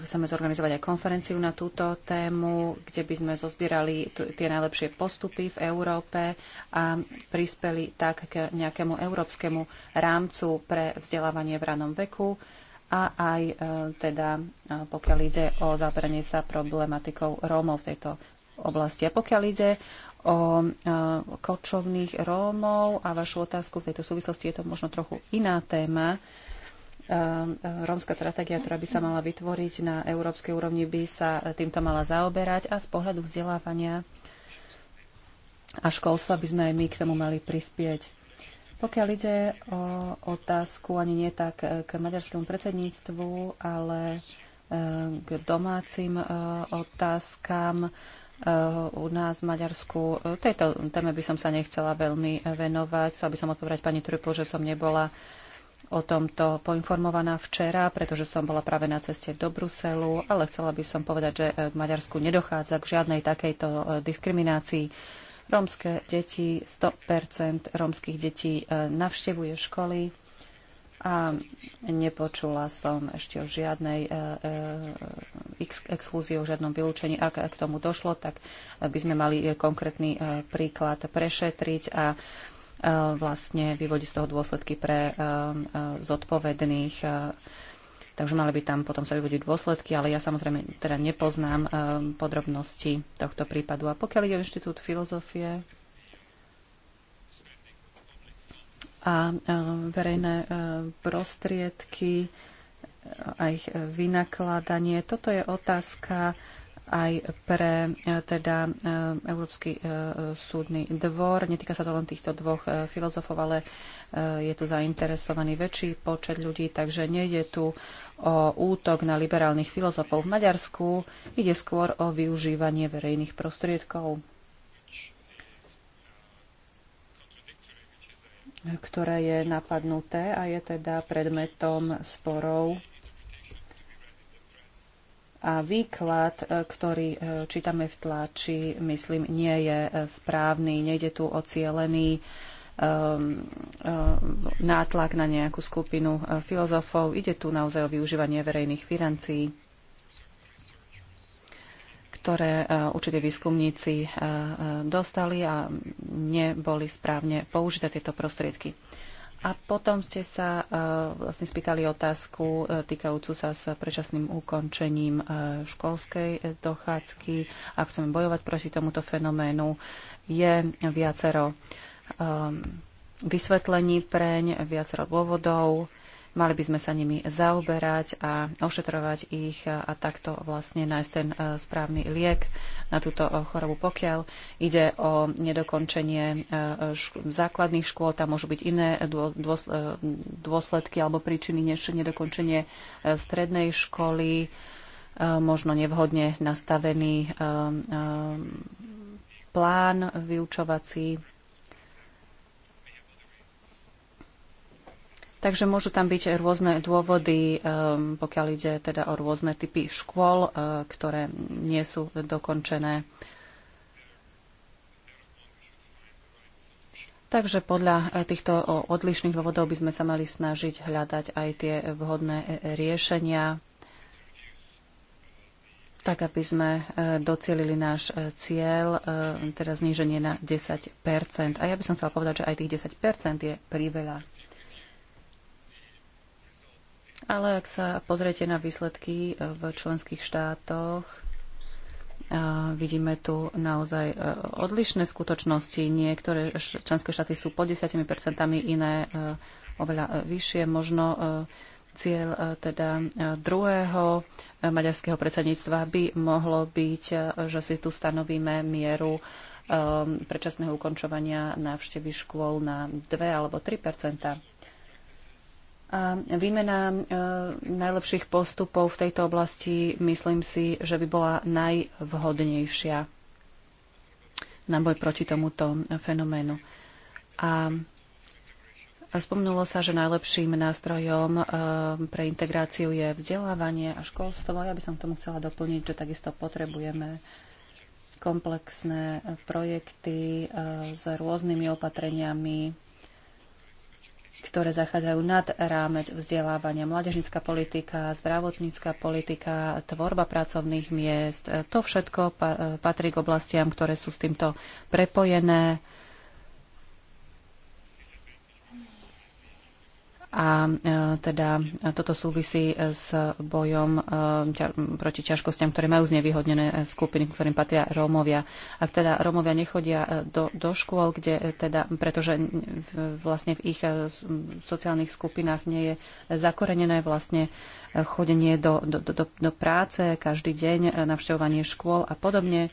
chceme zorganizovať aj konferenciu na túto tému, kde by sme zozbierali tie najlepšie postupy v Európe a prispeli tak k nejakému európskemu rámcu pre vzdelávanie v ranom veku a aj teda pokiaľ ide o zabranie sa problematikou Rómov v tejto oblasti. A pokiaľ ide o kočovných Rómov a vašu otázku v tejto súvislosti je to možno trochu iná téma. E, e, rómska stratégia, ktorá by sa mala vytvoriť na európskej úrovni, by sa týmto mala zaoberať a z pohľadu vzdelávania a školstva by sme aj my k tomu mali prispieť. Pokiaľ ide o otázku ani nie tak k maďarskému predsedníctvu, ale e, k domácim otázkam, u nás v Maďarsku. Tejto téme by som sa nechcela veľmi venovať. Chcela by som odpovedať pani Trupl, že som nebola o tomto poinformovaná včera, pretože som bola práve na ceste do Bruselu, ale chcela by som povedať, že v Maďarsku nedochádza k žiadnej takejto e, diskriminácii. Rómske deti, 100% rómskych detí e, navštevuje školy, a nepočula som ešte o žiadnej e, e, ex exkluzii, o žiadnom vylúčení. Ak k tomu došlo, tak by sme mali e, konkrétny príklad prešetriť a vlastne vyvodiť z toho dôsledky pre zodpovedných. Takže mali by tam potom sa vyvodiť dôsledky, ale ja samozrejme teda nepoznám podrobnosti tohto prípadu. A pokiaľ ide o Inštitút filozofie, a verejné e, prostriedky a ich vynakladanie. Toto je otázka aj pre e, teda e, Európsky súdny dvor. Netýka sa to len týchto dvoch filozofov, ale je tu zainteresovaný väčší počet ľudí, takže nejde tu o útok na liberálnych filozofov v Maďarsku, ide skôr o využívanie verejných prostriedkov. ktoré je napadnuté a je teda predmetom sporov. A výklad, e, ktorý e, čítame v tlači, myslím, nie je e, správny. Nejde tu o cielený nátlak na nejakú skupinu filozofov. Ide tu naozaj o využívanie verejných financií ktoré e, určite výskumníci e, e, dostali a neboli správne použité tieto prostriedky. A potom ste sa vlastne spýtali otázku týkajúcu sa s predčasným ukončením školskej dochádzky a chceme bojovať proti tomuto fenoménu. Je viacero vysvetlení preň, viacero dôvodov Mali by sme sa nimi zaoberať a ošetrovať ich a takto vlastne nájsť ten e, správny liek na túto e, chorobu. Pokiaľ ide o nedokončenie e, základných škôl, tam môžu byť iné dôsledky alebo príčiny než nedokončenie strednej školy, možno nevhodne nastavený plán vyučovací Takže môžu tam byť rôzne dôvody, ehm, pokiaľ ide teda o rôzne typy škôl, eh, ktoré nie sú dokončené. Takže podľa eh, týchto odlišných dôvodov by sme sa mali snažiť hľadať aj tie vhodné eh, riešenia, tak aby sme docielili náš cieľ, teda zníženie na 10 A ja by som chcela povedať, že aj tých 10 je priveľa. Ale ak sa pozriete na výsledky e, v členských štátoch, e, vidíme tu naozaj e, odlišné skutočnosti. Niektoré členské štáty sú pod 10%, iné oveľa vyššie. Možno cieľ teda druhého maďarského predsedníctva by mohlo byť, že si tu stanovíme mieru predčasného ukončovania návštevy škôl na 2 alebo 3 a výmena e, najlepších postupov v tejto oblasti myslím si, že by bola najvhodnejšia na boj proti tomuto fenoménu. A Spomnulo sa, že najlepším nástrojom e, pre integráciu je vzdelávanie a školstvo. Ja by som k tomu chcela doplniť, že takisto potrebujeme komplexné projekty e, s rôznymi opatreniami ktoré zachádzajú nad rámec vzdelávania. Mládežnická politika, zdravotnícká politika, tvorba pracovných miest, to všetko patrí k oblastiam, ktoré sú s týmto prepojené a e, teda toto súvisí s bojom e, proti ťažkostiam, ktoré majú znevýhodnené e, skupiny, ktorým patria Rómovia. Ak teda Rómovia nechodia do, do škôl, kde teda, pretože vlastne v ich sociálnych skupinách nie je zakorenené vlastne chodenie do, do, do, do práce každý deň, navštevovanie škôl a podobne,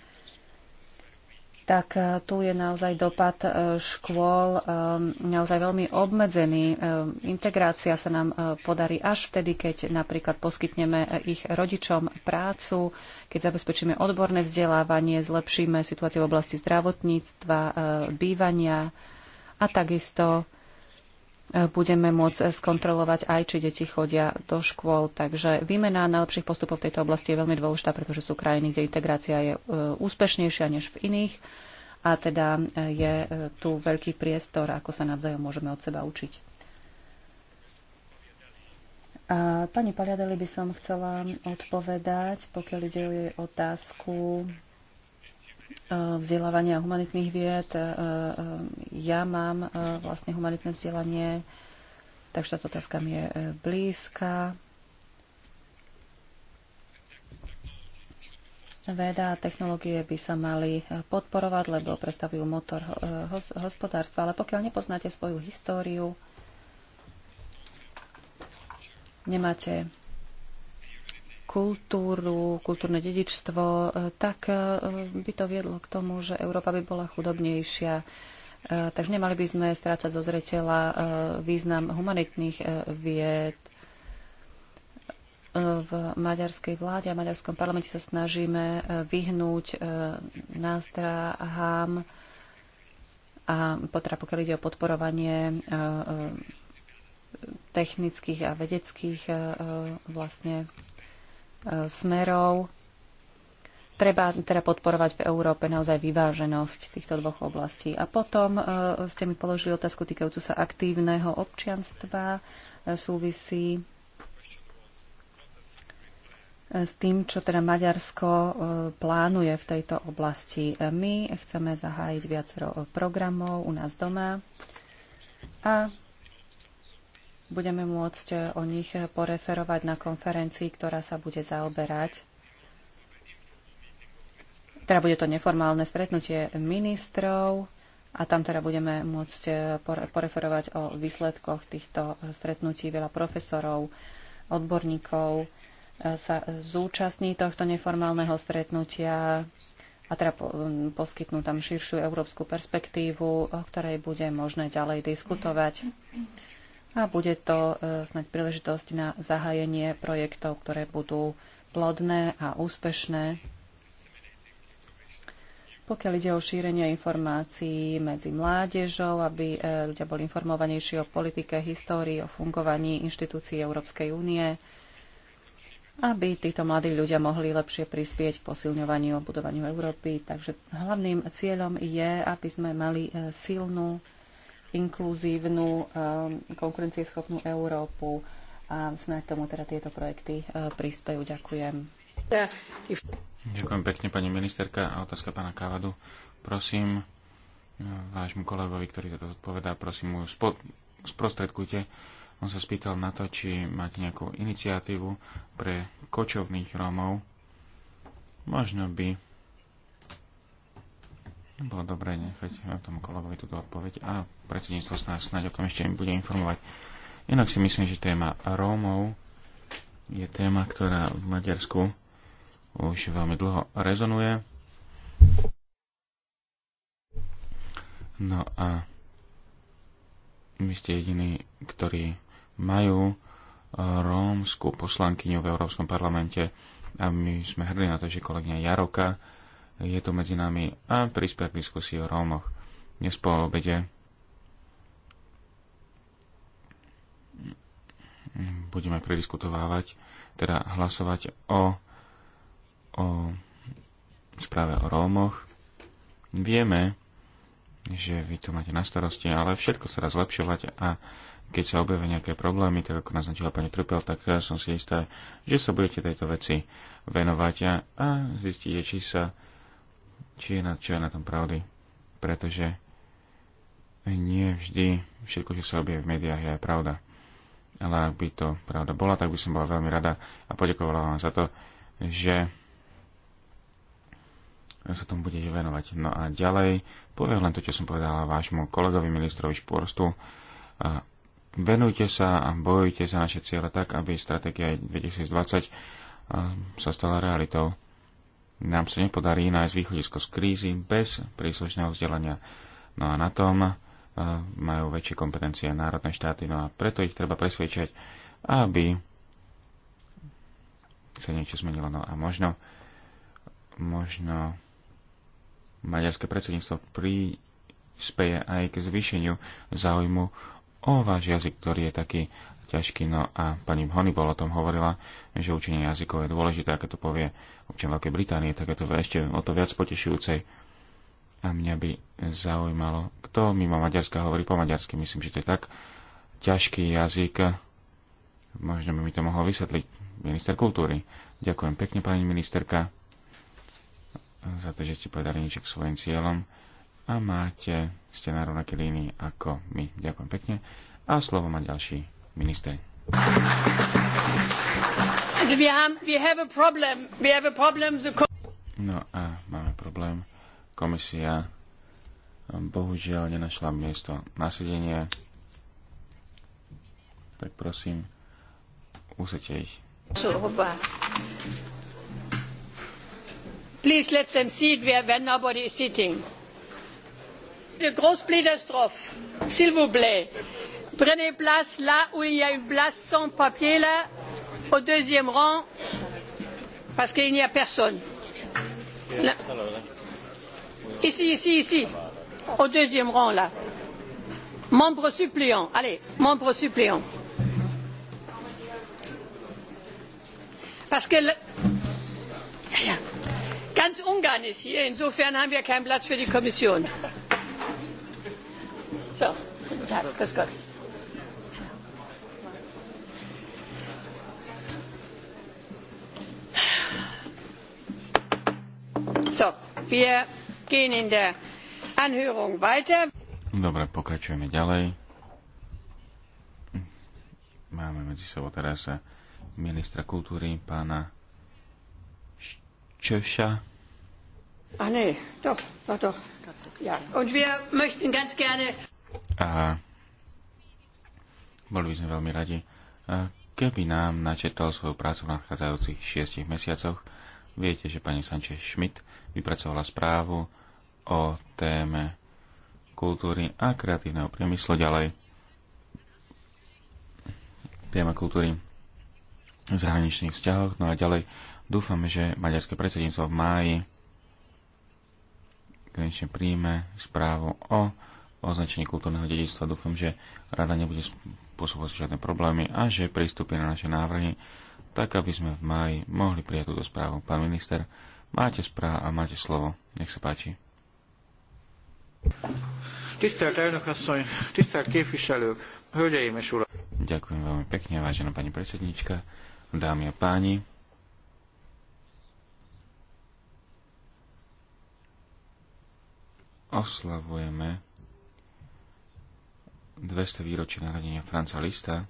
tak e, tu je naozaj dopad e, škôl e, naozaj veľmi obmedzený. Integrácia sa nám podarí až vtedy, keď napríklad poskytneme ich rodičom prácu, keď zabezpečíme odborné vzdelávanie, zlepšíme situáciu v oblasti zdravotníctva, bývania a takisto budeme môcť skontrolovať aj, či deti chodia do škôl. Takže výmena najlepších postupov v tejto oblasti je veľmi dôležitá, pretože sú krajiny, kde integrácia je e, úspešnejšia než v iných a teda e, je e, tu veľký priestor, ako sa navzájom môžeme od seba učiť. A pani Paliadeli by som chcela odpovedať, pokiaľ ide o jej otázku Eh, vzdelávania humanitných vied. Eh, eh, ja mám vlastne humanitné vzdelanie, takže táto otázka mi je blízka. Veda a technológie by sa mali podporovať, lebo predstavujú motor hospodárstva, ale pokiaľ nepoznáte svoju históriu, nemáte kultúru, kultúrne dedičstvo, e, tak e, by to viedlo k tomu, že Európa by bola chudobnejšia. E, takže nemali by sme strácať do zreteľa význam humanitných vied. V maďarskej vláde a maďarskom parlamente sa snažíme vyhnúť nástrahám a potra, pokiaľ ide o podporovanie technických a vedeckých vlastne E, smerov. Treba teda podporovať v Európe naozaj vyváženosť týchto dvoch oblastí. A potom e, ste mi položili otázku týkajúcu sa aktívneho občianstva. E, súvisí s tým, čo teda Maďarsko plánuje v tejto oblasti. My chceme zahájiť viacero programov u nás doma a budeme môcť eh, o nich poreferovať na konferencii, ktorá sa bude zaoberať. Teda bude to neformálne stretnutie ministrov a tam teda budeme môcť eh, poreferovať o výsledkoch týchto stretnutí. Veľa profesorov, odborníkov eh, sa zúčastní tohto neformálneho stretnutia a teda poskytnú tam širšiu európsku perspektívu, o ktorej bude možné ďalej diskutovať a bude to e, snať príležitosť na zahájenie projektov, ktoré budú plodné a úspešné. Pokiaľ ide o šírenie informácií medzi mládežou, aby e, ľudia boli informovanejší o politike, histórii, o fungovaní inštitúcií Európskej únie, aby títo mladí ľudia mohli lepšie prispieť k posilňovaniu a budovaniu Európy. Takže hlavným cieľom je, aby sme mali e, silnú inkluzívnu, eh, konkurencieschopnú Európu a snáď tomu teda tieto projekty eh, prispejú. Ďakujem. Ďakujem pekne, pani ministerka. A otázka pána Kávadu. Prosím, eh, vášmu kolegovi, ktorý za to zodpovedá, prosím mu sprostredkujte. On sa spýtal na to, či máte nejakú iniciatívu pre kočovných Rómov. Možno by bolo dobré nechať na tom kolegovi túto odpoveď a predsedníctvo snáď, snáď o tom ešte bude informovať. Inak si myslím, že téma Rómov je téma, ktorá v Maďarsku už veľmi dlho rezonuje. No a vy ste jediní, ktorí majú eh, rómsku poslankyňu v Európskom parlamente a my sme hrdí na to, že kolegyňa Jaroka je tu medzi nami a prispie k diskusii o Rómoch. Dnes po obede budeme prediskutovávať, teda hlasovať o, o správe o Rómoch. Vieme, že vy to máte na starosti, ale všetko sa dá zlepšovať a keď sa objavia nejaké problémy, tak ako naznačila pani Trupel, tak ja som si istá, že sa budete tejto veci venovať a, a zistíte, či sa či je na, čo je na tom pravdy. Pretože nie vždy všetko, čo sa objaví v médiách, je aj pravda ale ak by to pravda bola, tak by som bola veľmi rada a poďakovala vám za to, že sa tomu budete venovať. No a ďalej, poviem len to, čo som povedala vášmu kolegovi ministrovi športu. Venujte sa a bojujte za naše ciele tak, aby stratégia 2020 sa stala realitou. Nám sa nepodarí nájsť východisko z krízy bez príslušného vzdelania. No a na tom majú väčšie kompetencie národné štáty, no a preto ich treba presvedčať, aby sa niečo zmenilo. No a možno, možno maďarské predsedníctvo prispieje aj k zvýšeniu záujmu o váš jazyk, ktorý je taký ťažký. No a pani Honeyball o tom hovorila, že učenie jazykov je dôležité, ako to povie občan Veľkej Británie, tak je to ešte o to viac potešujúcej. A mňa by zaujímalo, kto mimo Maďarska hovorí po maďarsky. Myslím, že to je tak ťažký jazyk. Možno by mi to mohol vysvetliť minister kultúry. Ďakujem pekne, pani ministerka, za to, že ste povedali niečo k svojim cieľom a máte, ste na rovnaké línii ako my. Ďakujem pekne. A slovo má ďalší minister. No a máme problém. Komisia eh, bohužiaľ nenašla miesto na sedenie, tak prosím, usete ich. Please let them sit where, where nobody is sitting. Le gros plédastrophe, s'il vous plaît. Prenez place là où il y a une place sans papier, là, au deuxième rang, parce qu'il n'y a personne. Là. Ici, ici, ici, au deuxième rang, là. Membre suppléant, allez, membre suppléant. Parce que le... ganz Ungarn ist hier, insofern haben wir keinen Platz für die Kommission. So, grüß Gott. So, wir Dobre, pokračujeme ďalej. Máme medzi sebou teraz ministra kultúry, pána Čoša. A ah, ne, to, doch, to. Ja. Und wir möchten ganz gerne... A boli by sme veľmi radi, keby nám načetol svoju prácu v nadchádzajúcich šiestich mesiacoch Viete, že pani Sanchez Schmidt vypracovala správu o téme kultúry a kreatívneho priemyslu ďalej. Téma kultúry v zahraničných vzťahoch. No a ďalej dúfam, že maďarské predsedníctvo v máji konečne príjme správu o označení kultúrneho dedičstva. Dúfam, že rada nebude spôsobovať žiadne problémy a že pristúpi na naše návrhy tak aby sme v máji mohli prijať túto správu. Pán minister, máte správu a máte slovo. Nech sa páči. Tisztelt elnök asszony, tisztelt képviselők, hölgyeim és uram! Ďakujem veľmi pekne, vážená pani predsednička, dámy a páni. Oslavujeme 200 výročie narodenia Franca Lista,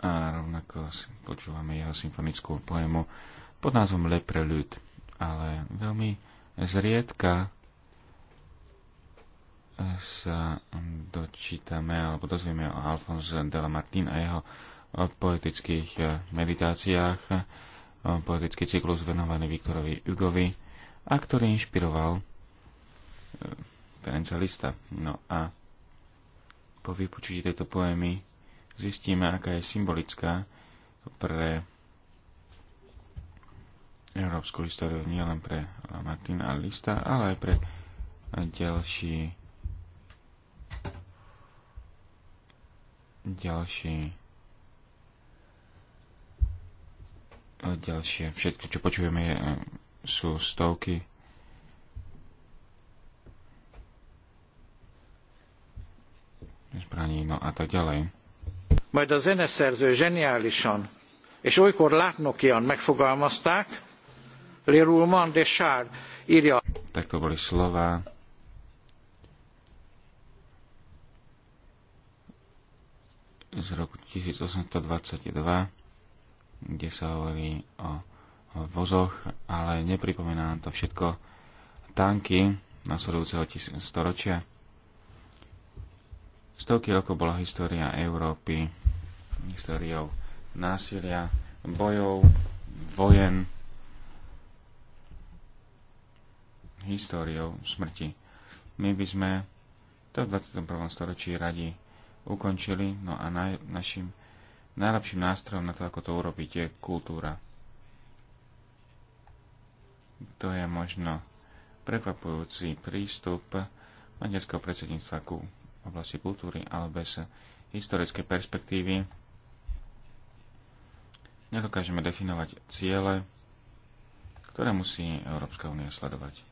a rovnako počúvame jeho symfonickú poému pod názvom Le Prelude, ale veľmi zriedka sa dočítame alebo dozvieme o Alphonse de la Martin a jeho poetických eh, meditáciách, eh, poetický cyklus venovaný Viktorovi Hugovi, a ktorý inšpiroval eh, Ferenca Lista. No a po vypočutí tejto poémy zistíme, aká je symbolická pre európsku históriu nielen pre Martina Lista, ale aj pre ďalší ďalší ďalšie všetko, čo počujeme je, sú stovky zbraní, no a tak ďalej majd a zeneszerző zseniálisan és olykor látnokian megfogalmazták, Le Roulement de Char írja. Tak to boli slova z roku 1822, kde sa hovorí o, o vozoch, ale nepripomína to všetko tanky nasledujúceho storočia. Stovky rokov bola história Európy históriou násilia, bojov, vojen, históriou smrti. My by sme to v 21. storočí radi ukončili, no a naj, našim najlepším nástrojom na to, ako to urobiť, je kultúra. To je možno prekvapujúci prístup maďarského predsedníctva ku v oblasti kultúry, ale bez historickej perspektívy nedokážeme definovať ciele, ktoré musí Európska únia sledovať.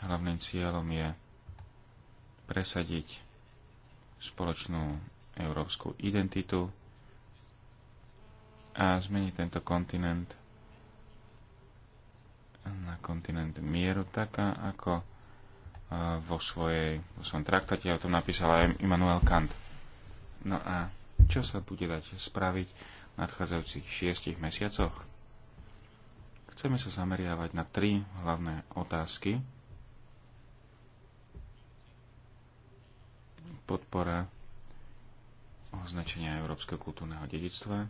Hlavným cieľom je presadiť spoločnú európsku identitu a zmeniť tento kontinent na kontinent mieru, taká ako vo, svojej, vo svojom traktate, o tom napísal aj Immanuel Kant. No a čo sa bude dať spraviť v nadchádzajúcich šiestich mesiacoch? Chceme sa zameriavať na tri hlavné otázky. Podpora označenia Európskeho kultúrneho dedictva,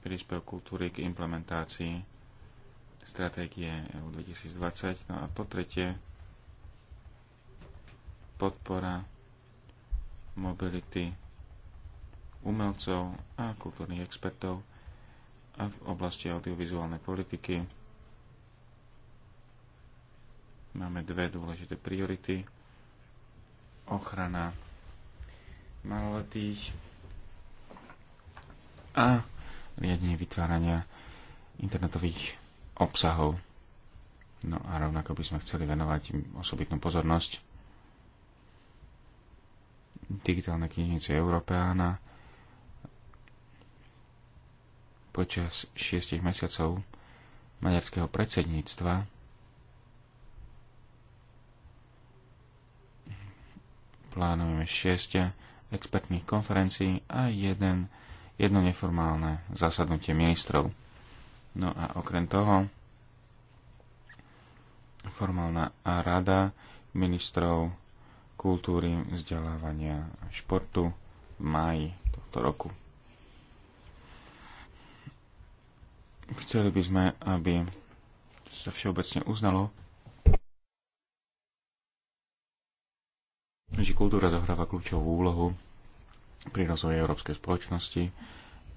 príspev kultúry k implementácii stratégie EU 2020. No a po tretie, podpora mobility umelcov a kultúrnych expertov a v oblasti audiovizuálnej politiky máme dve dôležité priority. Ochrana maloletých a riadenie vytvárania internetových obsahov. No a rovnako by sme chceli venovať osobitnú pozornosť Digitálne knižnice Európeána počas šiestich mesiacov maďarského predsedníctva plánujeme 6 expertných konferencií a jeden, jedno neformálne zasadnutie ministrov. No a okrem toho, formálna rada ministrov kultúry, vzdelávania a športu v máji tohto roku. Chceli by sme, aby sa všeobecne uznalo, že kultúra zohráva kľúčovú úlohu pri rozvoji európskej spoločnosti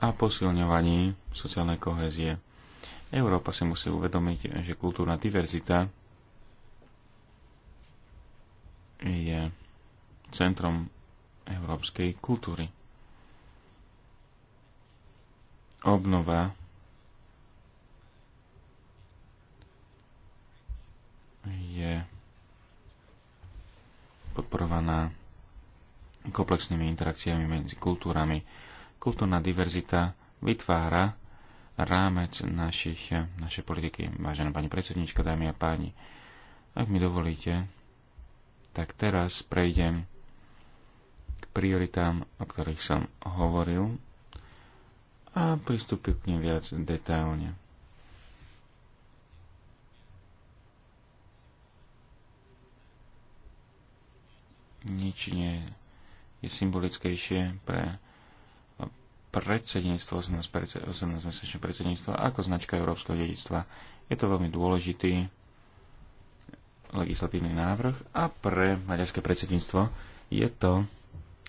a posilňovaní sociálnej kohézie Európa si musí uvedomiť, že kultúrna diverzita je centrom európskej kultúry. Obnova je podporovaná komplexnými interakciami medzi kultúrami. Kultúrna diverzita vytvára rámec našich, našej politiky. Vážená pani predsednička, dámy a páni, ak mi dovolíte, tak teraz prejdem k prioritám, o ktorých som hovoril a pristúpim k nim viac detailne. Nič nie je symbolickejšie pre predsedníctvo, 18-mesačné predsedníctvo ako značka európskeho dedictva. Je to veľmi dôležitý legislatívny návrh a pre maďarské predsedníctvo je to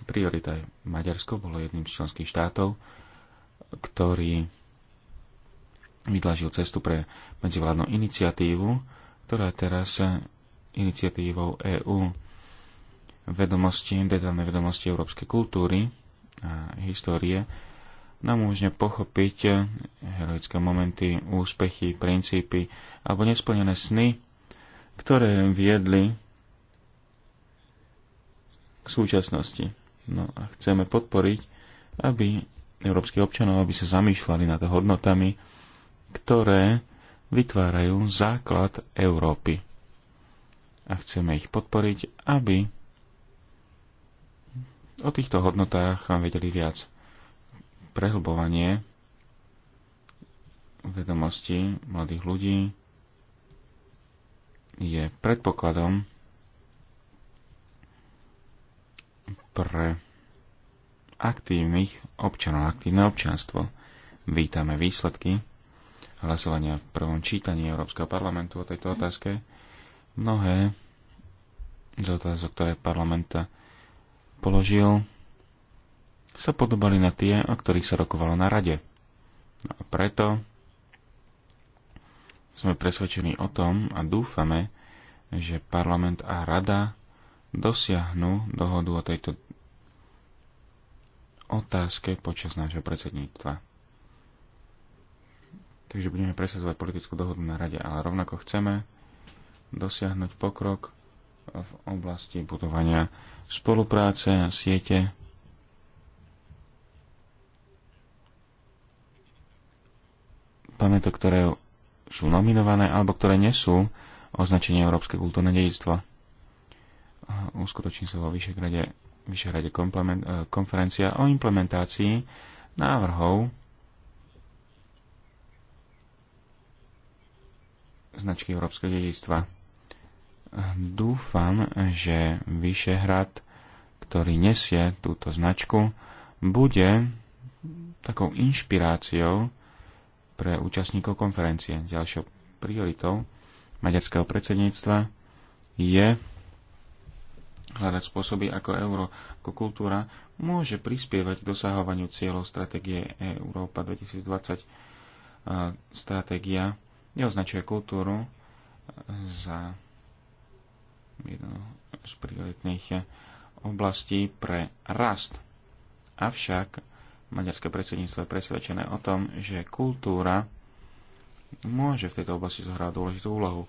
priorita. Maďarsko bolo jedným z členských štátov, ktorý vydlažil cestu pre medzivládnu iniciatívu, ktorá je teraz iniciatívou EÚ vedomosti, detálnej vedomosti európskej kultúry a histórie nám umožňuje pochopiť eh, heroické momenty, úspechy, princípy alebo nesplnené sny, ktoré viedli k súčasnosti. No a chceme podporiť, aby európskych občanov, aby sa zamýšľali nad hodnotami, ktoré vytvárajú základ Európy. A chceme ich podporiť, aby o týchto hodnotách vám vedeli viac prehlbovanie vedomostí mladých ľudí je predpokladom pre aktívnych občanov, aktívne občanstvo. Vítame výsledky hlasovania v prvom čítaní Európskeho parlamentu o tejto otázke. Mnohé z otázok, ktoré parlament položil, sa podobali na tie, o ktorých sa rokovalo na rade. No a preto sme presvedčení o tom a dúfame, že parlament a rada dosiahnu dohodu o tejto otázke počas nášho predsedníctva. Takže budeme presadzovať politickú dohodu na rade, ale rovnako chceme dosiahnuť pokrok v oblasti budovania spolupráce a siete pamätok, ktoré sú nominované alebo ktoré nesú označenie Európske kultúrne dedictvo. Uskutoční sa vo Vyšehrade, Vyšehrade e, konferencia o implementácii návrhov značky Európskeho dedictva. Dúfam, že Vyšehrad, ktorý nesie túto značku, bude takou inšpiráciou pre účastníkov konferencie. Ďalšou prioritou maďarského predsedníctva je hľadať spôsoby, ako euro, ako kultúra môže prispievať k dosahovaniu cieľov stratégie Európa 2020. Stratégia neoznačuje kultúru za jednu z prioritných oblastí pre rast. Avšak maďarské predsedníctvo je presvedčené o tom, že kultúra môže v tejto oblasti zohrať dôležitú úlohu.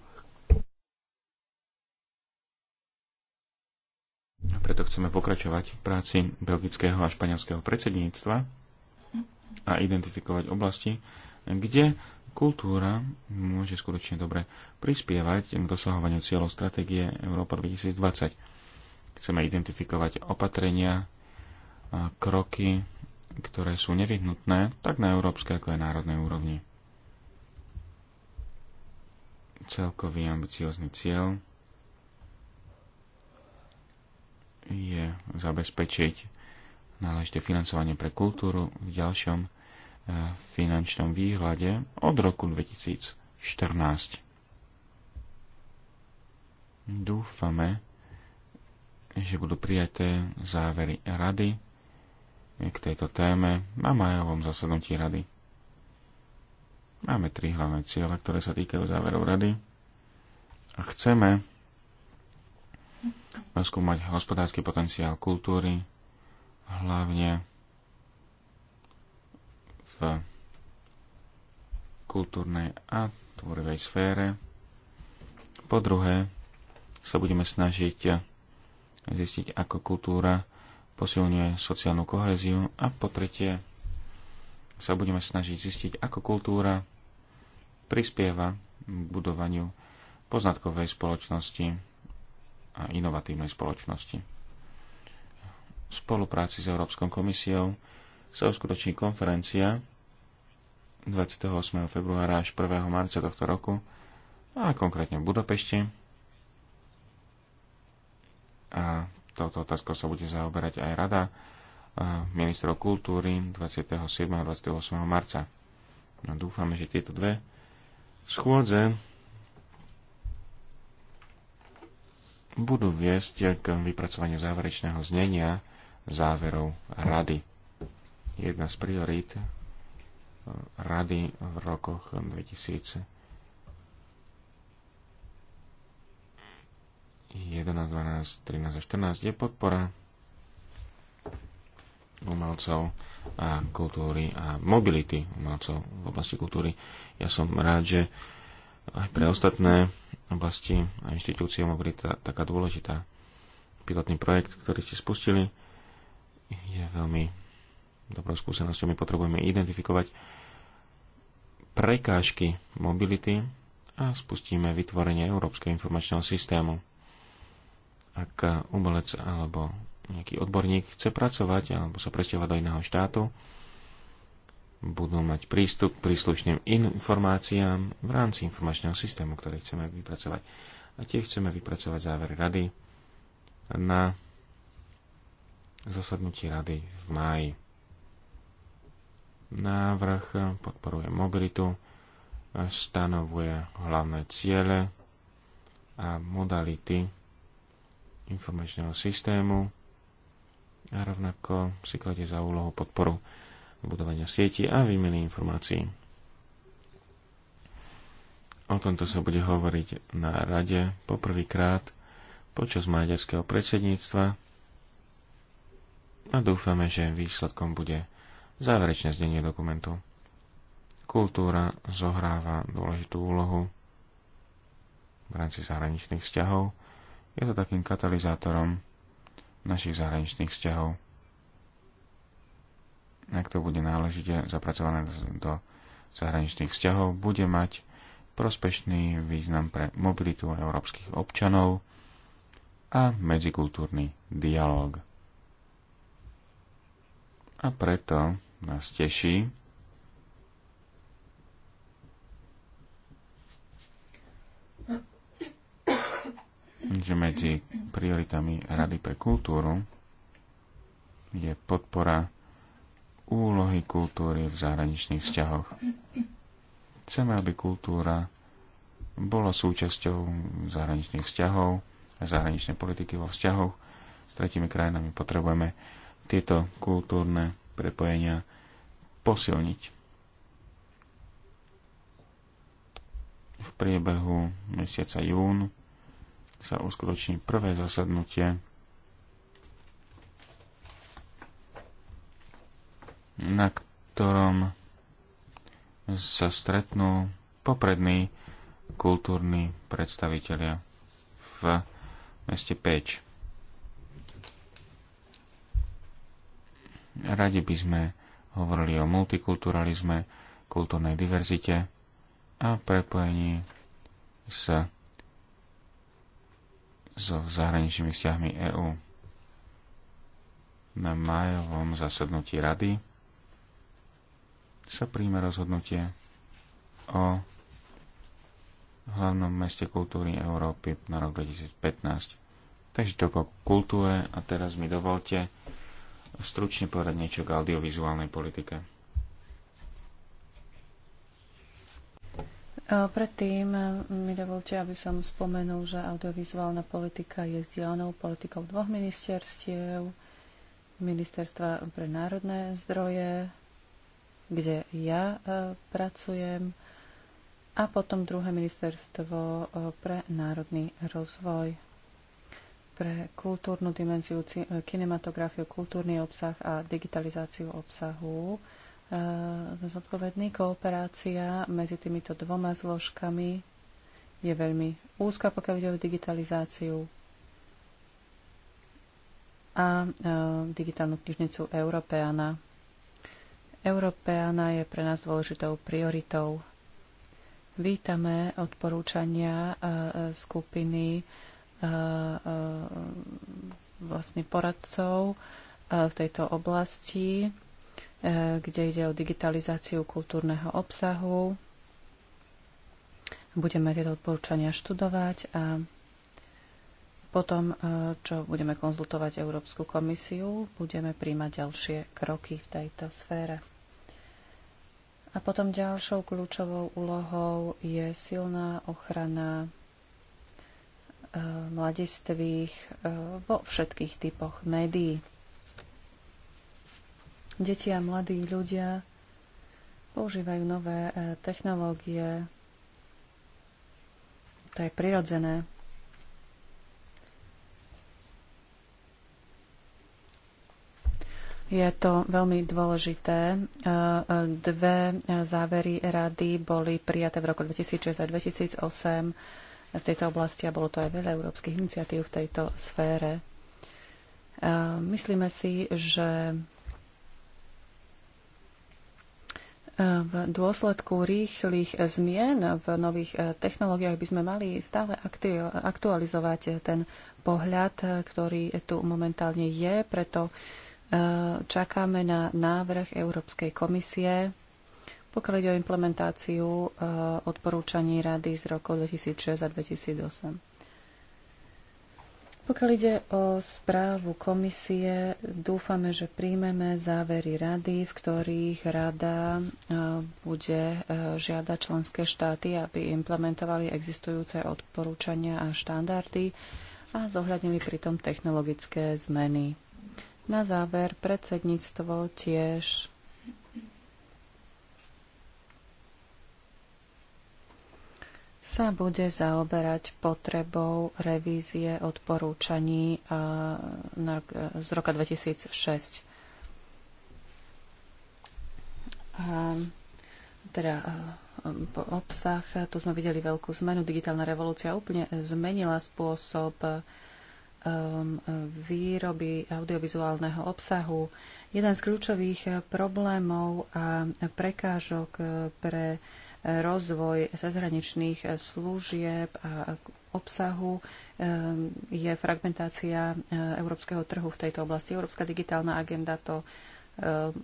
Preto chceme pokračovať v práci belgického a španielského predsedníctva a identifikovať oblasti, kde kultúra môže skutočne dobre prispievať k dosahovaniu cieľov stratégie Európa 2020. Chceme identifikovať opatrenia, kroky, ktoré sú nevyhnutné tak na európskej ako aj národnej úrovni. Celkový ambiciózny cieľ je zabezpečiť náležité financovanie pre kultúru v ďalšom eh, finančnom výhľade od roku 2014. Dúfame, že budú prijaté závery rady k tejto téme na majovom zasadnutí rady. Máme tri hlavné ciele, ktoré sa týkajú záverov rady a chceme rozkúmať hospodársky potenciál kultúry, hlavne v kultúrnej a tvorivej sfére. Po druhé, sa budeme snažiť zistiť, ako kultúra posilňuje sociálnu kohéziu a po tretie sa budeme snažiť zistiť, ako kultúra prispieva k budovaniu poznatkovej spoločnosti a inovatívnej spoločnosti. V spolupráci s Európskou komisiou sa uskutoční konferencia 28. februára až 1. marca tohto roku, a konkrétne v Budapešti. A touto otázkou sa bude zaoberať aj Rada eh, ministrov kultúry 27. a 28. marca. No, dúfame, že tieto dve schôdze budú viesť k vypracovaniu záverečného znenia záverov rady. Jedna z priorít eh, rady v rokoch 2000 11, 12, 13 a 14 je podpora umelcov a kultúry a mobility umelcov v oblasti kultúry. Ja som rád, že aj pre ostatné oblasti a inštitúcie mobilita taká dôležitá. Pilotný projekt, ktorý ste spustili, je veľmi dobrou skúsenosťou. My potrebujeme identifikovať prekážky mobility a spustíme vytvorenie Európskeho informačného systému ak umelec alebo nejaký odborník chce pracovať alebo sa presťahovať do iného štátu, budú mať prístup k príslušným informáciám v rámci informačného systému, ktorý chceme vypracovať. A tiež chceme vypracovať závery rady na zasadnutí rady v máji. Návrh podporuje mobilitu, stanovuje hlavné ciele a modality informačného systému a rovnako si kladie za úlohu podporu budovania sieti a výmeny informácií. O tomto sa bude hovoriť na rade poprvýkrát počas maďarského predsedníctva a dúfame, že výsledkom bude záverečné zdenie dokumentu. Kultúra zohráva dôležitú úlohu v rámci zahraničných vzťahov je to takým katalizátorom našich zahraničných vzťahov. Ak to bude náležite zapracované do zahraničných vzťahov, bude mať prospešný význam pre mobilitu európskych občanov a medzikultúrny dialog. A preto nás teší, že medzi prioritami Rady pre kultúru je podpora úlohy kultúry v zahraničných vzťahoch. Chceme, aby kultúra bola súčasťou zahraničných vzťahov a zahraničnej politiky vo vzťahoch s tretimi krajinami. Potrebujeme tieto kultúrne prepojenia posilniť. V priebehu mesiaca jún sa uskutoční prvé zasadnutie na ktorom sa stretnú poprední kultúrni predstavitelia v meste Peč. Radi by sme hovorili o multikulturalizme, kultúrnej diverzite a prepojení s so zahraničnými vzťahmi EÚ. Na majovom zasadnutí rady sa príjme rozhodnutie o hlavnom meste kultúry Európy na rok 2015. Takže toľko kultúre a teraz mi dovolte stručne povedať niečo k audiovizuálnej politike. Predtým e, mi dovolte, aby som spomenul, že audiovizuálna politika je zdieľanou politikou dvoch ministerstiev. Ministerstva pre národné zdroje, kde ja e, pracujem, a potom druhé ministerstvo e, pre národný rozvoj, pre kultúrnu dimenziu, kinematografiu, kultúrny obsah a digitalizáciu obsahu. E, zodpovedný, Kooperácia medzi týmito dvoma zložkami je veľmi úzka, pokiaľ ide o digitalizáciu a e, digitálnu knižnicu Európeana. Európeana je pre nás dôležitou prioritou. Vítame odporúčania e, e, skupiny e, e, vlastne poradcov e, v tejto oblasti E, kde ide o digitalizáciu kultúrneho obsahu. Budeme tieto odporúčania študovať a potom, e, čo budeme konzultovať Európsku komisiu, budeme príjmať ďalšie kroky v tejto sfére. A potom ďalšou kľúčovou úlohou je silná ochrana e, mladistvých vo všetkých typoch médií. Deti a mladí ľudia používajú nové e, technológie. To je prirodzené. Je to veľmi dôležité. E, e, dve závery rady boli prijaté v roku 2006 a 2008 v tejto oblasti a bolo to aj veľa európskych iniciatív v tejto sfére. Myslíme si, že V dôsledku rýchlych zmien v nových eh, technológiách by sme mali stále aktualizovať eh, ten pohľad, eh, ktorý tu momentálne je, preto čakáme na návrh Európskej komisie, pokiaľ ide o implementáciu odporúčaní Rady z roku 2006 a 2008. Pokiaľ ide o správu komisie, dúfame, že príjmeme závery rady, v ktorých rada bude e, žiadať členské štáty, aby implementovali existujúce odporúčania a štandardy a zohľadnili pritom technologické zmeny. Na záver predsedníctvo tiež sa bude zaoberať potrebou revízie odporúčaní e, z roka 2006. A teda e, po obsah, tu sme videli veľkú zmenu. Digitálna revolúcia úplne zmenila spôsob e, výroby audiovizuálneho obsahu. Jeden z kľúčových problémov a prekážok pre rozvoj zahraničných eh, služieb a obsahu eh, je fragmentácia eh, európskeho trhu v tejto oblasti. Európska digitálna agenda to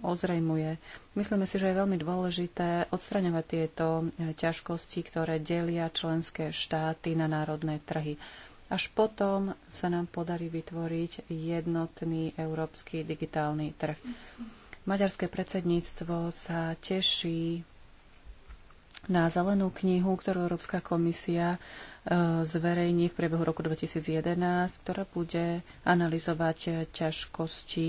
ozrejmuje. Myslíme si, že je veľmi dôležité odstraňovať tieto ťažkosti, ktoré delia členské štáty na národné trhy. Až potom sa nám podarí vytvoriť jednotný európsky digitálny trh. Maďarské predsedníctvo sa teší na zelenú knihu, ktorú Európska komisia e, zverejní v priebehu roku 2011, ktorá bude analyzovať e, ťažkosti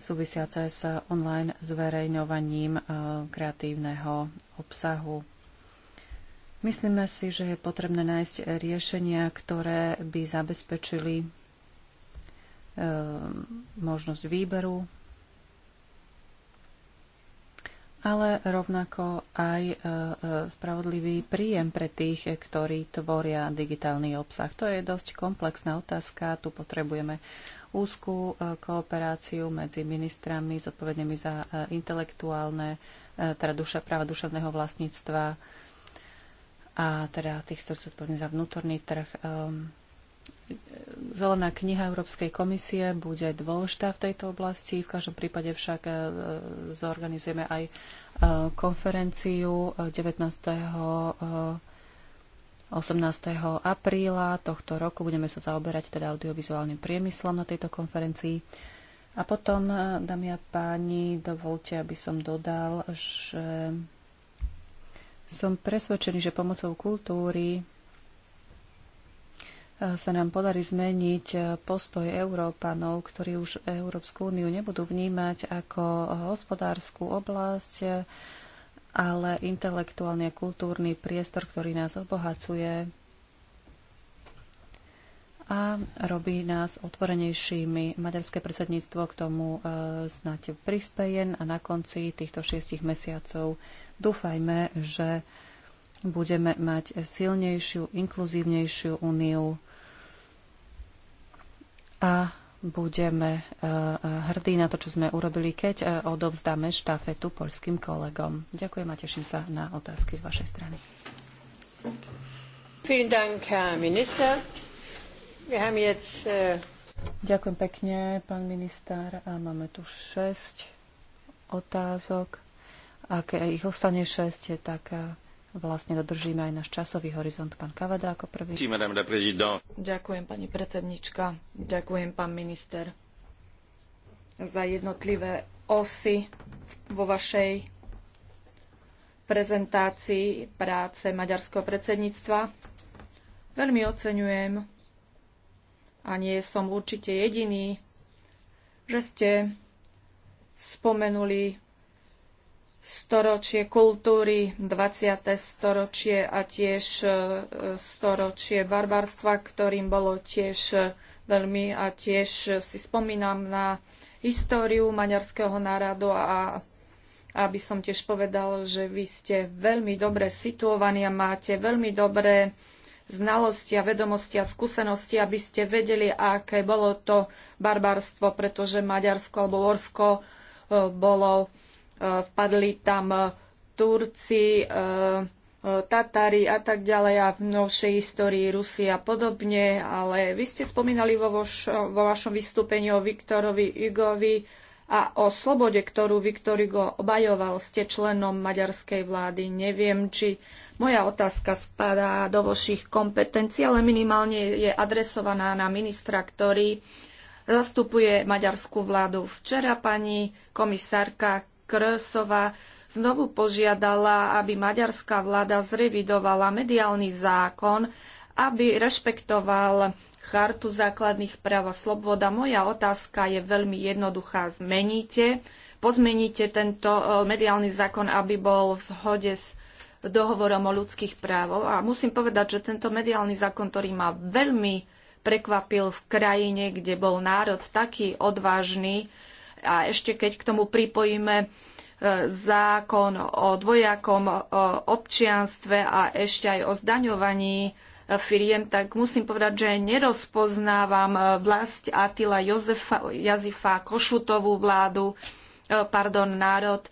súvisiace s online zverejňovaním e, kreatívneho obsahu. Myslíme si, že je potrebné nájsť riešenia, ktoré by zabezpečili možnosť výberu ale rovnako aj e, e, spravodlivý príjem pre tých, ktorí tvoria digitálny obsah. To je dosť komplexná otázka. Tu potrebujeme úzkú e, kooperáciu medzi ministrami zodpovednými za intelektuálne, teda duša, práva duševného vlastníctva a teda tých, ktorí sú zodpovední za vnútorný trh. Ehm, Zelená kniha Európskej komisie bude dôležitá v tejto oblasti. V každom prípade však e, zorganizujeme aj e, konferenciu 19. E, 18. apríla tohto roku. Budeme sa zaoberať teda audiovizuálnym priemyslom na tejto konferencii. A potom, dámy a páni, dovolte, aby som dodal, že som presvedčený, že pomocou kultúry sa nám podarí zmeniť e, postoj Európanov, ktorí už Európsku úniu nebudú vnímať ako hospodárskú oblasť, e, ale intelektuálny a kultúrny priestor, ktorý nás obohacuje a robí nás otvorenejšími. Maďarské predsedníctvo k tomu e, snáď prispejen a na konci týchto šiestich mesiacov dúfajme, že budeme mať silnejšiu, inkluzívnejšiu úniu, a budeme e, e, hrdí na to, čo sme urobili, keď e, odovzdáme štafetu poľským kolegom. Ďakujem a teším sa na otázky z vašej strany. Äh, Ďakujem pekne, pán minister. A máme tu 6 otázok. Ak ich ostane 6, tak vlastne dodržíme aj náš časový horizont. Pán Kavada ako prvý. Ďakujem, pani predsednička. Ďakujem, pán minister, za jednotlivé osy vo vašej prezentácii práce maďarského predsedníctva. Veľmi oceňujem a nie som určite jediný, že ste spomenuli storočie kultúry, 20. storočie a tiež e, storočie barbarstva, ktorým bolo tiež e, veľmi a tiež e, si spomínam na históriu maďarského národu a aby som tiež povedal, že vy ste veľmi dobre situovaní a máte veľmi dobré znalosti a vedomosti a skúsenosti, aby ste vedeli, aké bolo to barbarstvo, pretože Maďarsko alebo Orsko bolo vpadli tam e, Turci, e, e, Tatári a tak ďalej a v novšej histórii Rusia a podobne, ale vy ste spomínali vo, voš, vo vašom vystúpení o Viktorovi Igovi a o slobode, ktorú Viktor Hugo obajoval, ste členom maďarskej vlády. Neviem, či moja otázka spadá do vašich kompetencií, ale minimálne je adresovaná na ministra, ktorý zastupuje maďarskú vládu. Včera pani komisárka Krösova znovu požiadala, aby maďarská vláda zrevidovala mediálny zákon, aby rešpektoval chartu základných práv a sloboda. Moja otázka je veľmi jednoduchá. Zmeníte, pozmeníte tento e, mediálny zákon, aby bol v zhode s dohovorom o ľudských právoch. A musím povedať, že tento mediálny zákon, ktorý ma veľmi prekvapil v krajine, kde bol národ taký odvážny, a ešte keď k tomu pripojíme e, zákon o dvojakom e, občianstve a ešte aj o zdaňovaní e, firiem, tak musím povedať, že nerozpoznávam vlast Atila Jozefa, Jazifa Košutovú vládu, pardon, národ,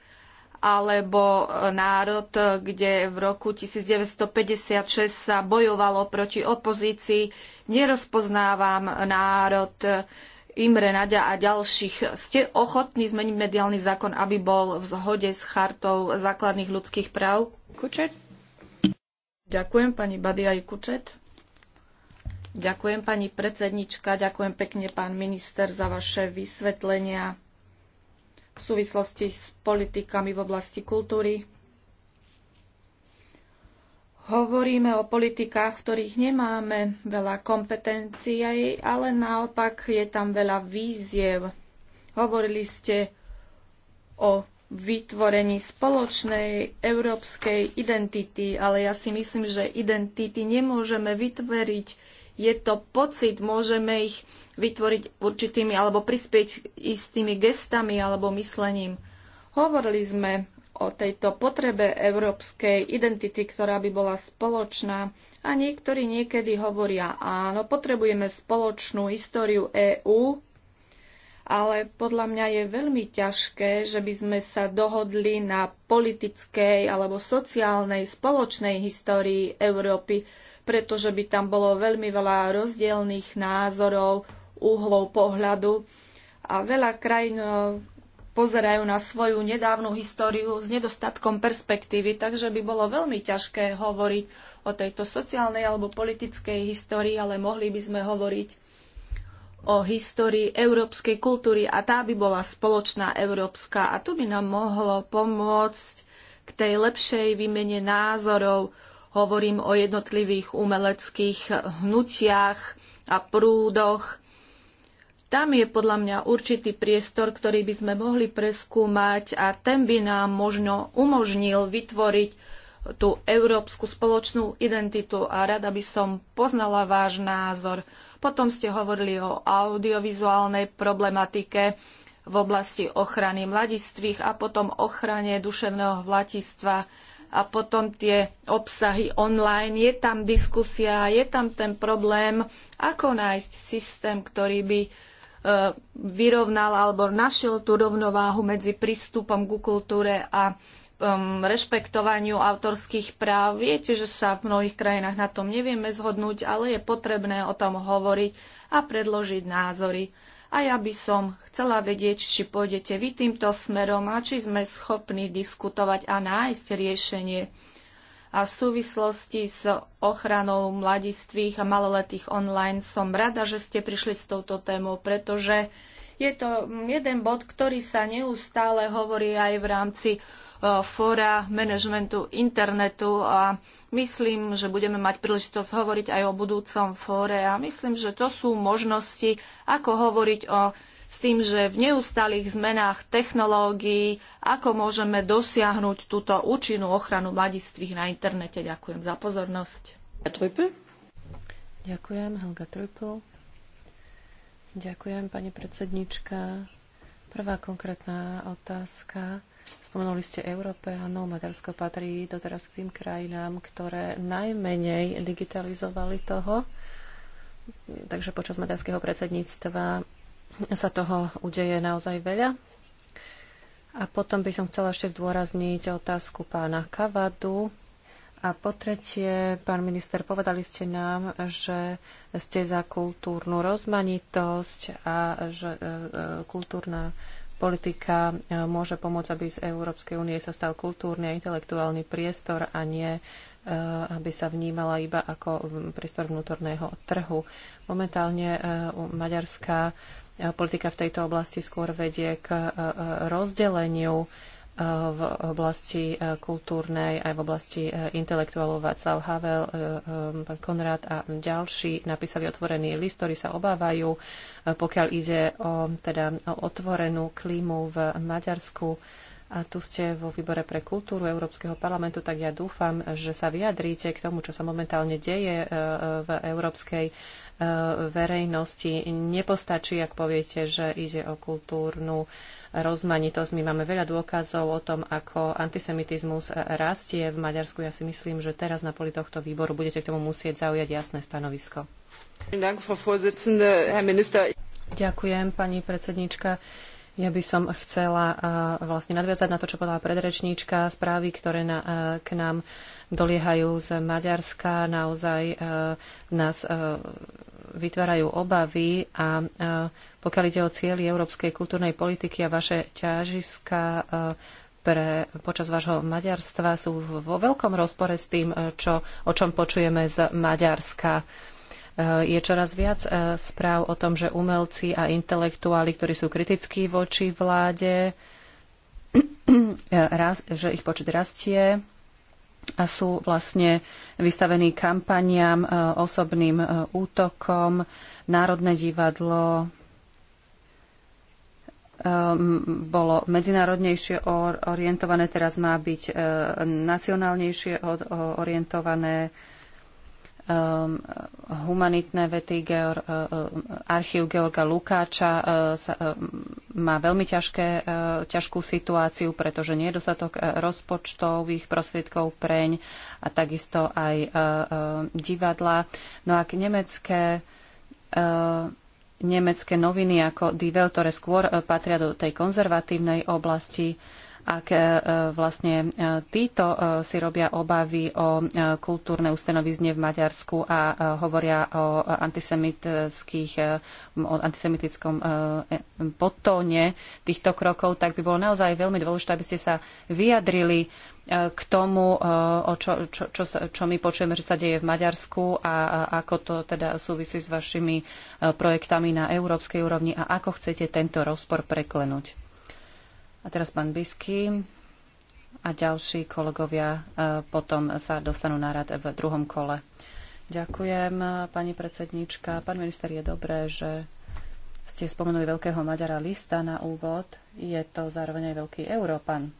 alebo národ, kde v roku 1956 sa bojovalo proti opozícii. Nerozpoznávam národ Imre Nadia a ďalších. Ste ochotní zmeniť mediálny zákon, aby bol v zhode s chartou základných ľudských práv? Kučet? Ďakujem pani Badia Kučet. Ďakujem pani predsednička, ďakujem pekne pán minister za vaše vysvetlenia v súvislosti s politikami v oblasti kultúry. Hovoríme o politikách, v ktorých nemáme veľa kompetencií, ale naopak je tam veľa víziev. Hovorili ste o vytvorení spoločnej európskej identity, ale ja si myslím, že identity nemôžeme vytvoriť. Je to pocit, môžeme ich vytvoriť určitými alebo prispieť istými gestami alebo myslením. Hovorili sme o tejto potrebe európskej identity, ktorá by bola spoločná. A niektorí niekedy hovoria, áno, potrebujeme spoločnú históriu EÚ, ale podľa mňa je veľmi ťažké, že by sme sa dohodli na politickej alebo sociálnej spoločnej histórii Európy, pretože by tam bolo veľmi veľa rozdielných názorov, uhlov pohľadu a veľa krajín pozerajú na svoju nedávnu históriu s nedostatkom perspektívy, takže by bolo veľmi ťažké hovoriť o tejto sociálnej alebo politickej histórii, ale mohli by sme hovoriť o histórii európskej kultúry a tá by bola spoločná európska a tu by nám mohlo pomôcť k tej lepšej výmene názorov. Hovorím o jednotlivých umeleckých hnutiach a prúdoch, tam je podľa mňa určitý priestor, ktorý by sme mohli preskúmať a ten by nám možno umožnil vytvoriť tú európsku spoločnú identitu a rada by som poznala váš názor. Potom ste hovorili o audiovizuálnej problematike v oblasti ochrany mladistvých a potom ochrane duševného vlatistva a potom tie obsahy online. Je tam diskusia, je tam ten problém, ako nájsť systém, ktorý by E, vyrovnal alebo našiel tú rovnováhu medzi prístupom ku kultúre a um, rešpektovaniu autorských práv. Viete, že sa v mnohých krajinách na tom nevieme zhodnúť, ale je potrebné o tom hovoriť a predložiť názory. A ja by som chcela vedieť, či pôjdete vy týmto smerom a či sme schopní diskutovať a nájsť riešenie a v súvislosti s ochranou mladistvých a maloletých online som rada, že ste prišli s touto témou, pretože je to jeden bod, ktorý sa neustále hovorí aj v rámci e, fóra manažmentu internetu a myslím, že budeme mať príležitosť hovoriť aj o budúcom fóre a myslím, že to sú možnosti, ako hovoriť o s tým, že v neustálých zmenách technológií, ako môžeme dosiahnuť túto účinnú ochranu mladistvých na internete. Ďakujem za pozornosť. Ďakujem, Helga Trupl. Ďakujem, pani predsednička. Prvá konkrétna otázka. Spomenuli ste Európe, áno, Maďarsko patrí doteraz k tým krajinám, ktoré najmenej digitalizovali toho. Takže počas maďarského predsedníctva sa toho udeje naozaj veľa. A potom by som chcela ešte zdôrazniť otázku pána Kavadu. A po tretie, pán minister, povedali ste nám, že ste za kultúrnu rozmanitosť a že e, e, kultúrna politika e, môže pomôcť, aby z Európskej únie sa stal kultúrny a intelektuálny priestor a nie aby sa vnímala iba ako priestor vnútorného trhu. Momentálne maďarská E, politika v tejto oblasti skôr vedie k e, e, rozdeleniu v oblasti kultúrnej aj v oblasti intelektuálov Václav Havel, pán Konrad a ďalší napísali otvorený list, ktorí sa obávajú, pokiaľ ide o, teda, o otvorenú klímu v Maďarsku a tu ste vo výbore pre kultúru Európskeho parlamentu, tak ja dúfam, že sa vyjadríte k tomu, čo sa momentálne deje e, v európskej e, verejnosti. Nepostačí, ak poviete, že ide o kultúrnu rozmanitosť. My máme veľa dôkazov o tom, ako antisemitizmus e, rastie v Maďarsku. Ja si myslím, že teraz na poli tohto výboru budete k tomu musieť zaujať jasné stanovisko. Ďakujem, pani predsednička. Ja by som chcela eh, vlastne nadviazať na to, čo povedala predrečníčka. Správy, ktoré na, eh, k nám doliehajú z Maďarska, naozaj eh, nás vytvárajú obavy a pokiaľ ide o cieľi európskej kultúrnej politiky a vaše ťažiska pre, počas vášho maďarstva sú vo veľkom rozpore s tým, čo, o čom počujeme z Maďarska Eh, je čoraz viac eh, správ o tom, že umelci a intelektuáli, ktorí sú kritickí voči vláde, eh, že ich počet rastie a sú vlastne vystavení kampaniám, osobným útokom. Národné divadlo ehm, bolo medzinárodnejšie orientované, teraz má byť nacionálnejšie orientované um, humanitné vety, Geor, uh, e, e, archív Georga Lukáča uh, sa, uh, má veľmi ťažké, uh, ťažkú situáciu, pretože nie je dostatok rozpočtových prostriedkov preň a takisto aj uh, uh, divadla. No a nemecké uh, nemecké noviny ako Die Welt, ktoré skôr patria do tej konzervatívnej oblasti, ak e, vlastne e, títo e, si robia obavy o kultúrne ustanovizne v Maďarsku a hovoria o, o antisemitickom podtóne týchto krokov, tak by bolo naozaj veľmi dôležité, aby ste sa vyjadrili k tomu, o čo, čo, čo, čo my počujeme, že sa deje v Maďarsku a ako to teda súvisí s vašimi projektami na európskej úrovni a ako chcete tento rozpor preklenúť. A teraz pán Bisky a ďalší kolegovia e, potom sa dostanú na rad v druhom kole. Ďakujem, pani predsednička. Pán minister, je dobré, že ste spomenuli veľkého Maďara Lista na úvod. Je to zároveň aj veľký Európan.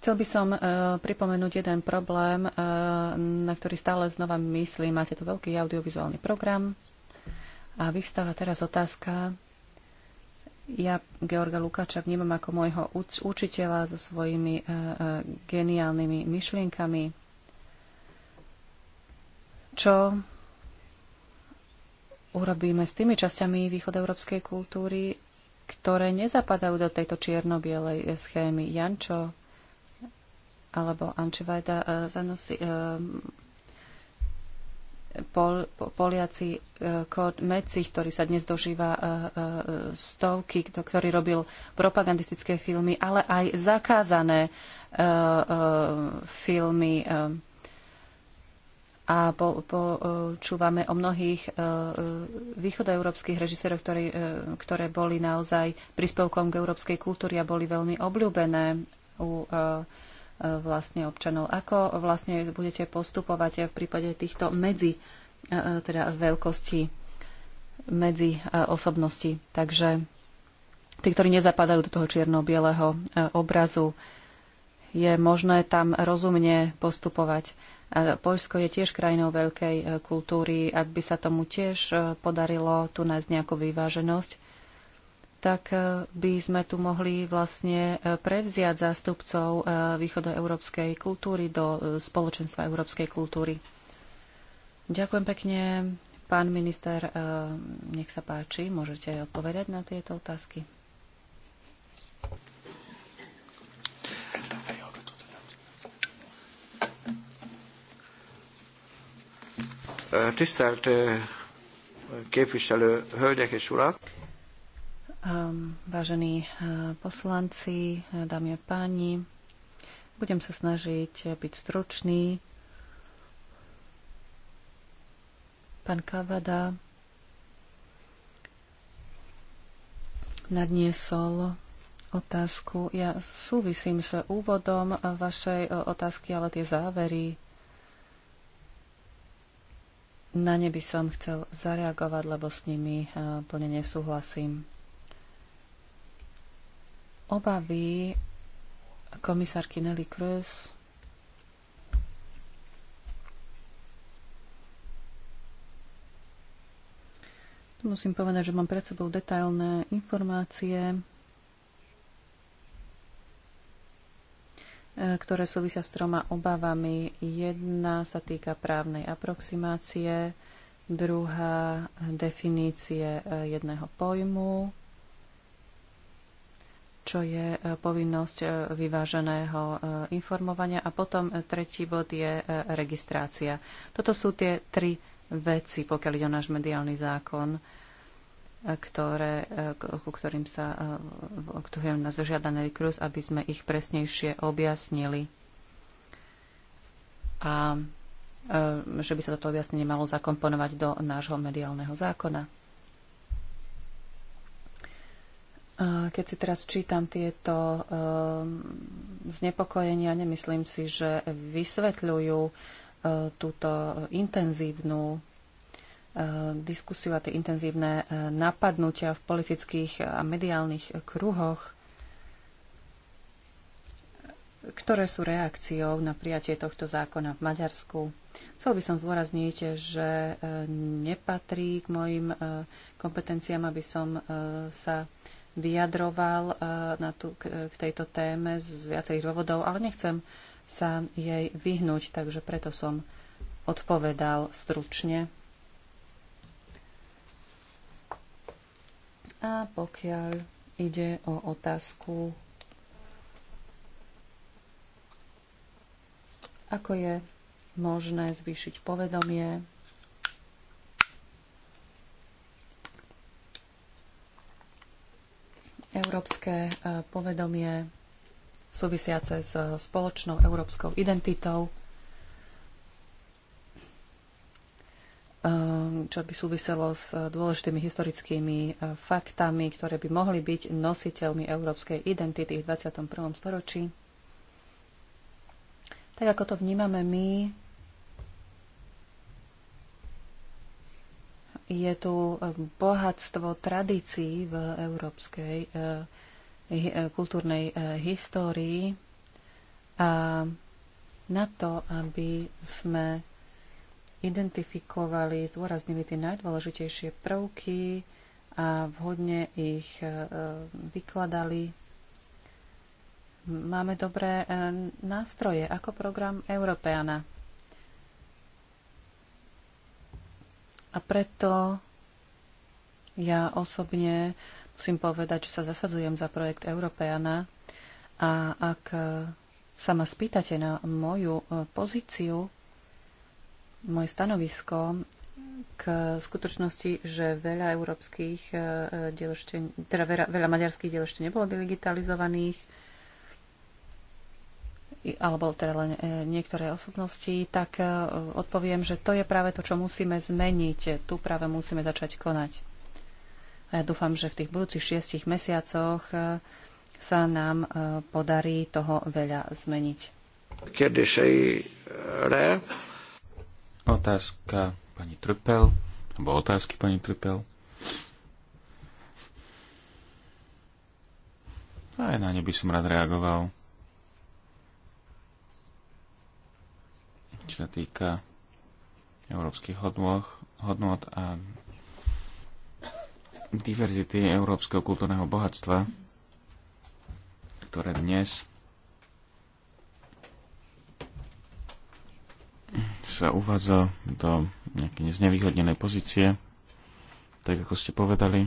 Chcel by som e, pripomenúť jeden problém, e, na ktorý stále znova myslím. Máte tu veľký audiovizuálny program a vystáva teraz otázka, ja Georga Lukáča vnímam ako môjho učiteľa so svojimi e, e, geniálnymi myšlienkami, čo urobíme s tými časťami východoeurópskej kultúry, ktoré nezapadajú do tejto čierno-bielej e, schémy. Jančo alebo Ančevajda Pol, Poliaci e, kód Mecich, ktorý sa dnes dožíva e, e, stovky, ktorý robil propagandistické filmy, ale aj zakázané filmy. A počúvame po, o mnohých východoeurópskych režiséroch, ktoré, ktoré boli naozaj príspevkom k európskej kultúry a boli veľmi obľúbené u uh, vlastne občanov. Ako vlastne budete postupovať v prípade týchto medzi, e, e, teda veľkosti medzi e, osobnosti, Takže tí, ktorí nezapadajú do toho čierno-bieleho obrazu, je možné tam rozumne postupovať. Poľsko je tiež krajinou veľkej kultúry. Ak by sa tomu tiež podarilo tu nájsť nejakú vyváženosť, tak eh, by sme tu mohli vlastne eh, prevziať zástupcov eh, východoeurópskej kultúry do spoločenstva európskej kultúry. Ďakujem pekne. Pán minister, nech sa páči, môžete aj odpovedať na tieto otázky. Tisztelt képviselő, hölgyek és urak! Vážení poslanci, dámy a páni, budem sa snažiť byť stručný. Pán Kavada nadniesol otázku. Ja súvisím s úvodom vašej otázky, ale tie závery na ne by som chcel zareagovať, lebo s nimi plne nesúhlasím obavy komisárky Nelly Cruz Musím povedať, že mám pred sebou detailné informácie, eh, ktoré súvisia s troma obavami. Jedna sa týka právnej aproximácie, druhá definície eh, jedného pojmu čo je e, povinnosť e, vyváženého e, informovania. A potom tretí bod je registrácia. Toto sú tie tri veci, pokiaľ ide o náš mediálny zákon, ktoré, ku ktorým sa ktorým nás žiada Nelly Cruz, aby sme ich presnejšie objasnili. A že by sa toto objasnenie malo zakomponovať do nášho mediálneho zákona. Eh, keď si teraz čítam tieto eh, znepokojenia, nemyslím si, že vysvetľujú eh, túto intenzívnu diskusiu a tie intenzívne napadnutia v politických a mediálnych kruhoch, ktoré sú reakciou na prijatie tohto zákona v Maďarsku. Chcel by som zdôrazniť, že nepatrí k mojim kompetenciám, aby som sa vyjadroval e, na tú, k tejto téme z viacerých dôvodov, ale nechcem sa jej vyhnúť, takže preto som odpovedal stručne. A pokiaľ ide o otázku, ako je možné zvýšiť povedomie európske e, povedomie súvisiace s e, spoločnou európskou identitou, e, čo by súviselo s dôležitými historickými faktami, ktoré by mohli byť nositeľmi európskej identity v 21. storočí. Tak ako to vnímame my, je tu e, bohatstvo tradícií v európskej e, e, kultúrnej histórii a na to, aby sme identifikovali, zdôraznili tie najdôležitejšie prvky a vhodne ich vykladali. Máme dobré nástroje ako program Európeana. A preto ja osobne musím povedať, že sa zasadzujem za projekt Európeana a ak sa ma spýtate na moju e, pozíciu, moje stanovisko k skutočnosti, že veľa európskych e, e, teda veľa, veľa maďarských diel ešte nebolo digitalizovaných, alebo teda len e, niektoré osobnosti, tak e, odpoviem, že to je práve to, čo musíme zmeniť. Tu práve musíme začať konať. A ja dúfam, že v tých budúcich šiestich mesiacoch e, sa nám podarí toho veľa zmeniť. Otázka pani Trpel, alebo otázky pani Trpel. Aj na ne by som rád reagoval. čo sa týka európskych hodnot hodnot a diverzity európskeho kultúrneho bohatstva, ktoré dnes sa uvádza do nejakej znevýhodnenej pozície, tak ako ste povedali,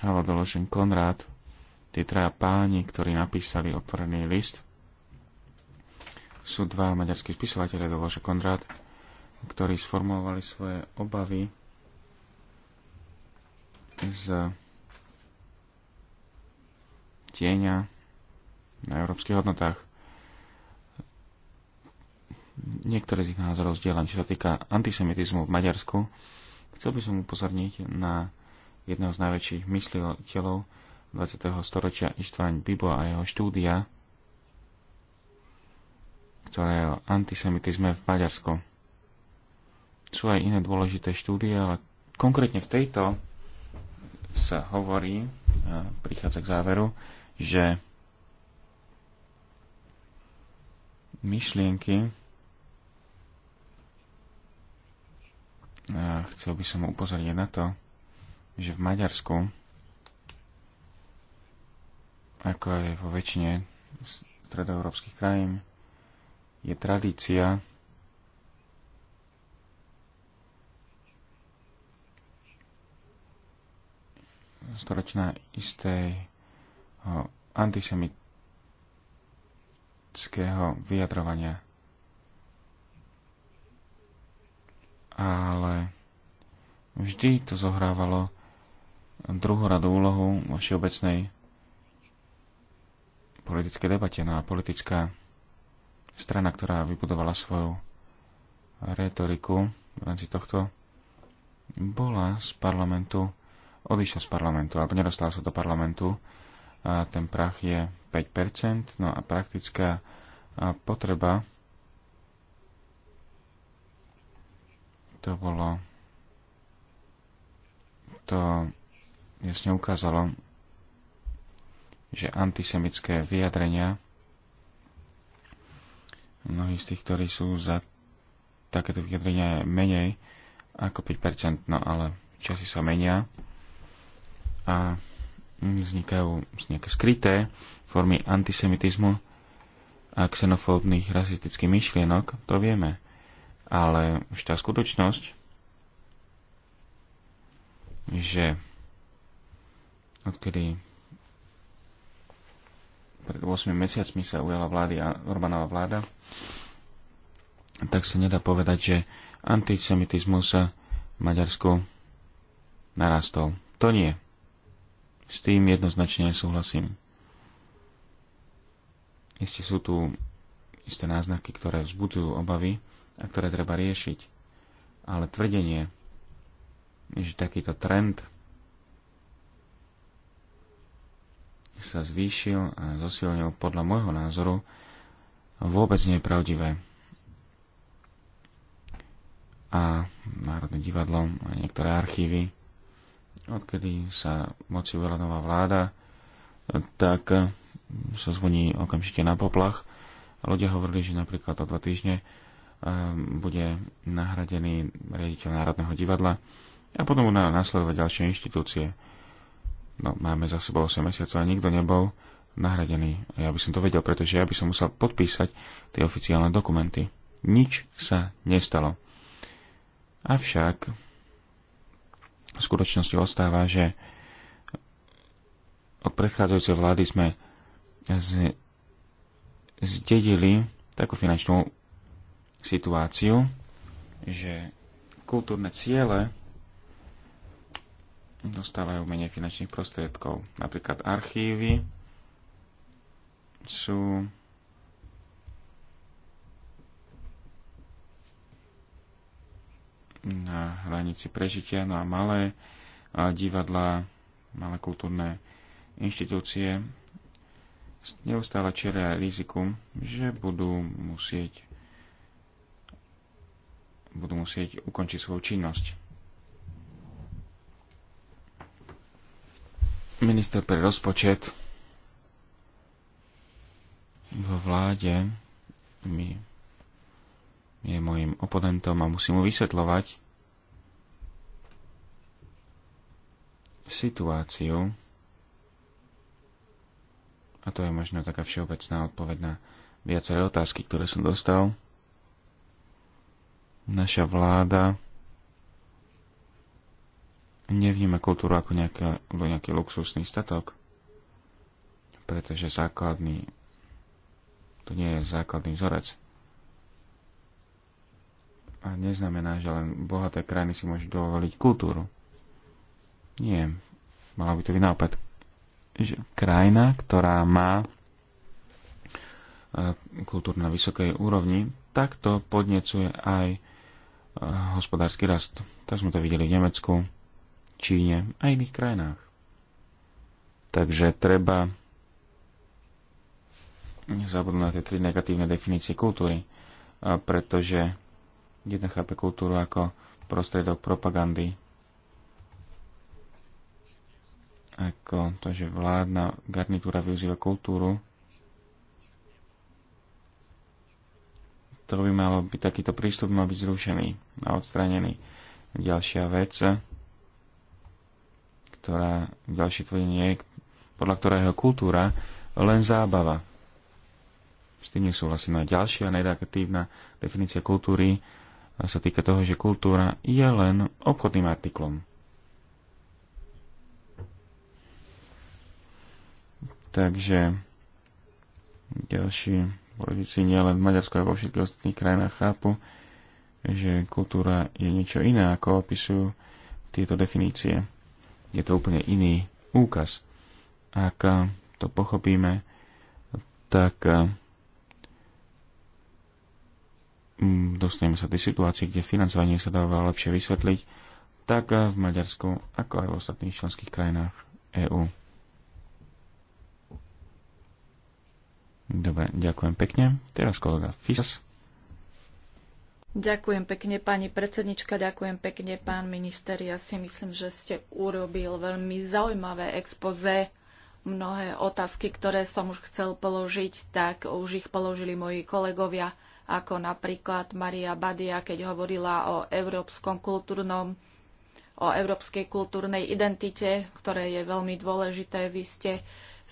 hlavne Doložen Konrad, tí traja páni, ktorí napísali otvorený list, sú dva maďarskí spisovateľe, Dološ a Konrad, ktorí sformulovali svoje obavy z tieňa na európskych hodnotách. Niektoré z ich názorov zdieľam, čo sa týka antisemitizmu v Maďarsku. Chcel by som upozorniť na jedného z najväčších mysliteľov 20. storočia Istvaň Bibo a jeho štúdia ktoré je o antisemitizme v Maďarsku. Sú aj iné dôležité štúdie, ale konkrétne v tejto sa hovorí, a prichádza k záveru, že myšlienky a chcel by som upozorniť na to, že v Maďarsku ako aj vo väčšine stredoeurópskych krajín je tradícia storočná istej antisemitského vyjadrovania. Ale vždy to zohrávalo druhoradú úlohu vo všeobecnej politickej debate. No a politická strana, ktorá vybudovala svoju retoriku v rámci tohto, bola z parlamentu, odišla z parlamentu, alebo nedostala sa do parlamentu. A ten prach je 5%, no a praktická potreba to bolo to jasne ukázalo, že antisemické vyjadrenia Mnohí z tých, ktorí sú za takéto vyjadrenia, je menej ako 5%, no ale časy sa menia a vznikajú nejaké skryté formy antisemitizmu a xenofóbnych rasistických myšlienok, to vieme. Ale už tá skutočnosť, že odkedy pred 8 mesiacmi sa ujala vlády a Orbánova vláda, tak sa nedá povedať, že antisemitizmus sa v Maďarsku narastol. To nie. S tým jednoznačne nesúhlasím. Isté sú tu isté náznaky, ktoré vzbudzujú obavy a ktoré treba riešiť. Ale tvrdenie, že takýto trend sa zvýšil a zosilnil podľa môjho názoru vôbec nie je pravdivé. A Národné divadlo a niektoré archívy, odkedy sa moci veľa nová vláda, tak sa zvoní okamžite na poplach. Ľudia hovorili, že napríklad o dva týždne bude nahradený riaditeľ Národného divadla a potom budú následovať ďalšie inštitúcie. No, máme za sebou 8 mesiacov a nikto nebol nahradený. Ja by som to vedel, pretože ja by som musel podpísať tie oficiálne dokumenty. Nič sa nestalo. Avšak v skutočnosti ostáva, že od predchádzajúcej vlády sme z, zdedili takú finančnú situáciu, že kultúrne ciele dostávajú menej finančných prostriedkov. Napríklad archívy sú na hranici prežitia, no a malé divadlá, malé kultúrne inštitúcie neustále čelia riziku, že budú musieť budú musieť ukončiť svoju činnosť. minister pre rozpočet vo vláde mi je môjim oponentom a musím mu vysvetľovať situáciu. A to je možno taká všeobecná odpoveď na viaceré otázky, ktoré som dostal. Naša vláda nevníma kultúru ako nejaká, nejaký luxusný statok, pretože základný, to nie je základný vzorec. A neznamená, že len bohaté krajiny si môžu dovoliť kultúru. Nie, malo by to byť naopak. Že krajina, ktorá má e, kultúru na vysokej úrovni, tak to podnecuje aj e, hospodársky rast. Tak sme to videli v Nemecku, Číne a iných krajinách. Takže treba nezabudnúť na tie tri negatívne definície kultúry, pretože jedna chápe kultúru ako prostriedok propagandy, ako to, že vládna garnitúra využíva kultúru, to by malo byť, takýto prístup mal byť zrušený a odstranený. Ďalšia vec, ktorá, ďalšie tvrdenie, podľa ktorého kultúra len zábava. S tým nesúhlasím. A ďalšia negatívna definícia kultúry sa týka toho, že kultúra je len obchodným artiklom. Takže ďalší politici nielen v Maďarsku a vo všetkých ostatných krajinách chápu, že kultúra je niečo iné, ako opisujú tieto definície je to úplne iný úkaz. Ak eh, to pochopíme, tak eh, dostaneme sa do situácii, kde financovanie sa dáva lepšie vysvetliť, tak eh, v Maďarsku, ako aj v ostatných členských krajinách EÚ. Dobre, ďakujem pekne. Teraz kolega Fisas. Ďakujem pekne, pani predsednička, ďakujem pekne, pán minister. Ja si myslím, že ste urobil veľmi zaujímavé expoze. Mnohé otázky, ktoré som už chcel položiť, tak už ich položili moji kolegovia, ako napríklad Maria Badia, keď hovorila o európskom kultúrnom o európskej kultúrnej identite, ktoré je veľmi dôležité. Vy ste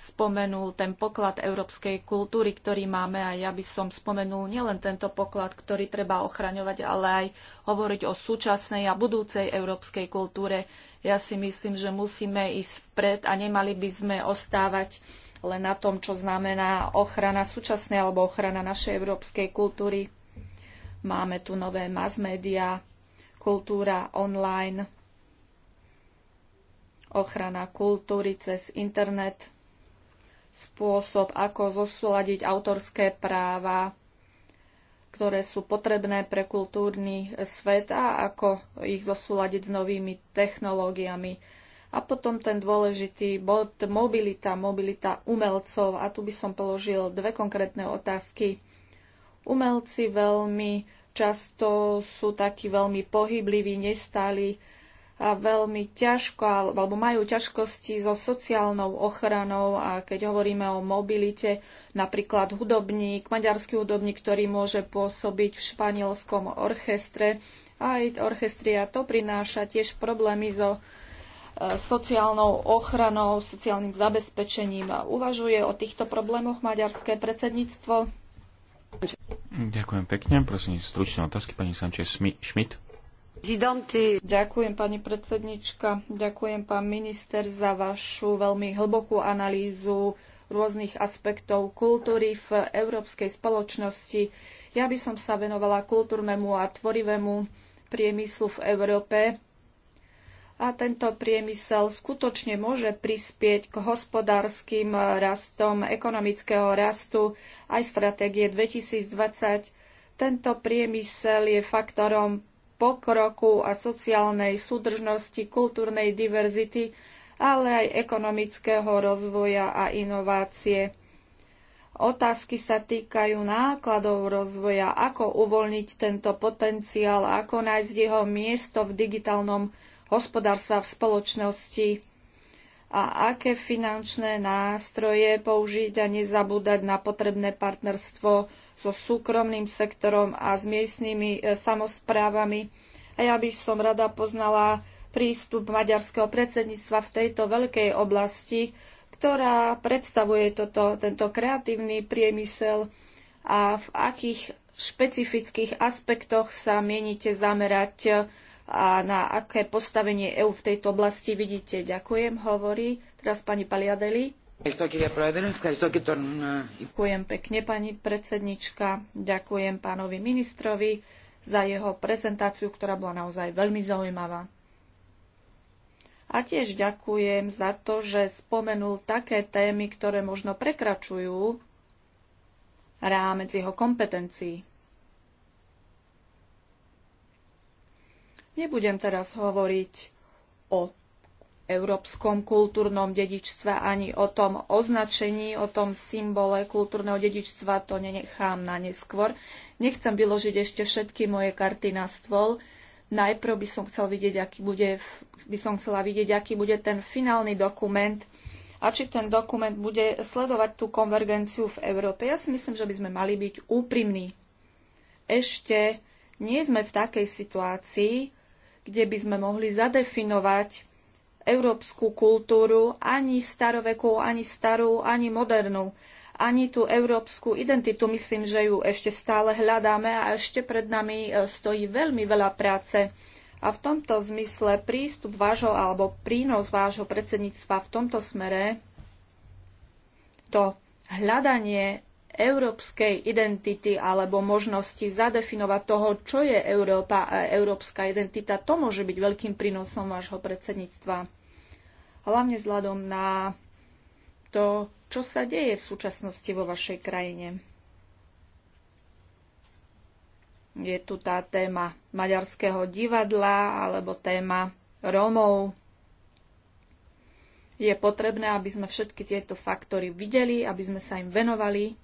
spomenul ten poklad európskej kultúry, ktorý máme a ja by som spomenul nielen tento poklad, ktorý treba ochraňovať, ale aj hovoriť o súčasnej a budúcej európskej kultúre. Ja si myslím, že musíme ísť vpred a nemali by sme ostávať len na tom, čo znamená ochrana súčasnej alebo ochrana našej európskej kultúry. Máme tu nové mass media, kultúra online, ochrana kultúry cez internet spôsob, ako zosúľadiť autorské práva, ktoré sú potrebné pre kultúrny svet a ako ich zosúľadiť s novými technológiami. A potom ten dôležitý bod mobilita, mobilita umelcov. A tu by som položil dve konkrétne otázky. Umelci veľmi často sú takí veľmi pohybliví, nestáli, veľmi ťažko alebo majú ťažkosti so sociálnou ochranou a keď hovoríme o mobilite, napríklad hudobník, maďarský hudobník, ktorý môže pôsobiť v španielskom orchestre, aj orchestria to prináša tiež problémy so e, sociálnou ochranou, sociálnym zabezpečením. Uvažuje o týchto problémoch maďarské predsedníctvo? Ďakujem pekne. Prosím, stručné otázky, pani Sanchez Schmidt. Ďakujem pani predsednička, ďakujem pán minister za vašu veľmi hlbokú analýzu rôznych aspektov kultúry v európskej spoločnosti. Ja by som sa venovala kultúrnemu a tvorivému priemyslu v Európe. A tento priemysel skutočne môže prispieť k hospodárskym rastom, ekonomického rastu aj stratégie 2020. Tento priemysel je faktorom pokroku a sociálnej súdržnosti, kultúrnej diverzity, ale aj ekonomického rozvoja a inovácie. Otázky sa týkajú nákladov rozvoja, ako uvoľniť tento potenciál, ako nájsť jeho miesto v digitálnom hospodárstva v spoločnosti a aké finančné nástroje použiť a nezabúdať na potrebné partnerstvo so súkromným sektorom a s miestnymi e, samozprávami. A ja by som rada poznala prístup maďarského predsedníctva v tejto veľkej oblasti, ktorá predstavuje toto, tento kreatívny priemysel a v akých špecifických aspektoch sa mienite zamerať a na aké postavenie EÚ v tejto oblasti vidíte. Ďakujem, hovorí teraz pani Paliadeli. Ďakujem pekne, pani predsednička. Ďakujem pánovi ministrovi za jeho prezentáciu, ktorá bola naozaj veľmi zaujímavá. A tiež ďakujem za to, že spomenul také témy, ktoré možno prekračujú rámec jeho kompetencií. Nebudem teraz hovoriť o európskom kultúrnom dedičstve ani o tom označení, o tom symbole kultúrneho dedičstva, to nenechám na neskôr. Nechcem vyložiť ešte všetky moje karty na stôl. Najprv by som, chcel vidieť, aký bude, by som chcela vidieť, aký bude ten finálny dokument a či ten dokument bude sledovať tú konvergenciu v Európe. Ja si myslím, že by sme mali byť úprimní. Ešte nie sme v takej situácii, kde by sme mohli zadefinovať európsku kultúru, ani starovekú, ani starú, ani modernú, ani tú európsku identitu. Myslím, že ju ešte stále hľadáme a ešte pred nami e, stojí veľmi veľa práce. A v tomto zmysle prístup vášho alebo prínos vášho predsedníctva v tomto smere to hľadanie európskej identity alebo možnosti zadefinovať toho, čo je Európa a európska identita, to môže byť veľkým prínosom vášho predsedníctva. Hlavne vzhľadom na to, čo sa deje v súčasnosti vo vašej krajine. Je tu tá téma maďarského divadla alebo téma Rómov, je potrebné, aby sme všetky tieto faktory videli, aby sme sa im venovali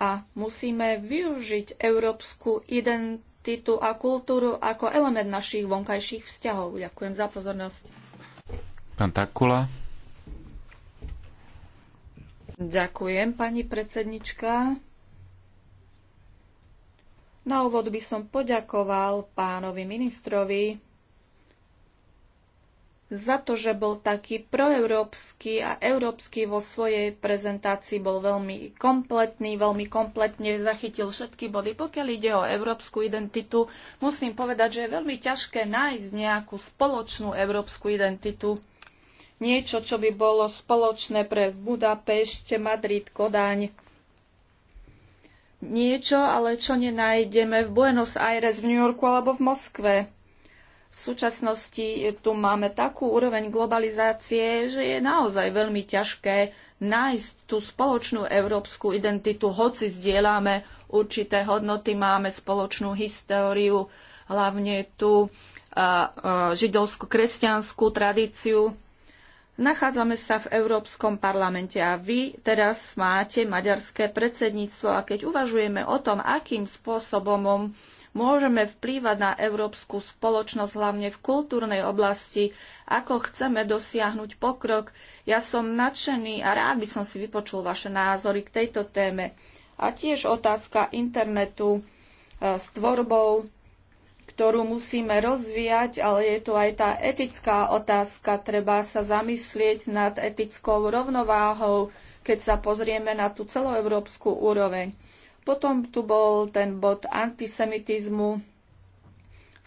a musíme využiť európsku identitu a kultúru ako element našich vonkajších vzťahov. Ďakujem za pozornosť. Pán Takula. Ďakujem, pani predsednička. Na úvod by som poďakoval pánovi ministrovi za to, že bol taký proeurópsky a európsky vo svojej prezentácii, bol veľmi kompletný, veľmi kompletne zachytil všetky body. Pokiaľ ide o európsku identitu, musím povedať, že je veľmi ťažké nájsť nejakú spoločnú európsku identitu. Niečo, čo by bolo spoločné pre Budapešť, Madrid, Kodáň. Niečo, ale čo nenájdeme v Buenos Aires, v New Yorku alebo v Moskve v súčasnosti tu máme takú úroveň globalizácie, že je naozaj veľmi ťažké nájsť tú spoločnú európsku identitu, hoci zdieľame určité hodnoty, máme spoločnú históriu, hlavne tú židovsko-kresťanskú tradíciu. Nachádzame sa v Európskom parlamente a vy teraz máte maďarské predsedníctvo a keď uvažujeme o tom, akým spôsobom môžeme vplývať na európsku spoločnosť, hlavne v kultúrnej oblasti, ako chceme dosiahnuť pokrok. Ja som nadšený a rád by som si vypočul vaše názory k tejto téme. A tiež otázka internetu e, s tvorbou, ktorú musíme rozvíjať, ale je tu aj tá etická otázka. Treba sa zamyslieť nad etickou rovnováhou, keď sa pozrieme na tú celoeurópsku úroveň potom tu bol ten bod antisemitizmu.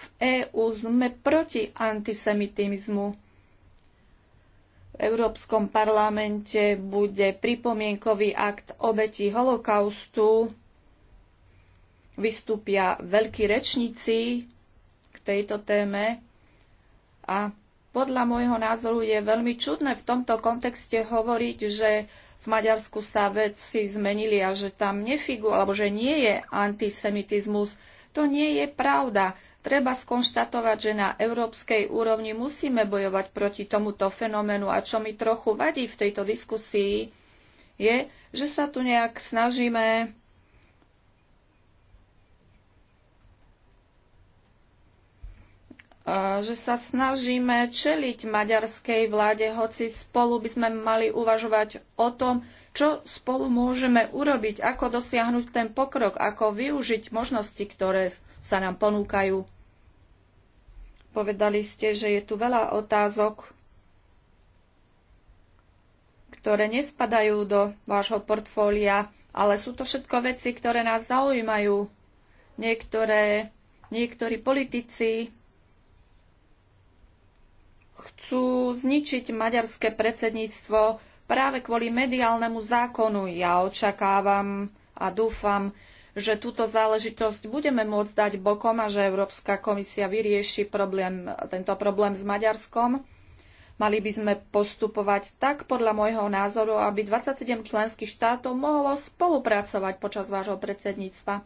V EÚ sme proti antisemitizmu. V Európskom parlamente bude pripomienkový akt obeti holokaustu. Vystúpia veľkí rečníci k tejto téme. A podľa môjho názoru je veľmi čudné v tomto kontexte hovoriť, že v Maďarsku sa veci zmenili a že tam nefigu, alebo že nie je antisemitizmus. To nie je pravda. Treba skonštatovať, že na európskej úrovni musíme bojovať proti tomuto fenoménu a čo mi trochu vadí v tejto diskusii, je, že sa tu nejak snažíme že sa snažíme čeliť maďarskej vláde, hoci spolu by sme mali uvažovať o tom, čo spolu môžeme urobiť, ako dosiahnuť ten pokrok, ako využiť možnosti, ktoré sa nám ponúkajú. Povedali ste, že je tu veľa otázok, ktoré nespadajú do vášho portfólia, ale sú to všetko veci, ktoré nás zaujímajú. Niektoré, niektorí politici chcú zničiť maďarské predsedníctvo práve kvôli mediálnemu zákonu. Ja očakávam a dúfam, že túto záležitosť budeme môcť dať bokom a že Európska komisia vyrieši problém, tento problém s Maďarskom. Mali by sme postupovať tak podľa môjho názoru, aby 27 členských štátov mohlo spolupracovať počas vášho predsedníctva.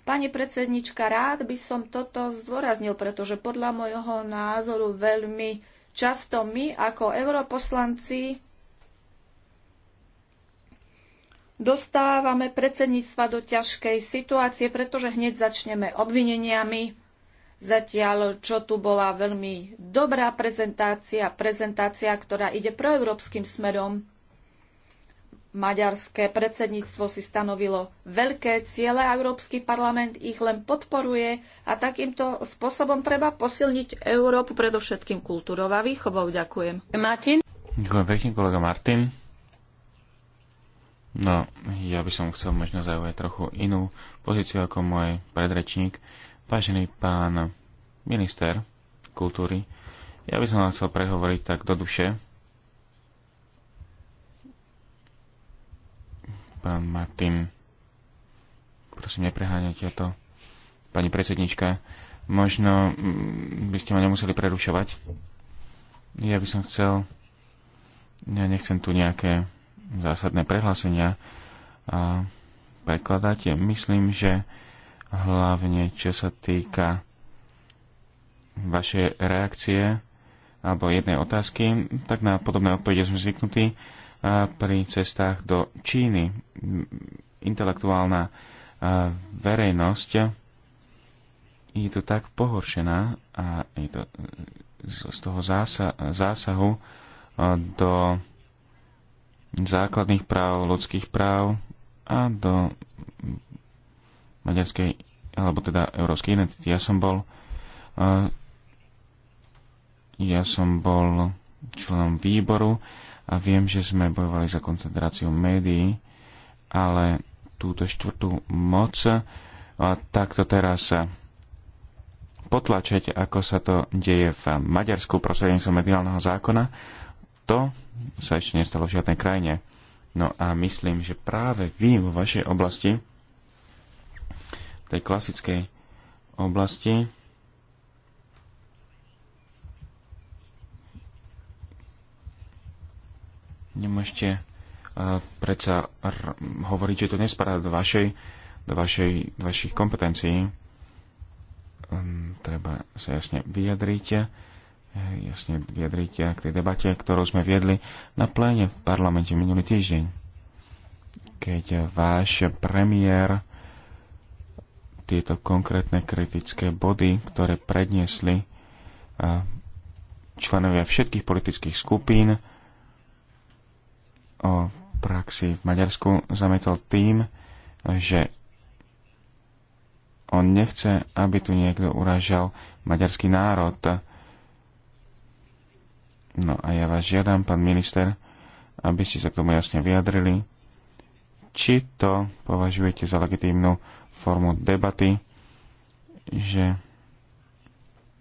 Pani predsednička, rád by som toto zdôraznil, pretože podľa môjho názoru veľmi Často my ako europoslanci dostávame predsedníctva do ťažkej situácie, pretože hneď začneme obvineniami. Zatiaľ, čo tu bola veľmi dobrá prezentácia, prezentácia, ktorá ide proeurópskym smerom, Maďarské predsedníctvo si stanovilo veľké ciele a Európsky parlament ich len podporuje a takýmto spôsobom treba posilniť Európu predovšetkým kultúrou a výchovou. Ďakujem. Martin? Ďakujem pekne, kolega Martin. No, ja by som chcel možno zaujať trochu inú pozíciu ako môj predrečník. Vážený pán minister kultúry, ja by som vám chcel prehovoriť tak do duše, Pán Martin, prosím, nepreháňajte to. Pani predsednička, možno mm, by ste ma nemuseli prerušovať. Ja by som chcel, ja nechcem tu nejaké zásadné prehlásenia a prekladať. Myslím, že hlavne čo sa týka vaše reakcie alebo jednej otázky, tak na podobné odpovede sme zvyknutí pri cestách do Číny. Intelektuálna verejnosť je tu tak pohoršená a je to z toho zásahu do základných práv, ľudských práv a do maďarskej, alebo teda európskej identity. Ja som bol ja som bol členom výboru a viem, že sme bojovali za koncentráciu médií, ale túto štvrtú moc a takto teraz potlačiť, ako sa to deje v Maďarsku prostredníctvom mediálneho zákona, to sa ešte nestalo v žiadnej krajine. No a myslím, že práve vy vo vašej oblasti, tej klasickej oblasti, Nemôžete e, predsa hovoriť, že to nespadá do, vašej, do vašej, do vašich kompetencií. Hm, treba sa jasne vyjadriť, e, jasne vyjadriť k tej debate, ktorú sme viedli na pléne v parlamente minulý týždeň. Keď váš premiér tieto konkrétne kritické body, ktoré predniesli e, členovia všetkých politických skupín, o praxi v Maďarsku zametol tým, že on nechce, aby tu niekto uražal maďarský národ. No a ja vás žiadam, pán minister, aby ste sa k tomu jasne vyjadrili, či to považujete za legitímnu formu debaty, že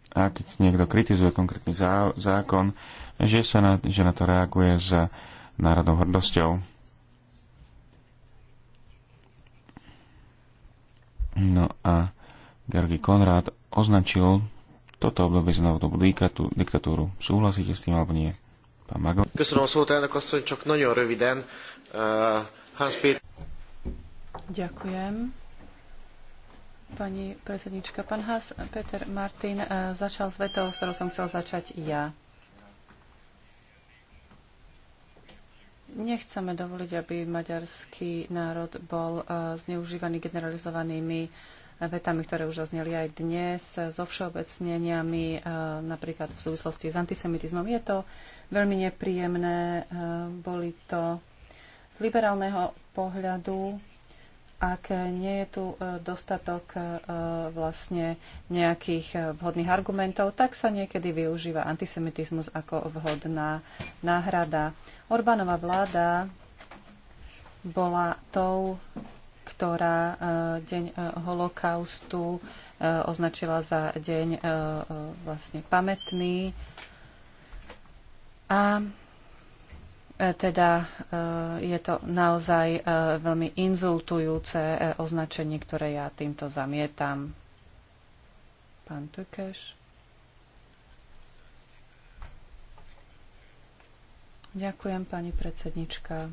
ak niekto kritizuje konkrétny zákon, že, sa na, že na to reaguje s národnou hrdosťou. No a Georgi Konrad označil toto obdobie za novodobú diktatúru. Súhlasíte s tým alebo nie? Pán Magl? Ďakujem za szót, elnök asszony, csak nagyon röviden. Uh, Hans Péter. Ďakujem. Pani predsednička, pán Hans Peter Martin uh, začal s vetou, ktorou som chcel začať ja. Nechceme dovoliť, aby maďarský národ bol eh, zneužívaný generalizovanými eh, vetami, ktoré už zazneli aj dnes, eh, so všeobecneniami, napríklad v súvislosti s antisemitizmom. Je to veľmi nepríjemné, boli to z liberálneho pohľadu ak nie je tu e, dostatok e, vlastne nejakých e, vhodných argumentov, tak sa niekedy využíva antisemitizmus ako vhodná náhrada. Orbánova vláda bola tou, ktorá deň holokaustu označila za deň vlastne pamätný. A E, teda e, je to naozaj e, veľmi inzultujúce označenie, ktoré ja týmto zamietam. Pán Tukeš. Ďakujem, pani predsednička.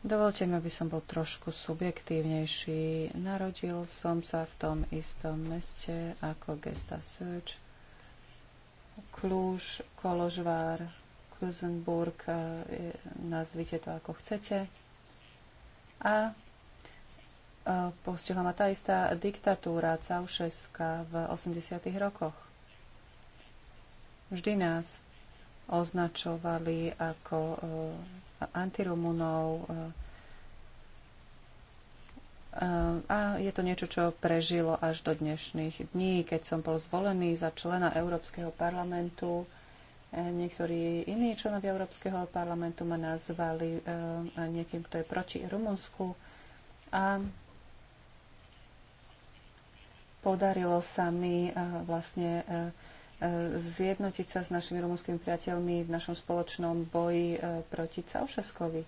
Dovolte mi, aby som bol trošku subjektívnejší. Narodil som sa v tom istom meste ako Gesta Search Kluž, Koložvár, Kluzenburg, e, nazvite to ako chcete. A e, postihla ma tá istá diktatúra Caušeska v 80. rokoch. Vždy nás označovali ako e, antirumunov, a je to niečo, čo prežilo až do dnešných dní. Keď som bol zvolený za člena Európskeho parlamentu, e, niektorí iní členovia Európskeho parlamentu ma nazvali e, niekým, kto je proti Rumunsku. A podarilo sa mi e, vlastne zjednotiť sa s našimi rumunskými priateľmi v našom spoločnom boji proti Caušeskovi.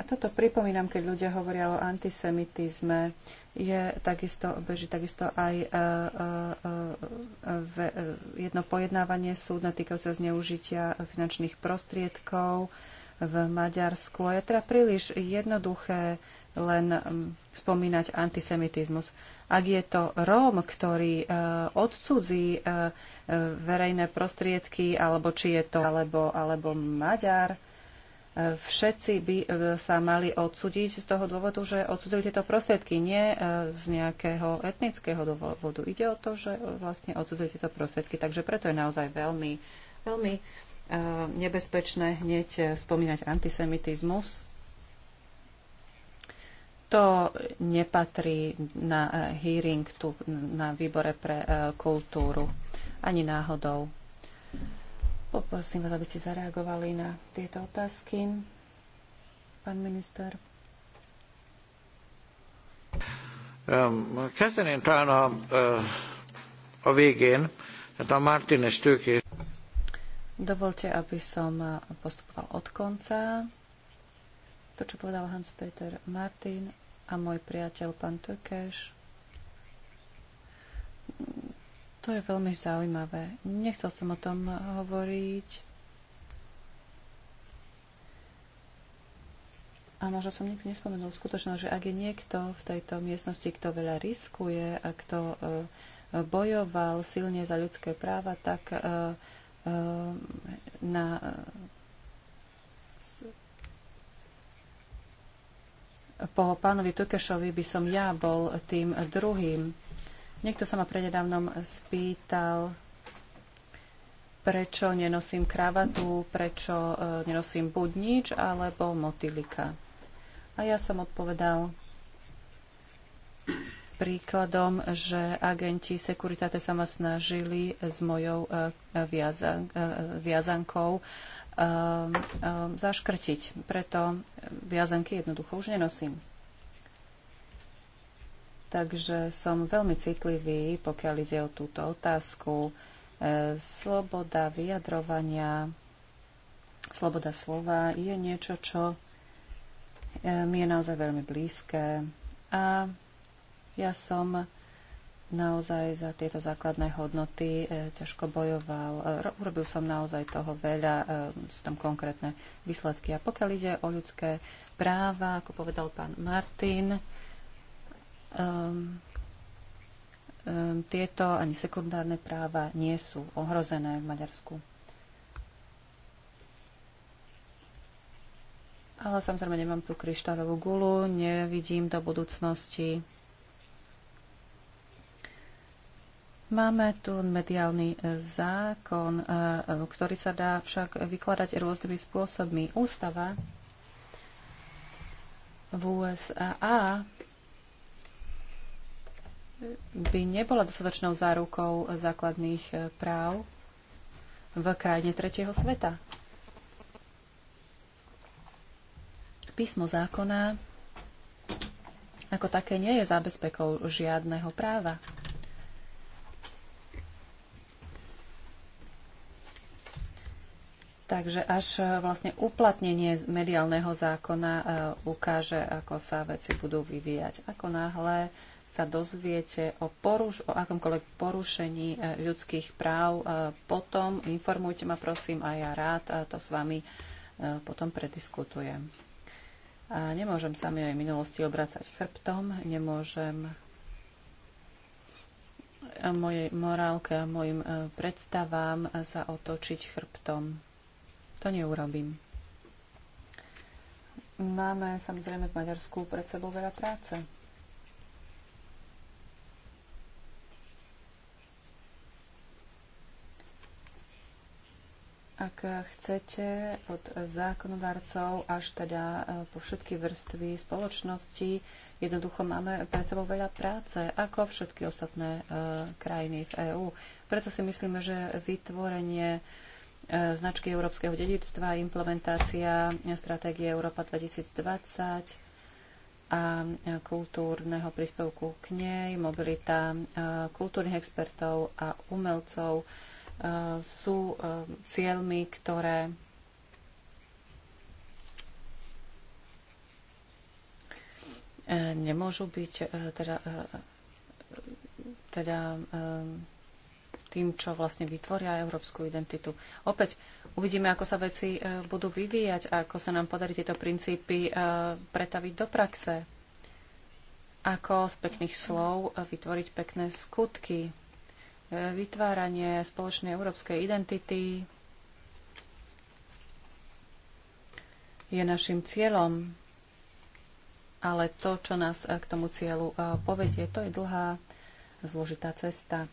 A toto pripomínam, keď ľudia hovoria o antisemitizme. Je takisto, beží takisto aj e, e, e, jedno pojednávanie súdne týkajúce zneužitia finančných prostriedkov v Maďarsku. Je teda príliš jednoduché len spomínať antisemitizmus. Ak je to Róm, ktorý odcudzí verejné prostriedky, alebo či je to alebo, alebo Maďar, všetci by e, sa mali odsúdiť z toho dôvodu, že odsudili tieto prostriedky, nie e, z nejakého etnického dôvodu. Ide o to, že e, vlastne odsudzili tieto prostriedky, takže preto je naozaj veľmi, veľmi nebezpečné hneď spomínať antisemitizmus. To nepatrí na hearing tu na výbore pre kultúru ani náhodou. Poprosím vás, aby ste zareagovali na tieto otázky. Pán minister. Kezdeném talán a, a végén, a Martin tőkés. Dovolte, aby som postupoval od konca. To, čo povedal Hans-Peter Martin a môj priateľ pán Tökeš, to je veľmi zaujímavé. Nechcel som o tom hovoriť. A možno som nikdy nespomenul skutočnosť, že ak je niekto v tejto miestnosti, kto veľa riskuje a kto eh, bojoval silne za ľudské práva, tak eh, eh, na po pánovi Tukešovi by som ja bol tým druhým Niekto sa ma prededávnom spýtal, prečo nenosím kravatu, prečo e, nenosím budnič alebo motylika. A ja som odpovedal príkladom, že agenti sekuritáte sa ma snažili s mojou e, viazan e, viazankou zaškrtiť. Preto viazanky jednoducho už nenosím. Takže som veľmi citlivý, pokiaľ ide o túto otázku. E, sloboda vyjadrovania, sloboda slova je niečo, čo e, mi je naozaj veľmi blízke. A ja som naozaj za tieto základné hodnoty e, ťažko bojoval. Urobil som naozaj toho veľa, sú tam konkrétne výsledky. A pokiaľ ide o ľudské práva, ako povedal pán Martin, um, um, tieto ani sekundárne práva nie sú ohrozené v Maďarsku. Ale samozrejme nemám tu kryštálovú gulu, nevidím do budúcnosti. Máme tu mediálny zákon, eh, ktorý sa dá však vykladať rôznymi spôsobmi. Ústava v USA by nebola dostatočnou zárukou základných e, práv v krajine tretieho sveta. Písmo zákona ako také nie je zábezpekou žiadneho práva. Takže až e, vlastne uplatnenie mediálneho zákona e, ukáže, ako sa veci budú vyvíjať. Ako náhle sa dozviete o, poruš- o akomkoľvek porušení e, ľudských práv, e, potom informujte ma prosím a ja rád e, to s vami potom prediskutujem. A nemôžem sa mojej minulosti obracať chrbtom, nemôžem mojej morálke a mojim predstavám sa otočiť chrbtom. To neurobím. Máme samozrejme v Maďarsku pred sebou veľa práce. ak chcete, od zákonodarcov až teda e, po všetky vrstvy spoločnosti. Jednoducho máme pred sebou veľa práce, ako všetky ostatné e, krajiny v EÚ. Preto si myslíme, že vytvorenie e, značky európskeho dedičstva, implementácia stratégie Európa 2020 a kultúrneho príspevku k nej, mobilita kultúrnych expertov a umelcov, sú eh, cieľmi, ktoré eh, nemôžu byť eh, teda, teda tým, čo vlastne vytvoria európsku identitu. Opäť uvidíme, ako sa veci budú vyvíjať a ako sa nám podarí tieto princípy pretaviť do praxe. Ako z pekných slov vytvoriť pekné skutky vytváranie spoločnej európskej identity je našim cieľom, ale to, čo nás k tomu cieľu e, povedie, to je dlhá, zložitá cesta.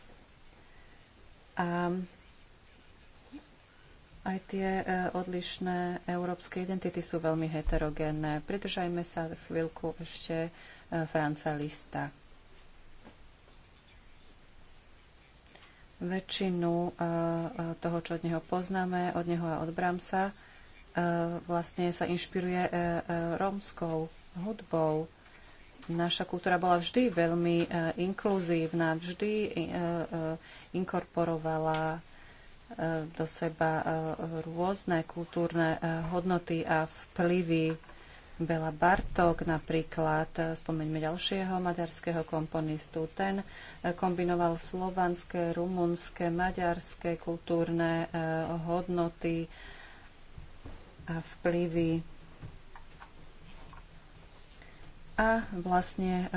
A aj tie e, odlišné európske identity sú veľmi heterogénne. Pridržajme sa chvíľku ešte e, Franca Lista. väčšinu eh, eh, toho, čo od neho poznáme, od neho a od Bramsa, eh, vlastne sa inšpiruje rómskou hudbou. Naša kultúra bola vždy veľmi inkluzívna, vždy inkorporovala do seba rôzne kultúrne hodnoty a vplyvy Bela Bartok napríklad, eh, spomeňme ďalšieho maďarského komponistu, ten eh, kombinoval slovanské, rumunské, maďarské kultúrne eh, hodnoty a vplyvy a vlastne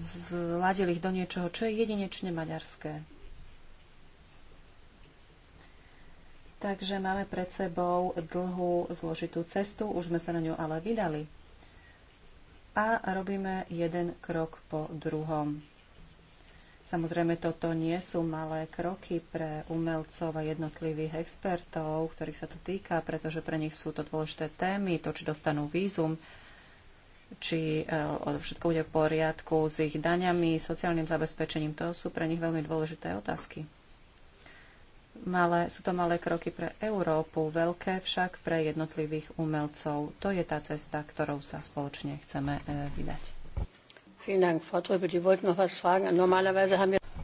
zladil ich do niečoho, čo je jedinečne maďarské. Takže máme pred sebou dlhú, zložitú cestu, už sme sa na ňu ale vydali. A robíme jeden krok po druhom. Samozrejme, toto nie sú malé kroky pre umelcov a jednotlivých expertov, ktorých sa to týka, pretože pre nich sú to dôležité témy, to, či dostanú vízum, či e, všetko bude v poriadku s ich daňami, sociálnym zabezpečením, to sú pre nich veľmi dôležité otázky. Malé, sú to malé kroky pre Európu, veľké však pre jednotlivých umelcov. To je tá cesta, ktorou sa spoločne chceme e, vydať.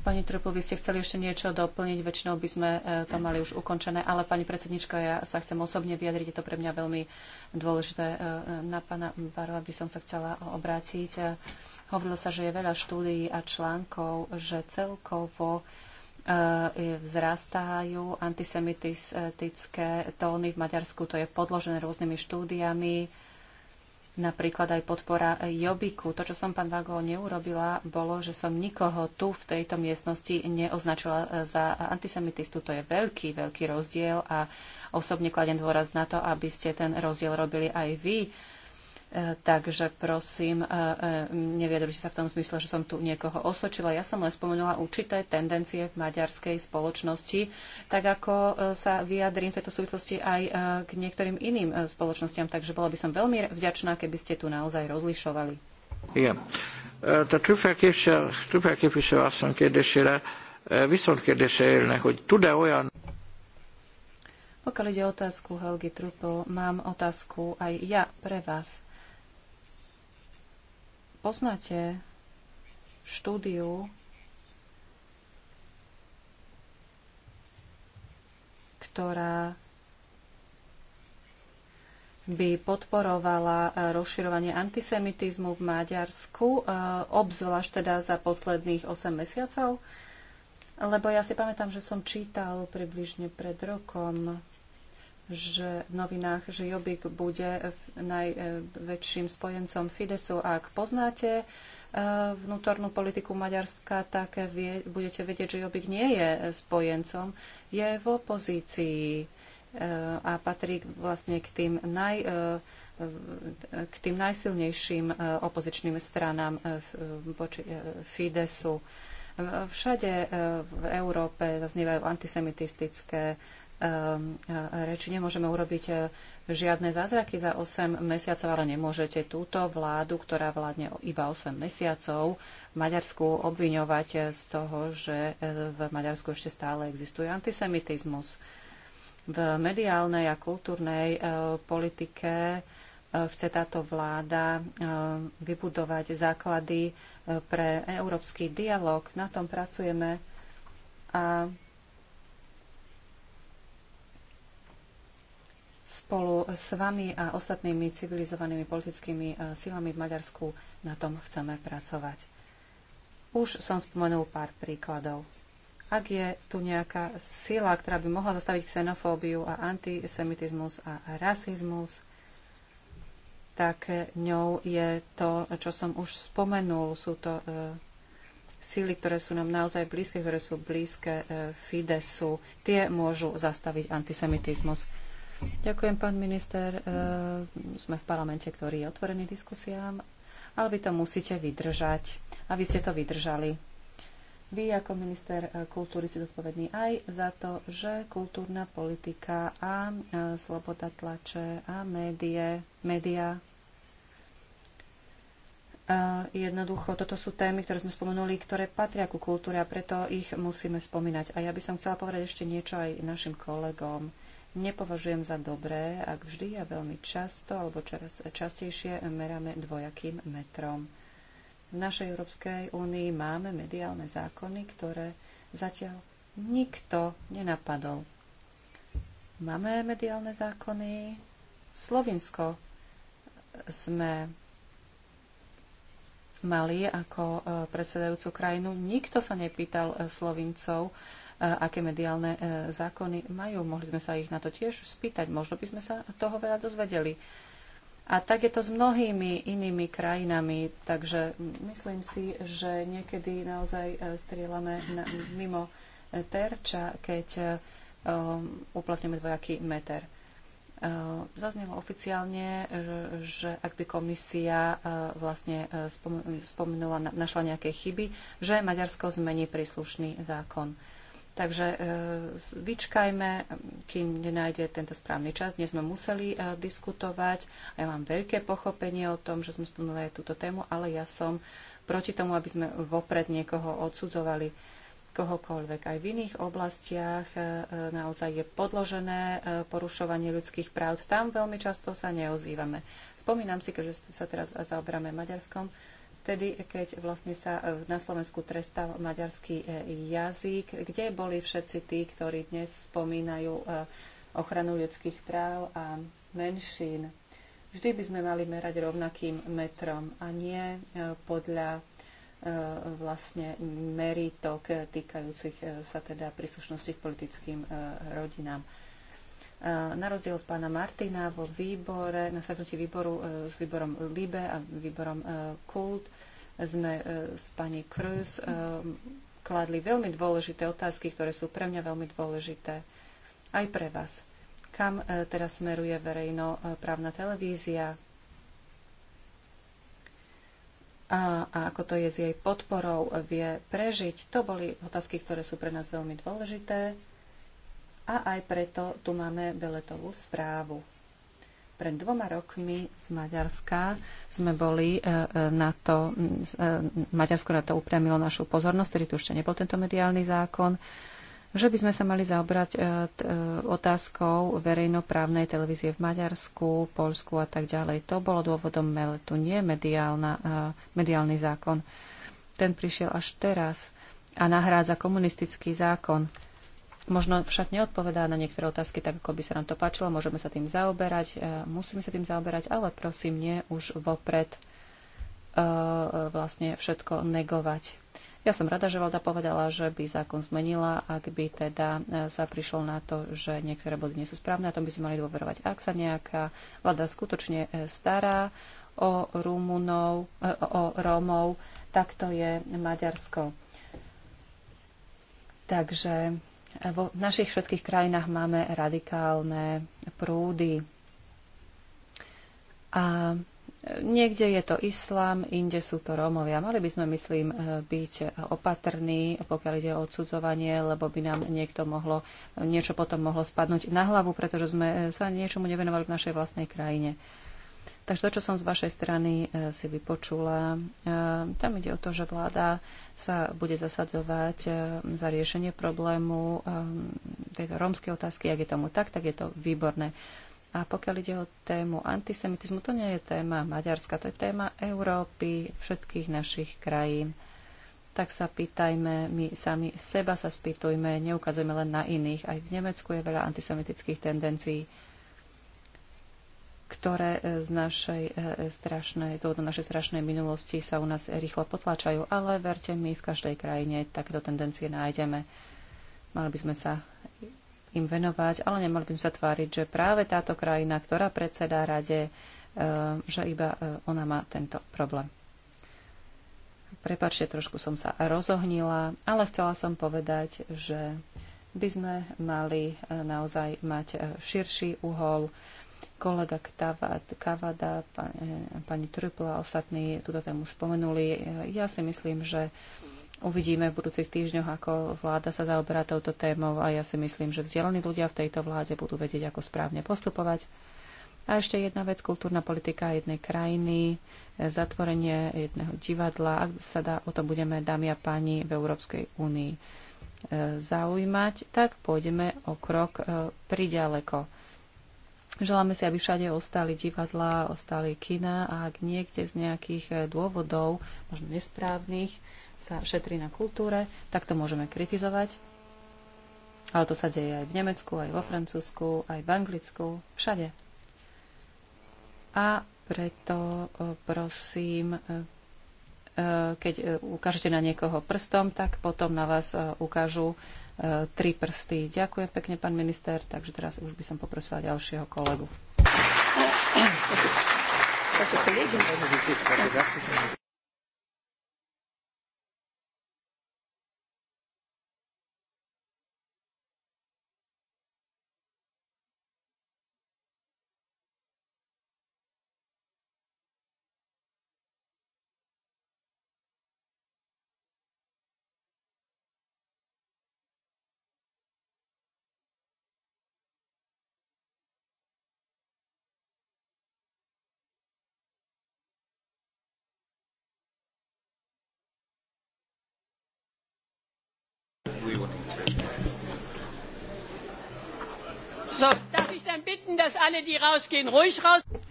Pani Trupu, vy ste chceli ešte niečo doplniť, väčšinou by sme e, to mali už ukončené, ale pani predsednička, ja sa chcem osobne vyjadriť, je to pre mňa veľmi dôležité. E, na pána Barva by som sa chcela obrátiť. Hovorilo sa, že je veľa štúdií a článkov, že celkovo E, e, vzrastajú antisemitistické tóny v Maďarsku. To je podložené rôznymi štúdiami, napríklad aj podpora Jobiku. To, čo som pán Vago neurobila, bolo, že som nikoho tu v tejto miestnosti neoznačila za antisemitistu. To je veľký, veľký rozdiel a osobne kladem dôraz na to, aby ste ten rozdiel robili aj vy Takže prosím, si e, e, sa v tom zmysle, že som tu niekoho osočila. Ja som len spomenula určité tendencie v maďarskej spoločnosti, tak ako e, sa vyjadrím v tejto súvislosti aj k niektorým iným spoločnostiam. Takže bola by som veľmi vďačná, keby ste tu naozaj rozlišovali. Igen. Tehát Trüffel képviselő asszony kérdésére viszont kérdése élnek, hogy tud-e olyan... Pokiaľ ide otázku Helgi Trupel, mám otázku aj ja pre vás. Poznáte štúdiu, ktorá by podporovala e, rozširovanie antisemitizmu v Maďarsku, e, obzvlášť teda za posledných 8 mesiacov? Lebo ja si pamätám, že som čítal približne pred rokom že v novinách, že JobIk bude najväčším spojencom Fidesu. Ak poznáte eh, vnútornú politiku Maďarska, tak vie, budete vedieť, že JobIk nie je spojencom, je v opozícii eh, a patrí vlastne k tým, naj, eh, k tým najsilnejším opozičným stranám Fidesu. Všade v Európe zaznievajú antisemitistické Ehm, e, reči. Nemôžeme urobiť e, žiadne zázraky za 8 mesiacov, ale nemôžete túto vládu, ktorá vládne iba 8 mesiacov, Maďarsku obviňovať e, z toho, že v Maďarsku ešte stále existuje antisemitizmus. V mediálnej a kultúrnej politike chce táto vláda vybudovať základy pre európsky dialog. Na tom pracujeme a Spolu s vami a ostatnými civilizovanými politickými eh, silami v Maďarsku na tom chceme pracovať. Už som spomenul pár príkladov. Ak je tu nejaká sila, ktorá by mohla zastaviť xenofóbiu a antisemitizmus a rasizmus, tak ňou je to, čo som už spomenul. Sú to e, eh, síly, ktoré sú nám naozaj blízke, ktoré sú blízke e, Fidesu. Tie môžu zastaviť antisemitizmus. Ďakujem, pán minister. E, sme v parlamente, ktorý je otvorený diskusiám, ale vy to musíte vydržať. A vy ste to vydržali. Vy ako minister e, kultúry si zodpovedný aj za to, že kultúrna politika a e, sloboda tlače a médie, média jednoducho, toto sú témy, ktoré sme spomenuli, ktoré patria ku kultúre a preto ich musíme spomínať. A ja by som chcela povedať ešte niečo aj našim kolegom. Nepovažujem za dobré, ak vždy a veľmi často alebo čas, častejšie meráme dvojakým metrom. V našej Európskej únii máme mediálne zákony, ktoré zatiaľ nikto nenapadol. Máme mediálne zákony. Slovinsko sme mali ako eh, predsedajúcu krajinu. Nikto sa nepýtal eh, Slovincov aké mediálne e, zákony majú. Mohli sme sa ich na to tiež spýtať. Možno by sme sa toho veľa dozvedeli. A tak je to s mnohými inými krajinami, takže myslím si, že niekedy naozaj e, strieľame mimo e, terča, keď uplatňujeme dvojaký meter. Zaznelo oficiálne, že ak by komisia vlastne spomenula, našla nejaké chyby, že Maďarsko zmení príslušný zákon. Takže e, vyčkajme, kým nenájde tento správny čas. Dnes sme museli e, diskutovať. A ja mám veľké pochopenie o tom, že sme spomínali aj túto tému, ale ja som proti tomu, aby sme vopred niekoho odsudzovali kohokoľvek. Aj v iných oblastiach e, naozaj je podložené porušovanie ľudských práv. Tam veľmi často sa neozývame. Spomínam si, že sa teraz zaoberáme Maďarskom, vtedy, keď vlastne sa e, na Slovensku trestal maďarský e, jazyk, kde boli všetci tí, ktorí dnes spomínajú e, ochranu ľudských práv a menšín. Vždy by sme mali merať rovnakým metrom a nie podľa vlastne meritok týkajúcich sa teda príslušnosti k politickým rodinám. Na rozdiel od pána Martina vo výbore, na stretnutí výboru s výborom LIBE a výborom KULT sme e, s pani Cruz e, kladli veľmi dôležité otázky, ktoré sú pre mňa veľmi dôležité aj pre vás. Kam e, teraz smeruje verejnoprávna televízia a, a ako to je s jej podporou, vie prežiť. To boli otázky, ktoré sú pre nás veľmi dôležité a aj preto tu máme Beletovú správu. Pred dvoma rokmi z Maďarska sme boli e, e, na to, e, Maďarsko na to upriamilo našu pozornosť, ktorý tu ešte nebol tento mediálny zákon, že by sme sa mali zaobrať otázkou verejnoprávnej televízie v Maďarsku, Polsku a tak ďalej. To bolo dôvodom ale tu nie mediálna, mediálny zákon. Ten prišiel až teraz a nahrádza komunistický zákon možno však neodpovedá na niektoré otázky tak, ako by sa nám to páčilo. Môžeme sa tým zaoberať, e, musíme sa tým zaoberať, ale prosím, nie už vopred e, vlastne všetko negovať. Ja som rada, že Valda povedala, že by zákon zmenila, ak by teda e, sa prišlo na to, že niektoré body nie sú správne, a tom by si mali dôverovať. Ak sa nejaká vláda skutočne stará o, Rumunov, o Rómov, tak to je Maďarsko. Takže vo našich všetkých krajinách máme radikálne prúdy. A Niekde je to islám, inde sú to Rómovia. Mali by sme, myslím, byť opatrní, pokiaľ ide o odsudzovanie, lebo by nám niekto mohlo, niečo potom mohlo spadnúť na hlavu, pretože sme sa niečomu nevenovali v našej vlastnej krajine. Takže to, čo som z vašej strany e, si vypočula, e, tam ide o to, že vláda sa bude zasadzovať e, za riešenie problému tejto rómskej otázky. Ak je tomu tak, tak je to výborné. A pokiaľ ide o tému antisemitizmu, to nie je téma Maďarska, to je téma Európy, všetkých našich krajín. Tak sa pýtajme, my sami seba sa spýtujme, neukazujme len na iných. Aj v Nemecku je veľa antisemitických tendencií ktoré e, z našej e, e, strašnej, z dôvodu našej strašnej minulosti sa u nás rýchlo potlačajú, Ale verte mi, v každej krajine takéto tendencie nájdeme. Mali by sme sa im venovať, ale nemali by sme sa tváriť, že práve táto krajina, ktorá predsedá rade, že iba ona má tento problém. Prepačte, trošku som sa rozohnila, ale chcela som povedať, že by sme mali naozaj mať širší uhol kolega Kavada, pani Trupla a ostatní túto tému spomenuli. Ja si myslím, že uvidíme v budúcich týždňoch, ako vláda sa zaoberá touto témou a ja si myslím, že vzdelaní ľudia v tejto vláde budú vedieť, ako správne postupovať. A ešte jedna vec, kultúrna politika jednej krajiny, zatvorenie jedného divadla, ak sa dá, o to budeme, dámy a páni, v Európskej únii e, zaujímať, tak pôjdeme o krok e, priďaleko. Želáme si, aby všade ostali divadla, ostali kina a ak niekde z nejakých eh, dôvodov, možno nesprávnych, sa šetrí na kultúre, tak to môžeme kritizovať. Ale to sa deje aj v Nemecku, aj vo Francúzsku, aj v Anglicku, všade. A preto eh, prosím, eh, keď ukážete na niekoho prstom, tak potom na vás ukážu tri prsty. Ďakujem pekne, pán minister, takže teraz už by som poprosila ďalšieho kolegu.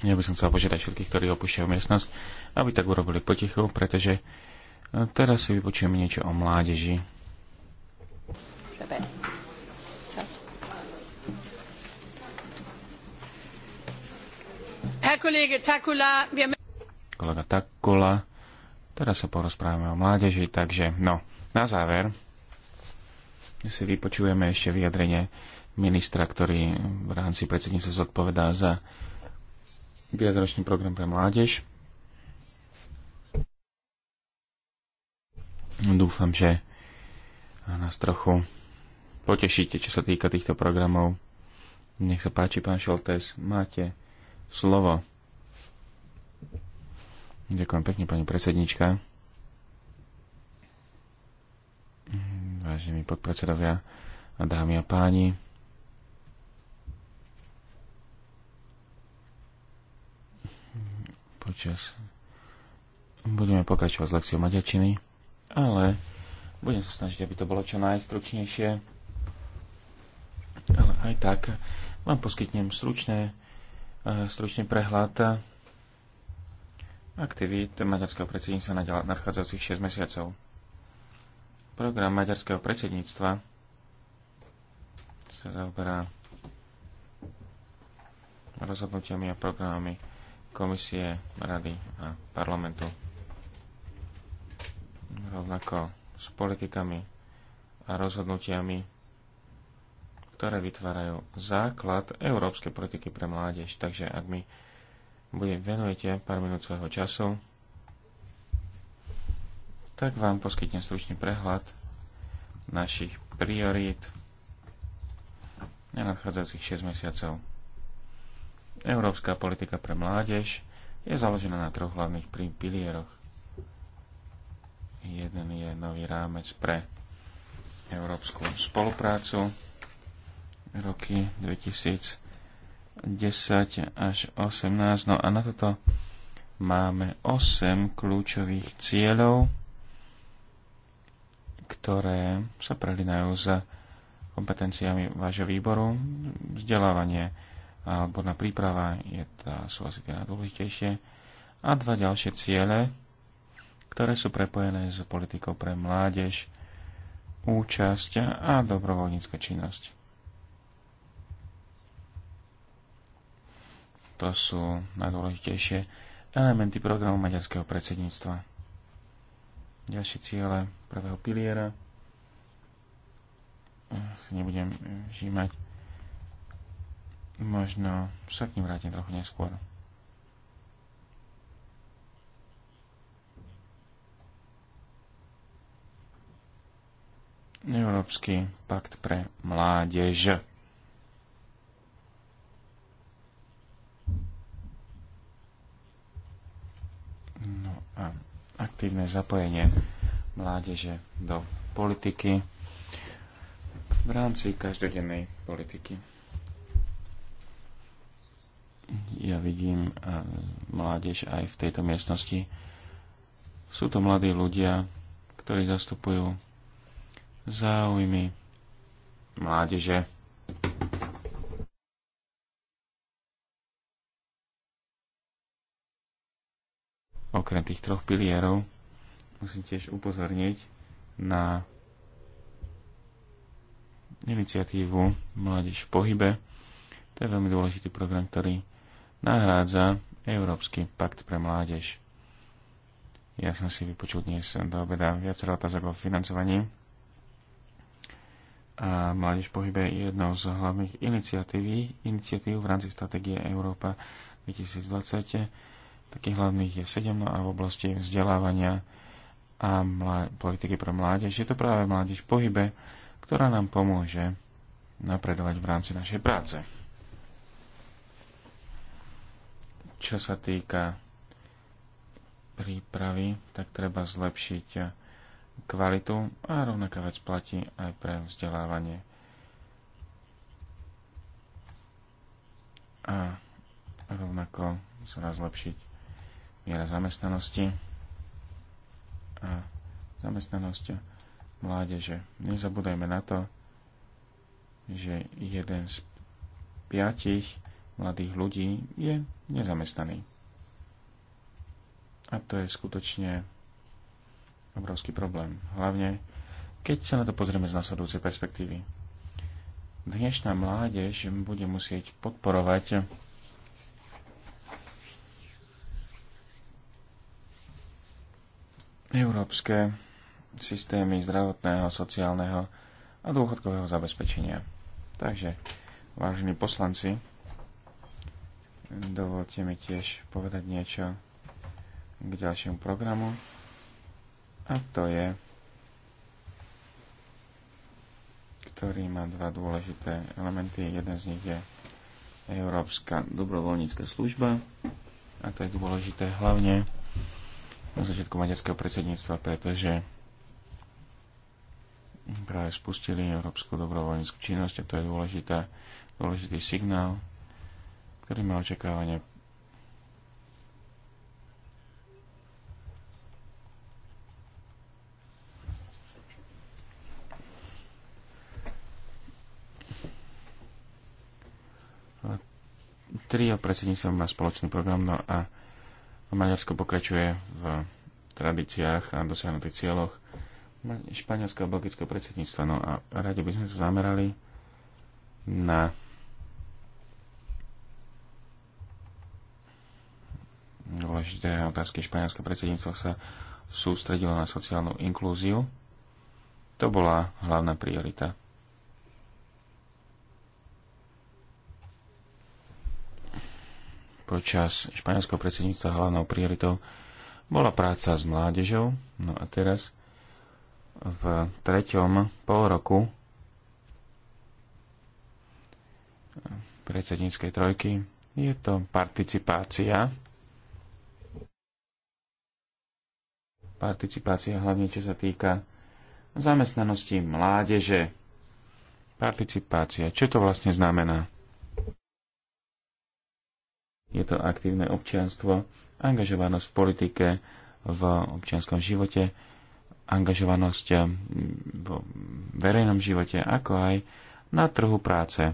Ja by som chcel požiadať všetkých, ktorí opúšťajú miestnosť, aby tak urobili potichu, pretože e, teraz si vypočujeme niečo o mládeži. Kolega Takula, teraz sa porozprávame o mládeži, takže no, na záver si vypočujeme ešte vyjadrenie ministra, ktorý v rámci predsedníctva zodpovedá za viacročný program pre mládež. Dúfam, že nás trochu potešíte, čo sa týka týchto programov. Nech sa páči, pán Šoltes, máte slovo. Ďakujem pekne, pani predsednička. Vážení podpredsedovia, dámy a páni, počas... Budeme pokračovať s lekciou maďačiny, ale budem sa snažiť, aby to bolo čo najstručnejšie. Ale aj tak vám poskytnem stručné, eh, stručný prehľad aktivít maďarského predsedníctva na nadchádzajúcich 6 mesiacov. Program maďarského predsedníctva sa zaoberá rozhodnutiami a programami komisie, rady a parlamentu. Rovnako s politikami a rozhodnutiami, ktoré vytvárajú základ európskej politiky pre mládež. Takže ak mi bude venujete pár minút svojho času, tak vám poskytnem stručný prehľad našich priorít na nadchádzajúcich 6 mesiacov. Európska politika pre mládež je založená na troch hlavných pilieroch. Jeden je nový rámec pre európsku spoluprácu roky 2010 až 18. No a na toto máme 8 kľúčových cieľov, ktoré sa prelinajú s kompetenciami vášho výboru. Vzdelávanie, a odborná príprava je tá, sú asi tie najdôležitejšie. A dva ďalšie ciele, ktoré sú prepojené s politikou pre mládež, účasť a dobrovoľnícka činnosť. To sú najdôležitejšie elementy programu maďarského predsedníctva. Ďalšie ciele prvého piliera nebudem žímať Možno sa k ním vrátim trochu neskôr. Európsky pakt pre mládež. No a aktívne zapojenie mládeže do politiky v rámci každodennej politiky ja vidím eh, mládež aj v tejto miestnosti. Sú to mladí ľudia, ktorí zastupujú záujmy mládeže. Okrem tých troch pilierov musím tiež upozorniť na iniciatívu Mládež v pohybe. To je veľmi dôležitý program, ktorý nahrádza Európsky pakt pre mládež. Ja som si vypočul dnes do obeda viacero otázok o financovaní a Mládež pohybe je jednou z hlavných iniciatív, iniciatív v rámci stratégie Európa 2020. Takých hlavných je 7 no a v oblasti vzdelávania a politiky pre mládež. Je to práve Mládež pohybe, ktorá nám pomôže napredovať v rámci našej práce. Čo sa týka prípravy, tak treba zlepšiť kvalitu a rovnaká vec platí aj pre vzdelávanie. A rovnako sa dá zlepšiť miera zamestnanosti a zamestnanosť mládeže. Nezabúdajme na to, že jeden z piatich mladých ľudí je nezamestnaný. A to je skutočne obrovský problém. Hlavne, keď sa na to pozrieme z nasledujúcej perspektívy. Dnešná mládež bude musieť podporovať európske systémy zdravotného, sociálneho a dôchodkového zabezpečenia. Takže, vážení poslanci, Dovolte mi tiež povedať niečo k ďalšiemu programu. A to je, ktorý má dva dôležité elementy. Jeden z nich je Európska dobrovoľnícka služba. A to je dôležité hlavne na začiatku maďarského predsedníctva, pretože práve spustili Európsku dobrovoľníckú činnosť a to je dôležitá, dôležitý signál ktorý má očakávanie. Trio predsedníctva má spoločný program, no a Maďarsko pokračuje v tradíciách a dosiahnutých cieľoch španielského a belgického predsedníctva. No a radi by sme sa zamerali na dôležité otázky španielské predsedníctvo sa sústredilo na sociálnu inklúziu. To bola hlavná priorita. Počas španielského predsedníctva hlavnou prioritou bola práca s mládežou. No a teraz v treťom pol roku predsedníckej trojky je to participácia participácia, hlavne čo sa týka zamestnanosti mládeže. Participácia, čo to vlastne znamená? Je to aktívne občianstvo, angažovanosť v politike, v občianskom živote, angažovanosť v verejnom živote, ako aj na trhu práce.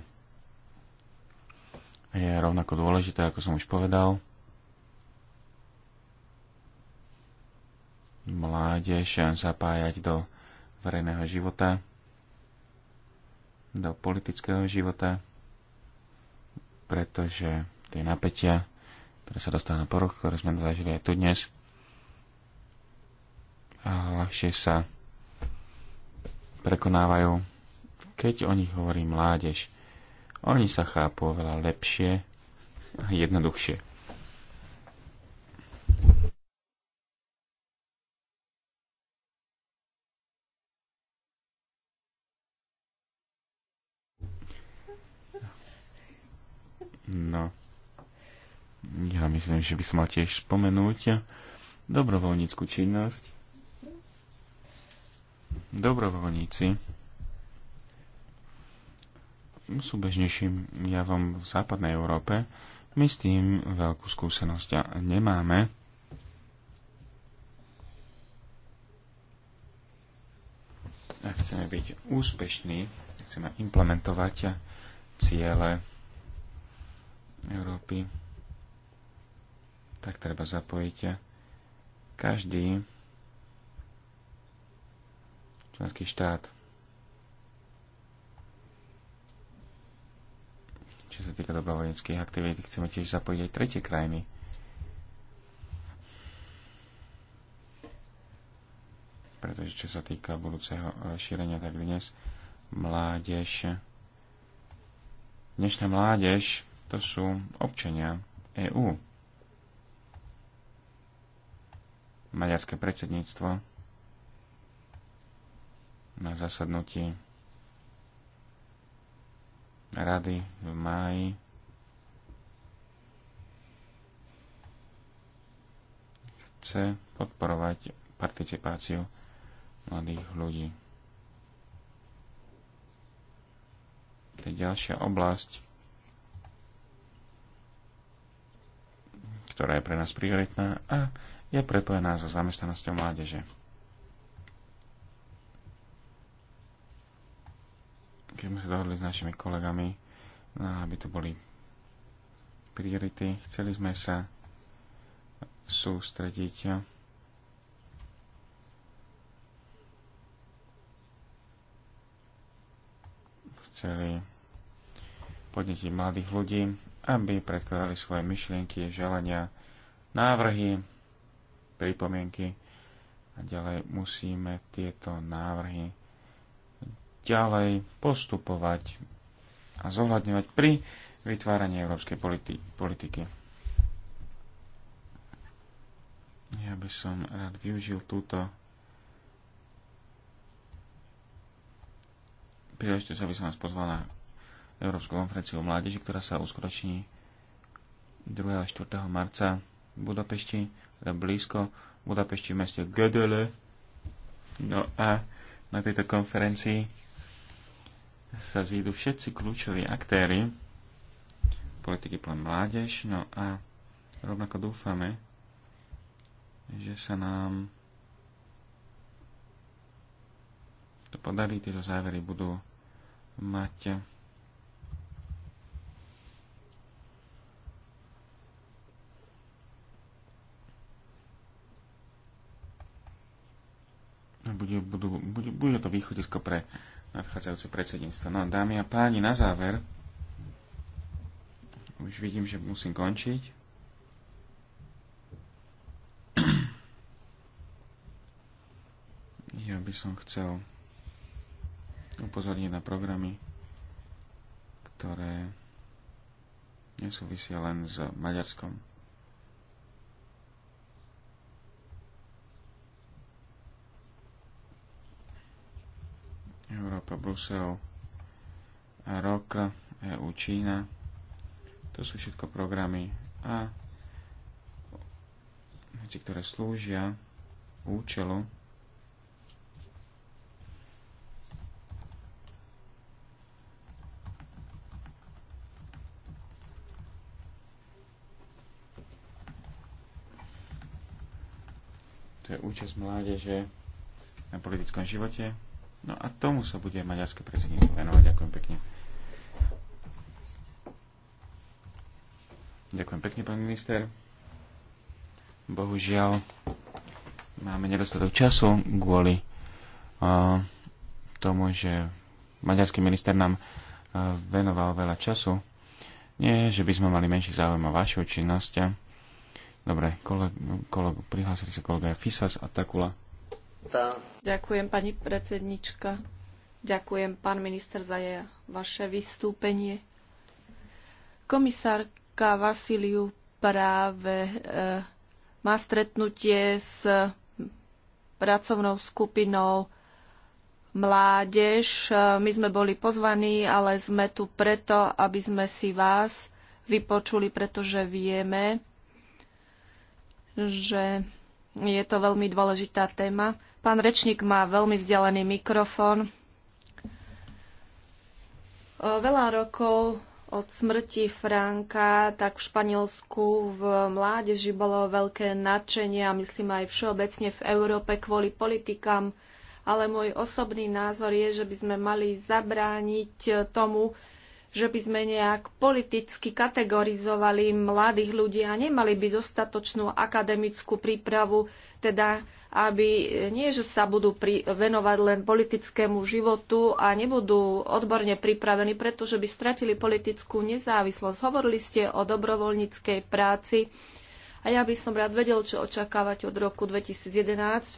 Je rovnako dôležité, ako som už povedal, mládež zapájať do verejného života, do politického života, pretože tie napätia, ktoré sa dostávajú na poruch, ktoré sme zažili aj tu dnes, a ľahšie sa prekonávajú, keď o nich hovorí mládež. Oni sa chápu oveľa lepšie a jednoduchšie. No, ja myslím, že by som mal tiež spomenúť dobrovoľníckú činnosť. Dobrovoľníci sú bežnejším javom v západnej Európe. My s tým veľkú skúsenosť nemáme. Ak chceme byť úspešní, chceme implementovať ciele Európy, tak treba zapojiť každý členský štát. Čo sa týka dobrovoľníckých aktivít, chceme tiež zapojiť aj tretie krajiny. Pretože čo sa týka budúceho šírenia, tak dnes mládež, dnešná mládež to sú občania EÚ. Maďarské predsedníctvo na zasadnutí rady v máji chce podporovať participáciu mladých ľudí. To je ďalšia oblasť, ktorá je pre nás prioritná a je prepojená so zamestnanosťou mládeže. Keď sme sa dohodli s našimi kolegami, no, aby to boli priority, chceli sme sa sústrediť chceli podnetiť mladých ľudí aby predkladali svoje myšlienky, želania, návrhy, pripomienky a ďalej musíme tieto návrhy ďalej postupovať a zohľadňovať pri vytváraní európskej politi- politiky. Ja by som rád využil túto príležitosť, aby som vás pozval na Európsku konferenciu o mládeži, ktorá sa uskutoční 2. a 4. marca v Budapešti, teda blízko Budapešti v meste Gödele. No a na tejto konferencii sa zídu všetci kľúčoví aktéry politiky pre mládež. No a rovnako dúfame, že sa nám to podarí, tieto závery budú mať Bude, budú, bude, bude to východisko pre nadchádzajúce predsedníctvo. No, dámy a páni, na záver, už vidím, že musím končiť. Ja by som chcel upozorniť na programy, ktoré nesúvisia len s Maďarskom Európa, Brusel, ROK, EU, Čína. To sú všetko programy a veci, ktoré slúžia účelu to je účasť mládeže na politickom živote. No a tomu sa bude maďarské predsedníctvo venovať. Ďakujem pekne. Ďakujem pekne, pán minister. Bohužiaľ, máme nedostatok času kvôli uh, tomu, že maďarský minister nám uh, venoval veľa času. Nie, že by sme mali menší záujem o vašu činnosť. Dobre, kolegu, kolegu, prihlásili sa kolega Fisas a Takula. Ďakujem, pani predsednička. Ďakujem, pán minister, za vaše vystúpenie. Komisárka Vasiliu práve e, má stretnutie s pracovnou skupinou Mládež. E, my sme boli pozvaní, ale sme tu preto, aby sme si vás vypočuli, pretože vieme, že je to veľmi dôležitá téma. Pán rečník má veľmi vzdialený mikrofón. Veľa rokov od smrti Franka, tak v Španielsku v mládeži bolo veľké nadšenie a myslím aj všeobecne v Európe kvôli politikám. Ale môj osobný názor je, že by sme mali zabrániť tomu, že by sme nejak politicky kategorizovali mladých ľudí a nemali by dostatočnú akademickú prípravu, teda aby e, nie, že sa budú pri, venovať len politickému životu a nebudú odborne pripravení, pretože by stratili politickú nezávislosť. Hovorili ste o dobrovoľníckej práci a ja by som rád vedel, čo očakávať od roku 2011.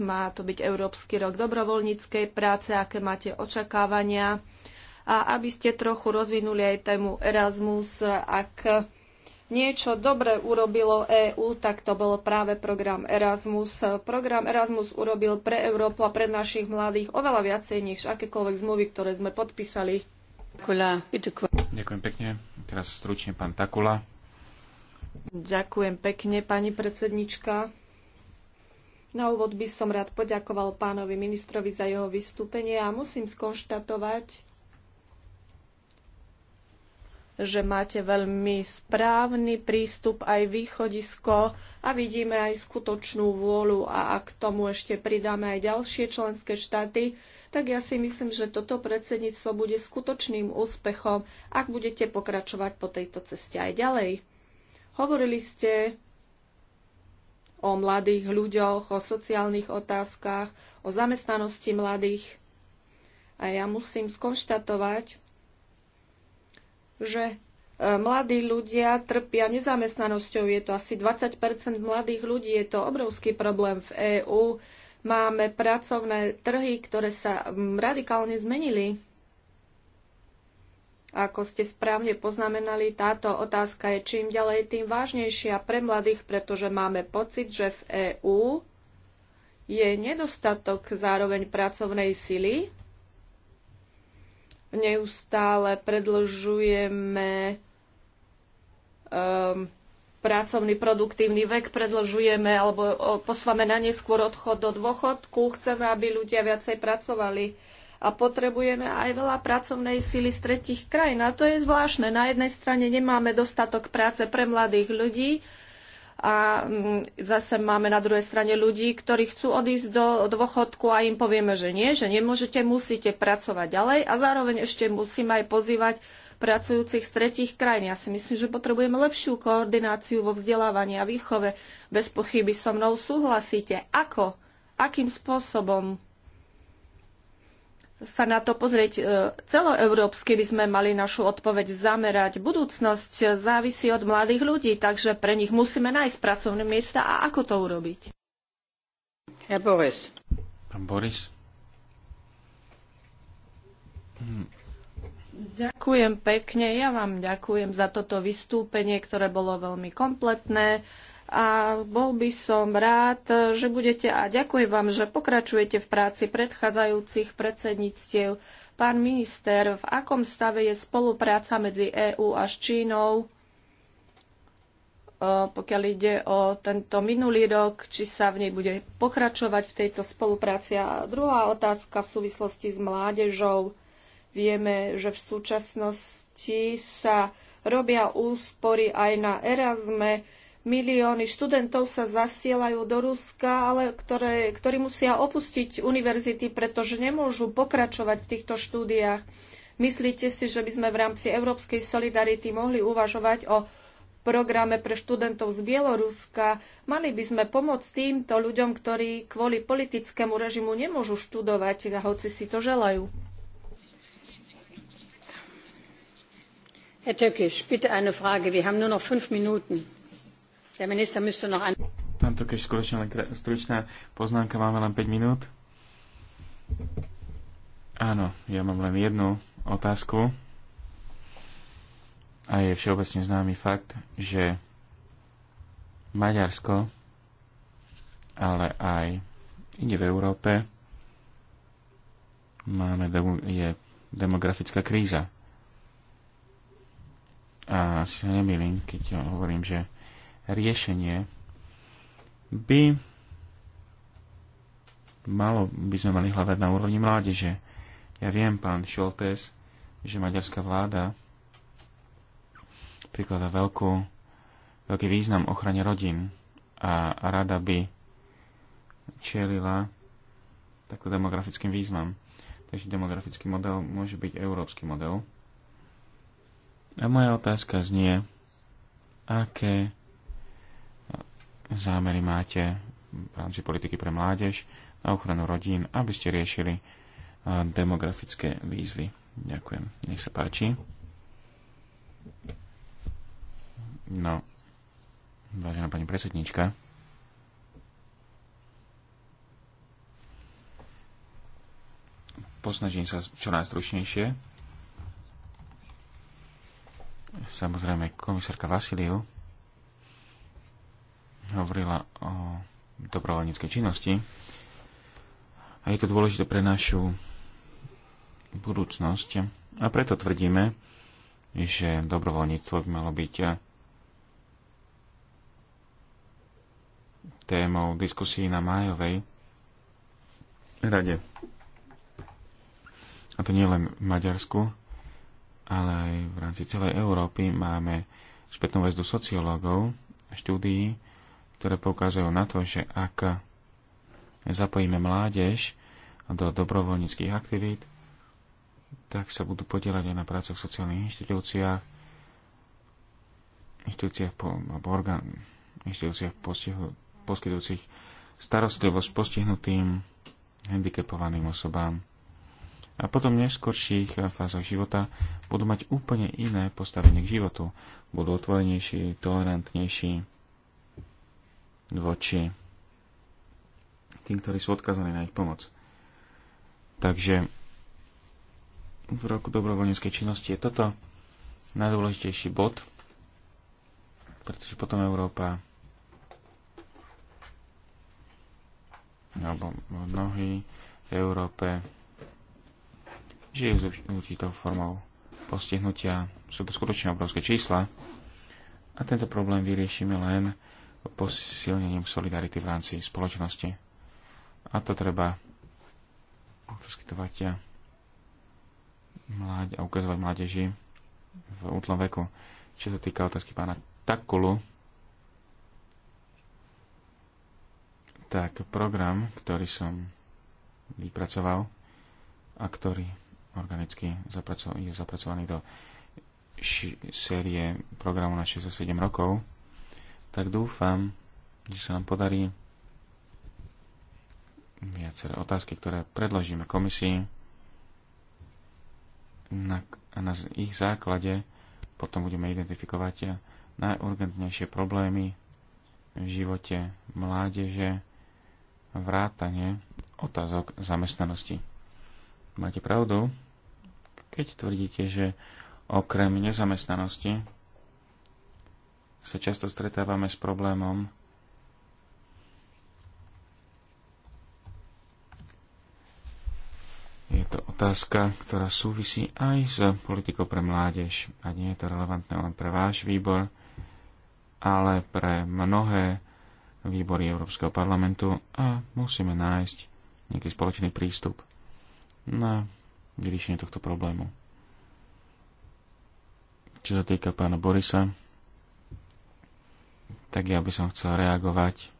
Má to byť Európsky rok dobrovoľníckej práce, aké máte očakávania a aby ste trochu rozvinuli aj tému Erasmus, ak niečo dobre urobilo EÚ, tak to bol práve program Erasmus. Program Erasmus urobil pre Európu a pre našich mladých oveľa viacej než akékoľvek zmluvy, ktoré sme podpísali. Ďakujem pekne. Teraz stručne pán Takula. Ďakujem pekne, pani predsednička. Na úvod by som rád poďakoval pánovi ministrovi za jeho vystúpenie a musím skonštatovať, že máte veľmi správny prístup aj východisko a vidíme aj skutočnú vôľu a ak tomu ešte pridáme aj ďalšie členské štáty, tak ja si myslím, že toto predsedníctvo bude skutočným úspechom, ak budete pokračovať po tejto ceste aj ďalej. Hovorili ste o mladých ľuďoch, o sociálnych otázkach, o zamestnanosti mladých. A ja musím skonštatovať, že e, mladí ľudia trpia nezamestnanosťou. Je to asi 20 mladých ľudí. Je to obrovský problém v EÚ. Máme pracovné trhy, ktoré sa radikálne zmenili. Ako ste správne poznamenali, táto otázka je čím ďalej tým vážnejšia pre mladých, pretože máme pocit, že v EÚ je nedostatok zároveň pracovnej sily neustále predlžujeme um, pracovný produktívny vek, predlžujeme alebo posvame na neskôr odchod do dôchodku, chceme, aby ľudia viacej pracovali a potrebujeme aj veľa pracovnej síly z tretich krajín. A to je zvláštne. Na jednej strane nemáme dostatok práce pre mladých ľudí, a mm, zase máme na druhej strane ľudí, ktorí chcú odísť do dôchodku a im povieme, že nie, že nemôžete, musíte pracovať ďalej a zároveň ešte musíme aj pozývať pracujúcich z tretich krajín. Ja si myslím, že potrebujeme lepšiu koordináciu vo vzdelávaní a výchove. Bez pochyby so mnou súhlasíte. Ako? Akým spôsobom? sa na to pozrieť e, celoeurópsky, by sme mali našu odpoveď zamerať. Budúcnosť závisí od mladých ľudí, takže pre nich musíme nájsť pracovné miesta a ako to urobiť. Ja Boris. Pán Boris. Hm. Ďakujem pekne, ja vám ďakujem za toto vystúpenie, ktoré bolo veľmi kompletné a bol by som rád, že budete a ďakujem vám, že pokračujete v práci predchádzajúcich predsedníctiev. Pán minister, v akom stave je spolupráca medzi EÚ a Čínou? E, pokiaľ ide o tento minulý rok, či sa v nej bude pokračovať v tejto spolupráci. A druhá otázka v súvislosti s mládežou. Vieme, že v súčasnosti sa robia úspory aj na Erasme milióny študentov sa zasielajú do Ruska, ale ktoré, ktorí musia opustiť univerzity, pretože nemôžu pokračovať v týchto štúdiách. Myslíte si, že by sme v rámci Európskej solidarity mohli uvažovať o programe pre študentov z Bieloruska? Mali by sme pomôcť týmto ľuďom, ktorí kvôli politickému režimu nemôžu študovať, a hoci si to želajú. Herr Tökisch, bitte eine Frage. Wir haben nur noch fünf Minuten. Pán Tokeš, skutočne len stručná poznámka, máme len 5 minút. Áno, ja mám len jednu otázku. A je všeobecne známy fakt, že Maďarsko, ale aj ide v Európe, máme je demografická kríza. A si sa nemýlim, keď hovorím, že riešenie by malo by sme mali hľadať na úrovni mládeže. Ja viem, pán Šoltes, že maďarská vláda prikladá veľkú, veľký význam ochrane rodín a rada by čelila takto demografickým význam. Takže demografický model môže byť európsky model. A moja otázka znie, aké zámery máte v rámci politiky pre mládež na ochranu rodín, aby ste riešili e, demografické výzvy. Ďakujem. Nech sa páči. No, vážená pani predsednička. Posnažím sa čo najstručnejšie. Samozrejme, komisárka Vasiliu hovorila o dobrovoľníckej činnosti. A je to dôležité pre našu budúcnosť. A preto tvrdíme, že dobrovoľníctvo by malo byť témou diskusí na májovej rade. A to nie len v Maďarsku, ale aj v rámci celej Európy máme spätnú väzdu sociológov a štúdií, ktoré poukazujú na to, že ak zapojíme mládež do dobrovoľníckých aktivít, tak sa budú podielať aj na prácu v sociálnych inštitúciách, inštitúciách, po, alebo orgán, inštitúciách postihu, poskytujúcich starostlivosť postihnutým, handicapovaným osobám. A potom v neskôrších fázach života budú mať úplne iné postavenie k životu. Budú otvorenejší, tolerantnejší, voči tým, ktorí sú odkazaní na ich pomoc. Takže v roku dobrovoľníckej činnosti je toto najdôležitejší bod, pretože potom Európa alebo mnohí v Európe žijú s určitou formou postihnutia. Sú to skutočne obrovské čísla a tento problém vyriešime len posilnením solidarity v rámci spoločnosti. A to treba poskytovať a, eh, mláď, a ukazovať mládeži v útlom veku. Čo sa týka otázky pána Takulu, tak program, ktorý som vypracoval a ktorý organicky je zapracovaný do série programu na 6 7 rokov, tak dúfam, že sa nám podarí viaceré otázky, ktoré predložíme komisii na, a na ich základe potom budeme identifikovať najurgentnejšie problémy v živote mládeže, vrátane otázok zamestnanosti. Máte pravdu, keď tvrdíte, že okrem nezamestnanosti sa často stretávame s problémom, Je to otázka, ktorá súvisí aj s politikou pre mládež. A nie je to relevantné len pre váš výbor, ale pre mnohé výbory Európskeho parlamentu a musíme nájsť nejaký spoločný prístup na vyriešenie tohto problému. Čo sa týka pána Borisa, tak ja by som chcel reagovať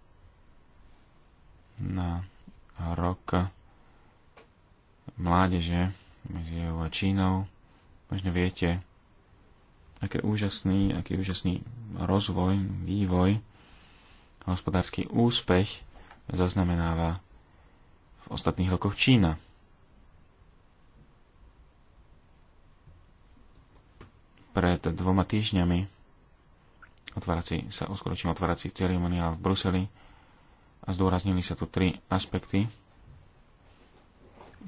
na rok mládeže medzi EU a Čínou. Možno viete, aký úžasný, aký úžasný rozvoj, vývoj, hospodársky úspech zaznamenáva v ostatných rokoch Čína. Pred dvoma týždňami otvárací, sa uskutočnil otvárací ceremoniál v Bruseli a zdôraznili sa tu tri aspekty.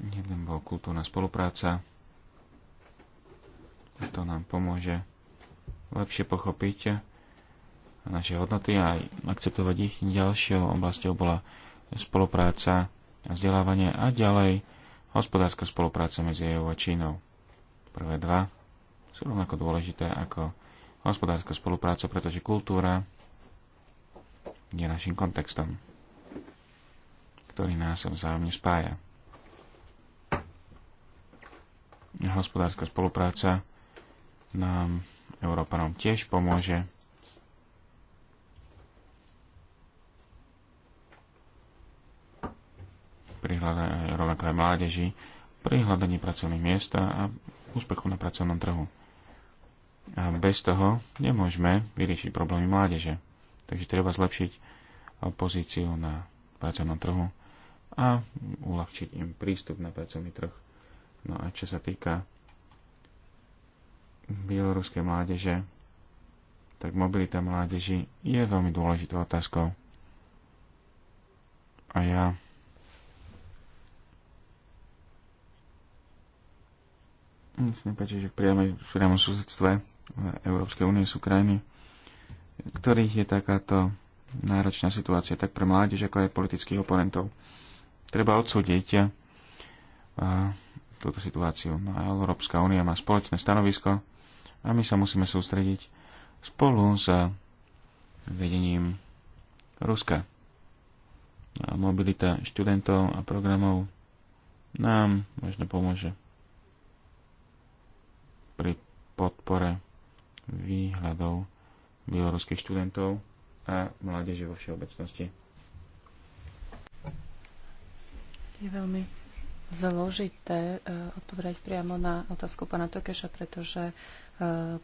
Jeden bol kultúrna spolupráca. To nám pomôže lepšie pochopiť naše hodnoty a aj akceptovať ich. Ďalšou oblasťou bola spolupráca a vzdelávanie a ďalej hospodárska spolupráca medzi EU a Čínou. Prvé dva sú rovnako dôležité ako hospodárska spolupráca, pretože kultúra je našim kontextom, ktorý nás vzájomne spája. Hospodárska spolupráca nám Európanom tiež pomôže pri hľadaní, rovnako aj mládeži, pri hľadaní pracovných miest a úspechu na pracovnom trhu. A bez toho nemôžeme vyriešiť problémy mládeže. Takže treba zlepšiť eh, pozíciu na pracovnom trhu a uľahčiť im prístup na pracovný trh. No a čo sa týka bieloruskej mládeže, tak mobilita mládeži je veľmi dôležitou otázkou. A ja Mne sa nepáči, že v priamom susedstve Európskej únie sú krajiny, ktorých je takáto náročná situácia tak pre mládež, ako aj politických oponentov. Treba odsúdiť eh, túto situáciu. No a Európska únia má spoločné stanovisko a my sa musíme sústrediť spolu s vedením Ruska. A mobilita študentov a programov nám možno pomôže pri podpore výhľadov bieloruských študentov a mládeže vo všeobecnosti. Je veľmi zložité e, odpovedať priamo na otázku pána Tokeša, pretože e,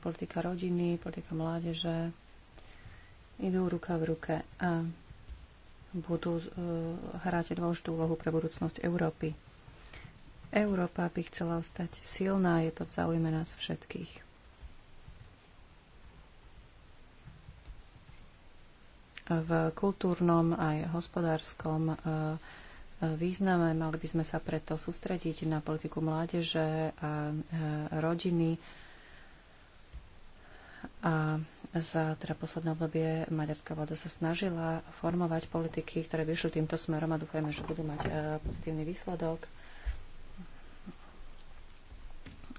politika rodiny, politika mládeže idú ruka v ruke a budú e, hrať dôležitú úlohu pre budúcnosť Európy. Európa by chcela ostať silná, je to v záujme nás všetkých. v kultúrnom aj hospodárskom e, e, význame. Mali by sme sa preto sústrediť na politiku mládeže a e, rodiny. A za teda posledné obdobie maďarská vláda sa snažila formovať politiky, ktoré by išli týmto smerom a dúfajme, že budú mať pozitívny výsledok.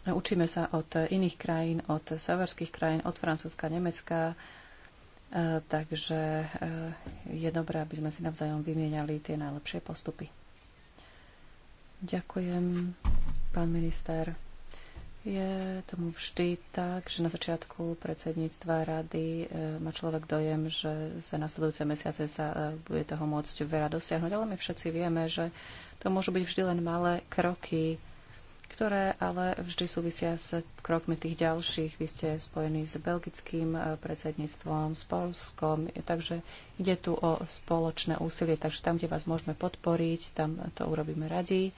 Učíme sa od iných krajín, od severských krajín, od Francúzska, Nemecka, E, takže e, je dobré, aby sme si navzájom vymieniali tie najlepšie postupy. Ďakujem, pán minister. Je tomu vždy tak, že na začiatku predsedníctva rady e, má človek dojem, že za nasledujúce mesiace sa bude toho môcť veľa dosiahnuť, ale my všetci vieme, že to môžu byť vždy len malé kroky, ktoré ale vždy súvisia s krokmi tých ďalších. Vy ste spojení s belgickým eh, predsedníctvom, s Polskom, takže ide tu o spoločné úsilie, takže tam, kde vás môžeme podporiť, tam to urobíme radi.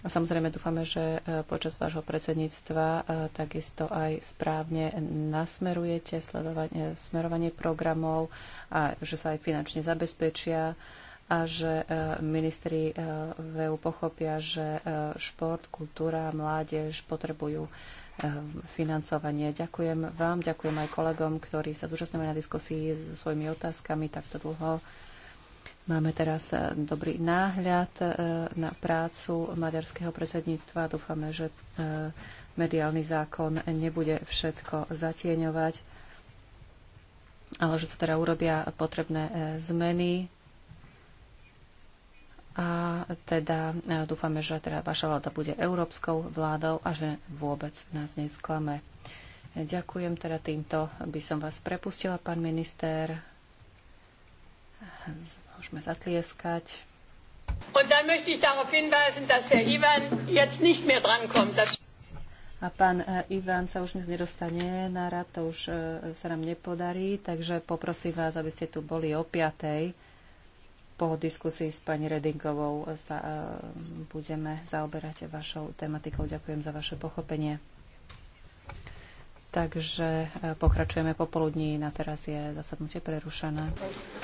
A samozrejme dúfame, že eh, počas vášho predsedníctva eh, takisto aj správne nasmerujete smerovanie programov a že sa aj finančne zabezpečia a že e, ministri e, v EU pochopia, že e, šport, kultúra, mládež potrebujú financovanie. Ďakujem vám, ďakujem aj kolegom, ktorí sa zúčastňujú na diskusii so svojimi otázkami takto dlho. Máme teraz dobrý náhľad na prácu maďarského predsedníctva. Dúfame, že mediálny zákon nebude všetko zatieňovať, ale že sa teda urobia potrebné zmeny a teda e, dúfame, že teda vaša vláda bude európskou vládou a že vôbec nás nesklame. Ďakujem teda týmto. By som vás prepustila, pán minister. Môžeme zatlieskať. a pán e, Ivan sa už dnes nedostane na rad, to už e, sa nám nepodarí, takže poprosím vás, aby ste tu boli o piatej po diskusii s pani Redinkovou sa, uh, budeme zaoberať vašou tematikou. Ďakujem za vaše pochopenie. Takže e, pokračujeme popoludní. Na teraz je zasadnutie prerušené.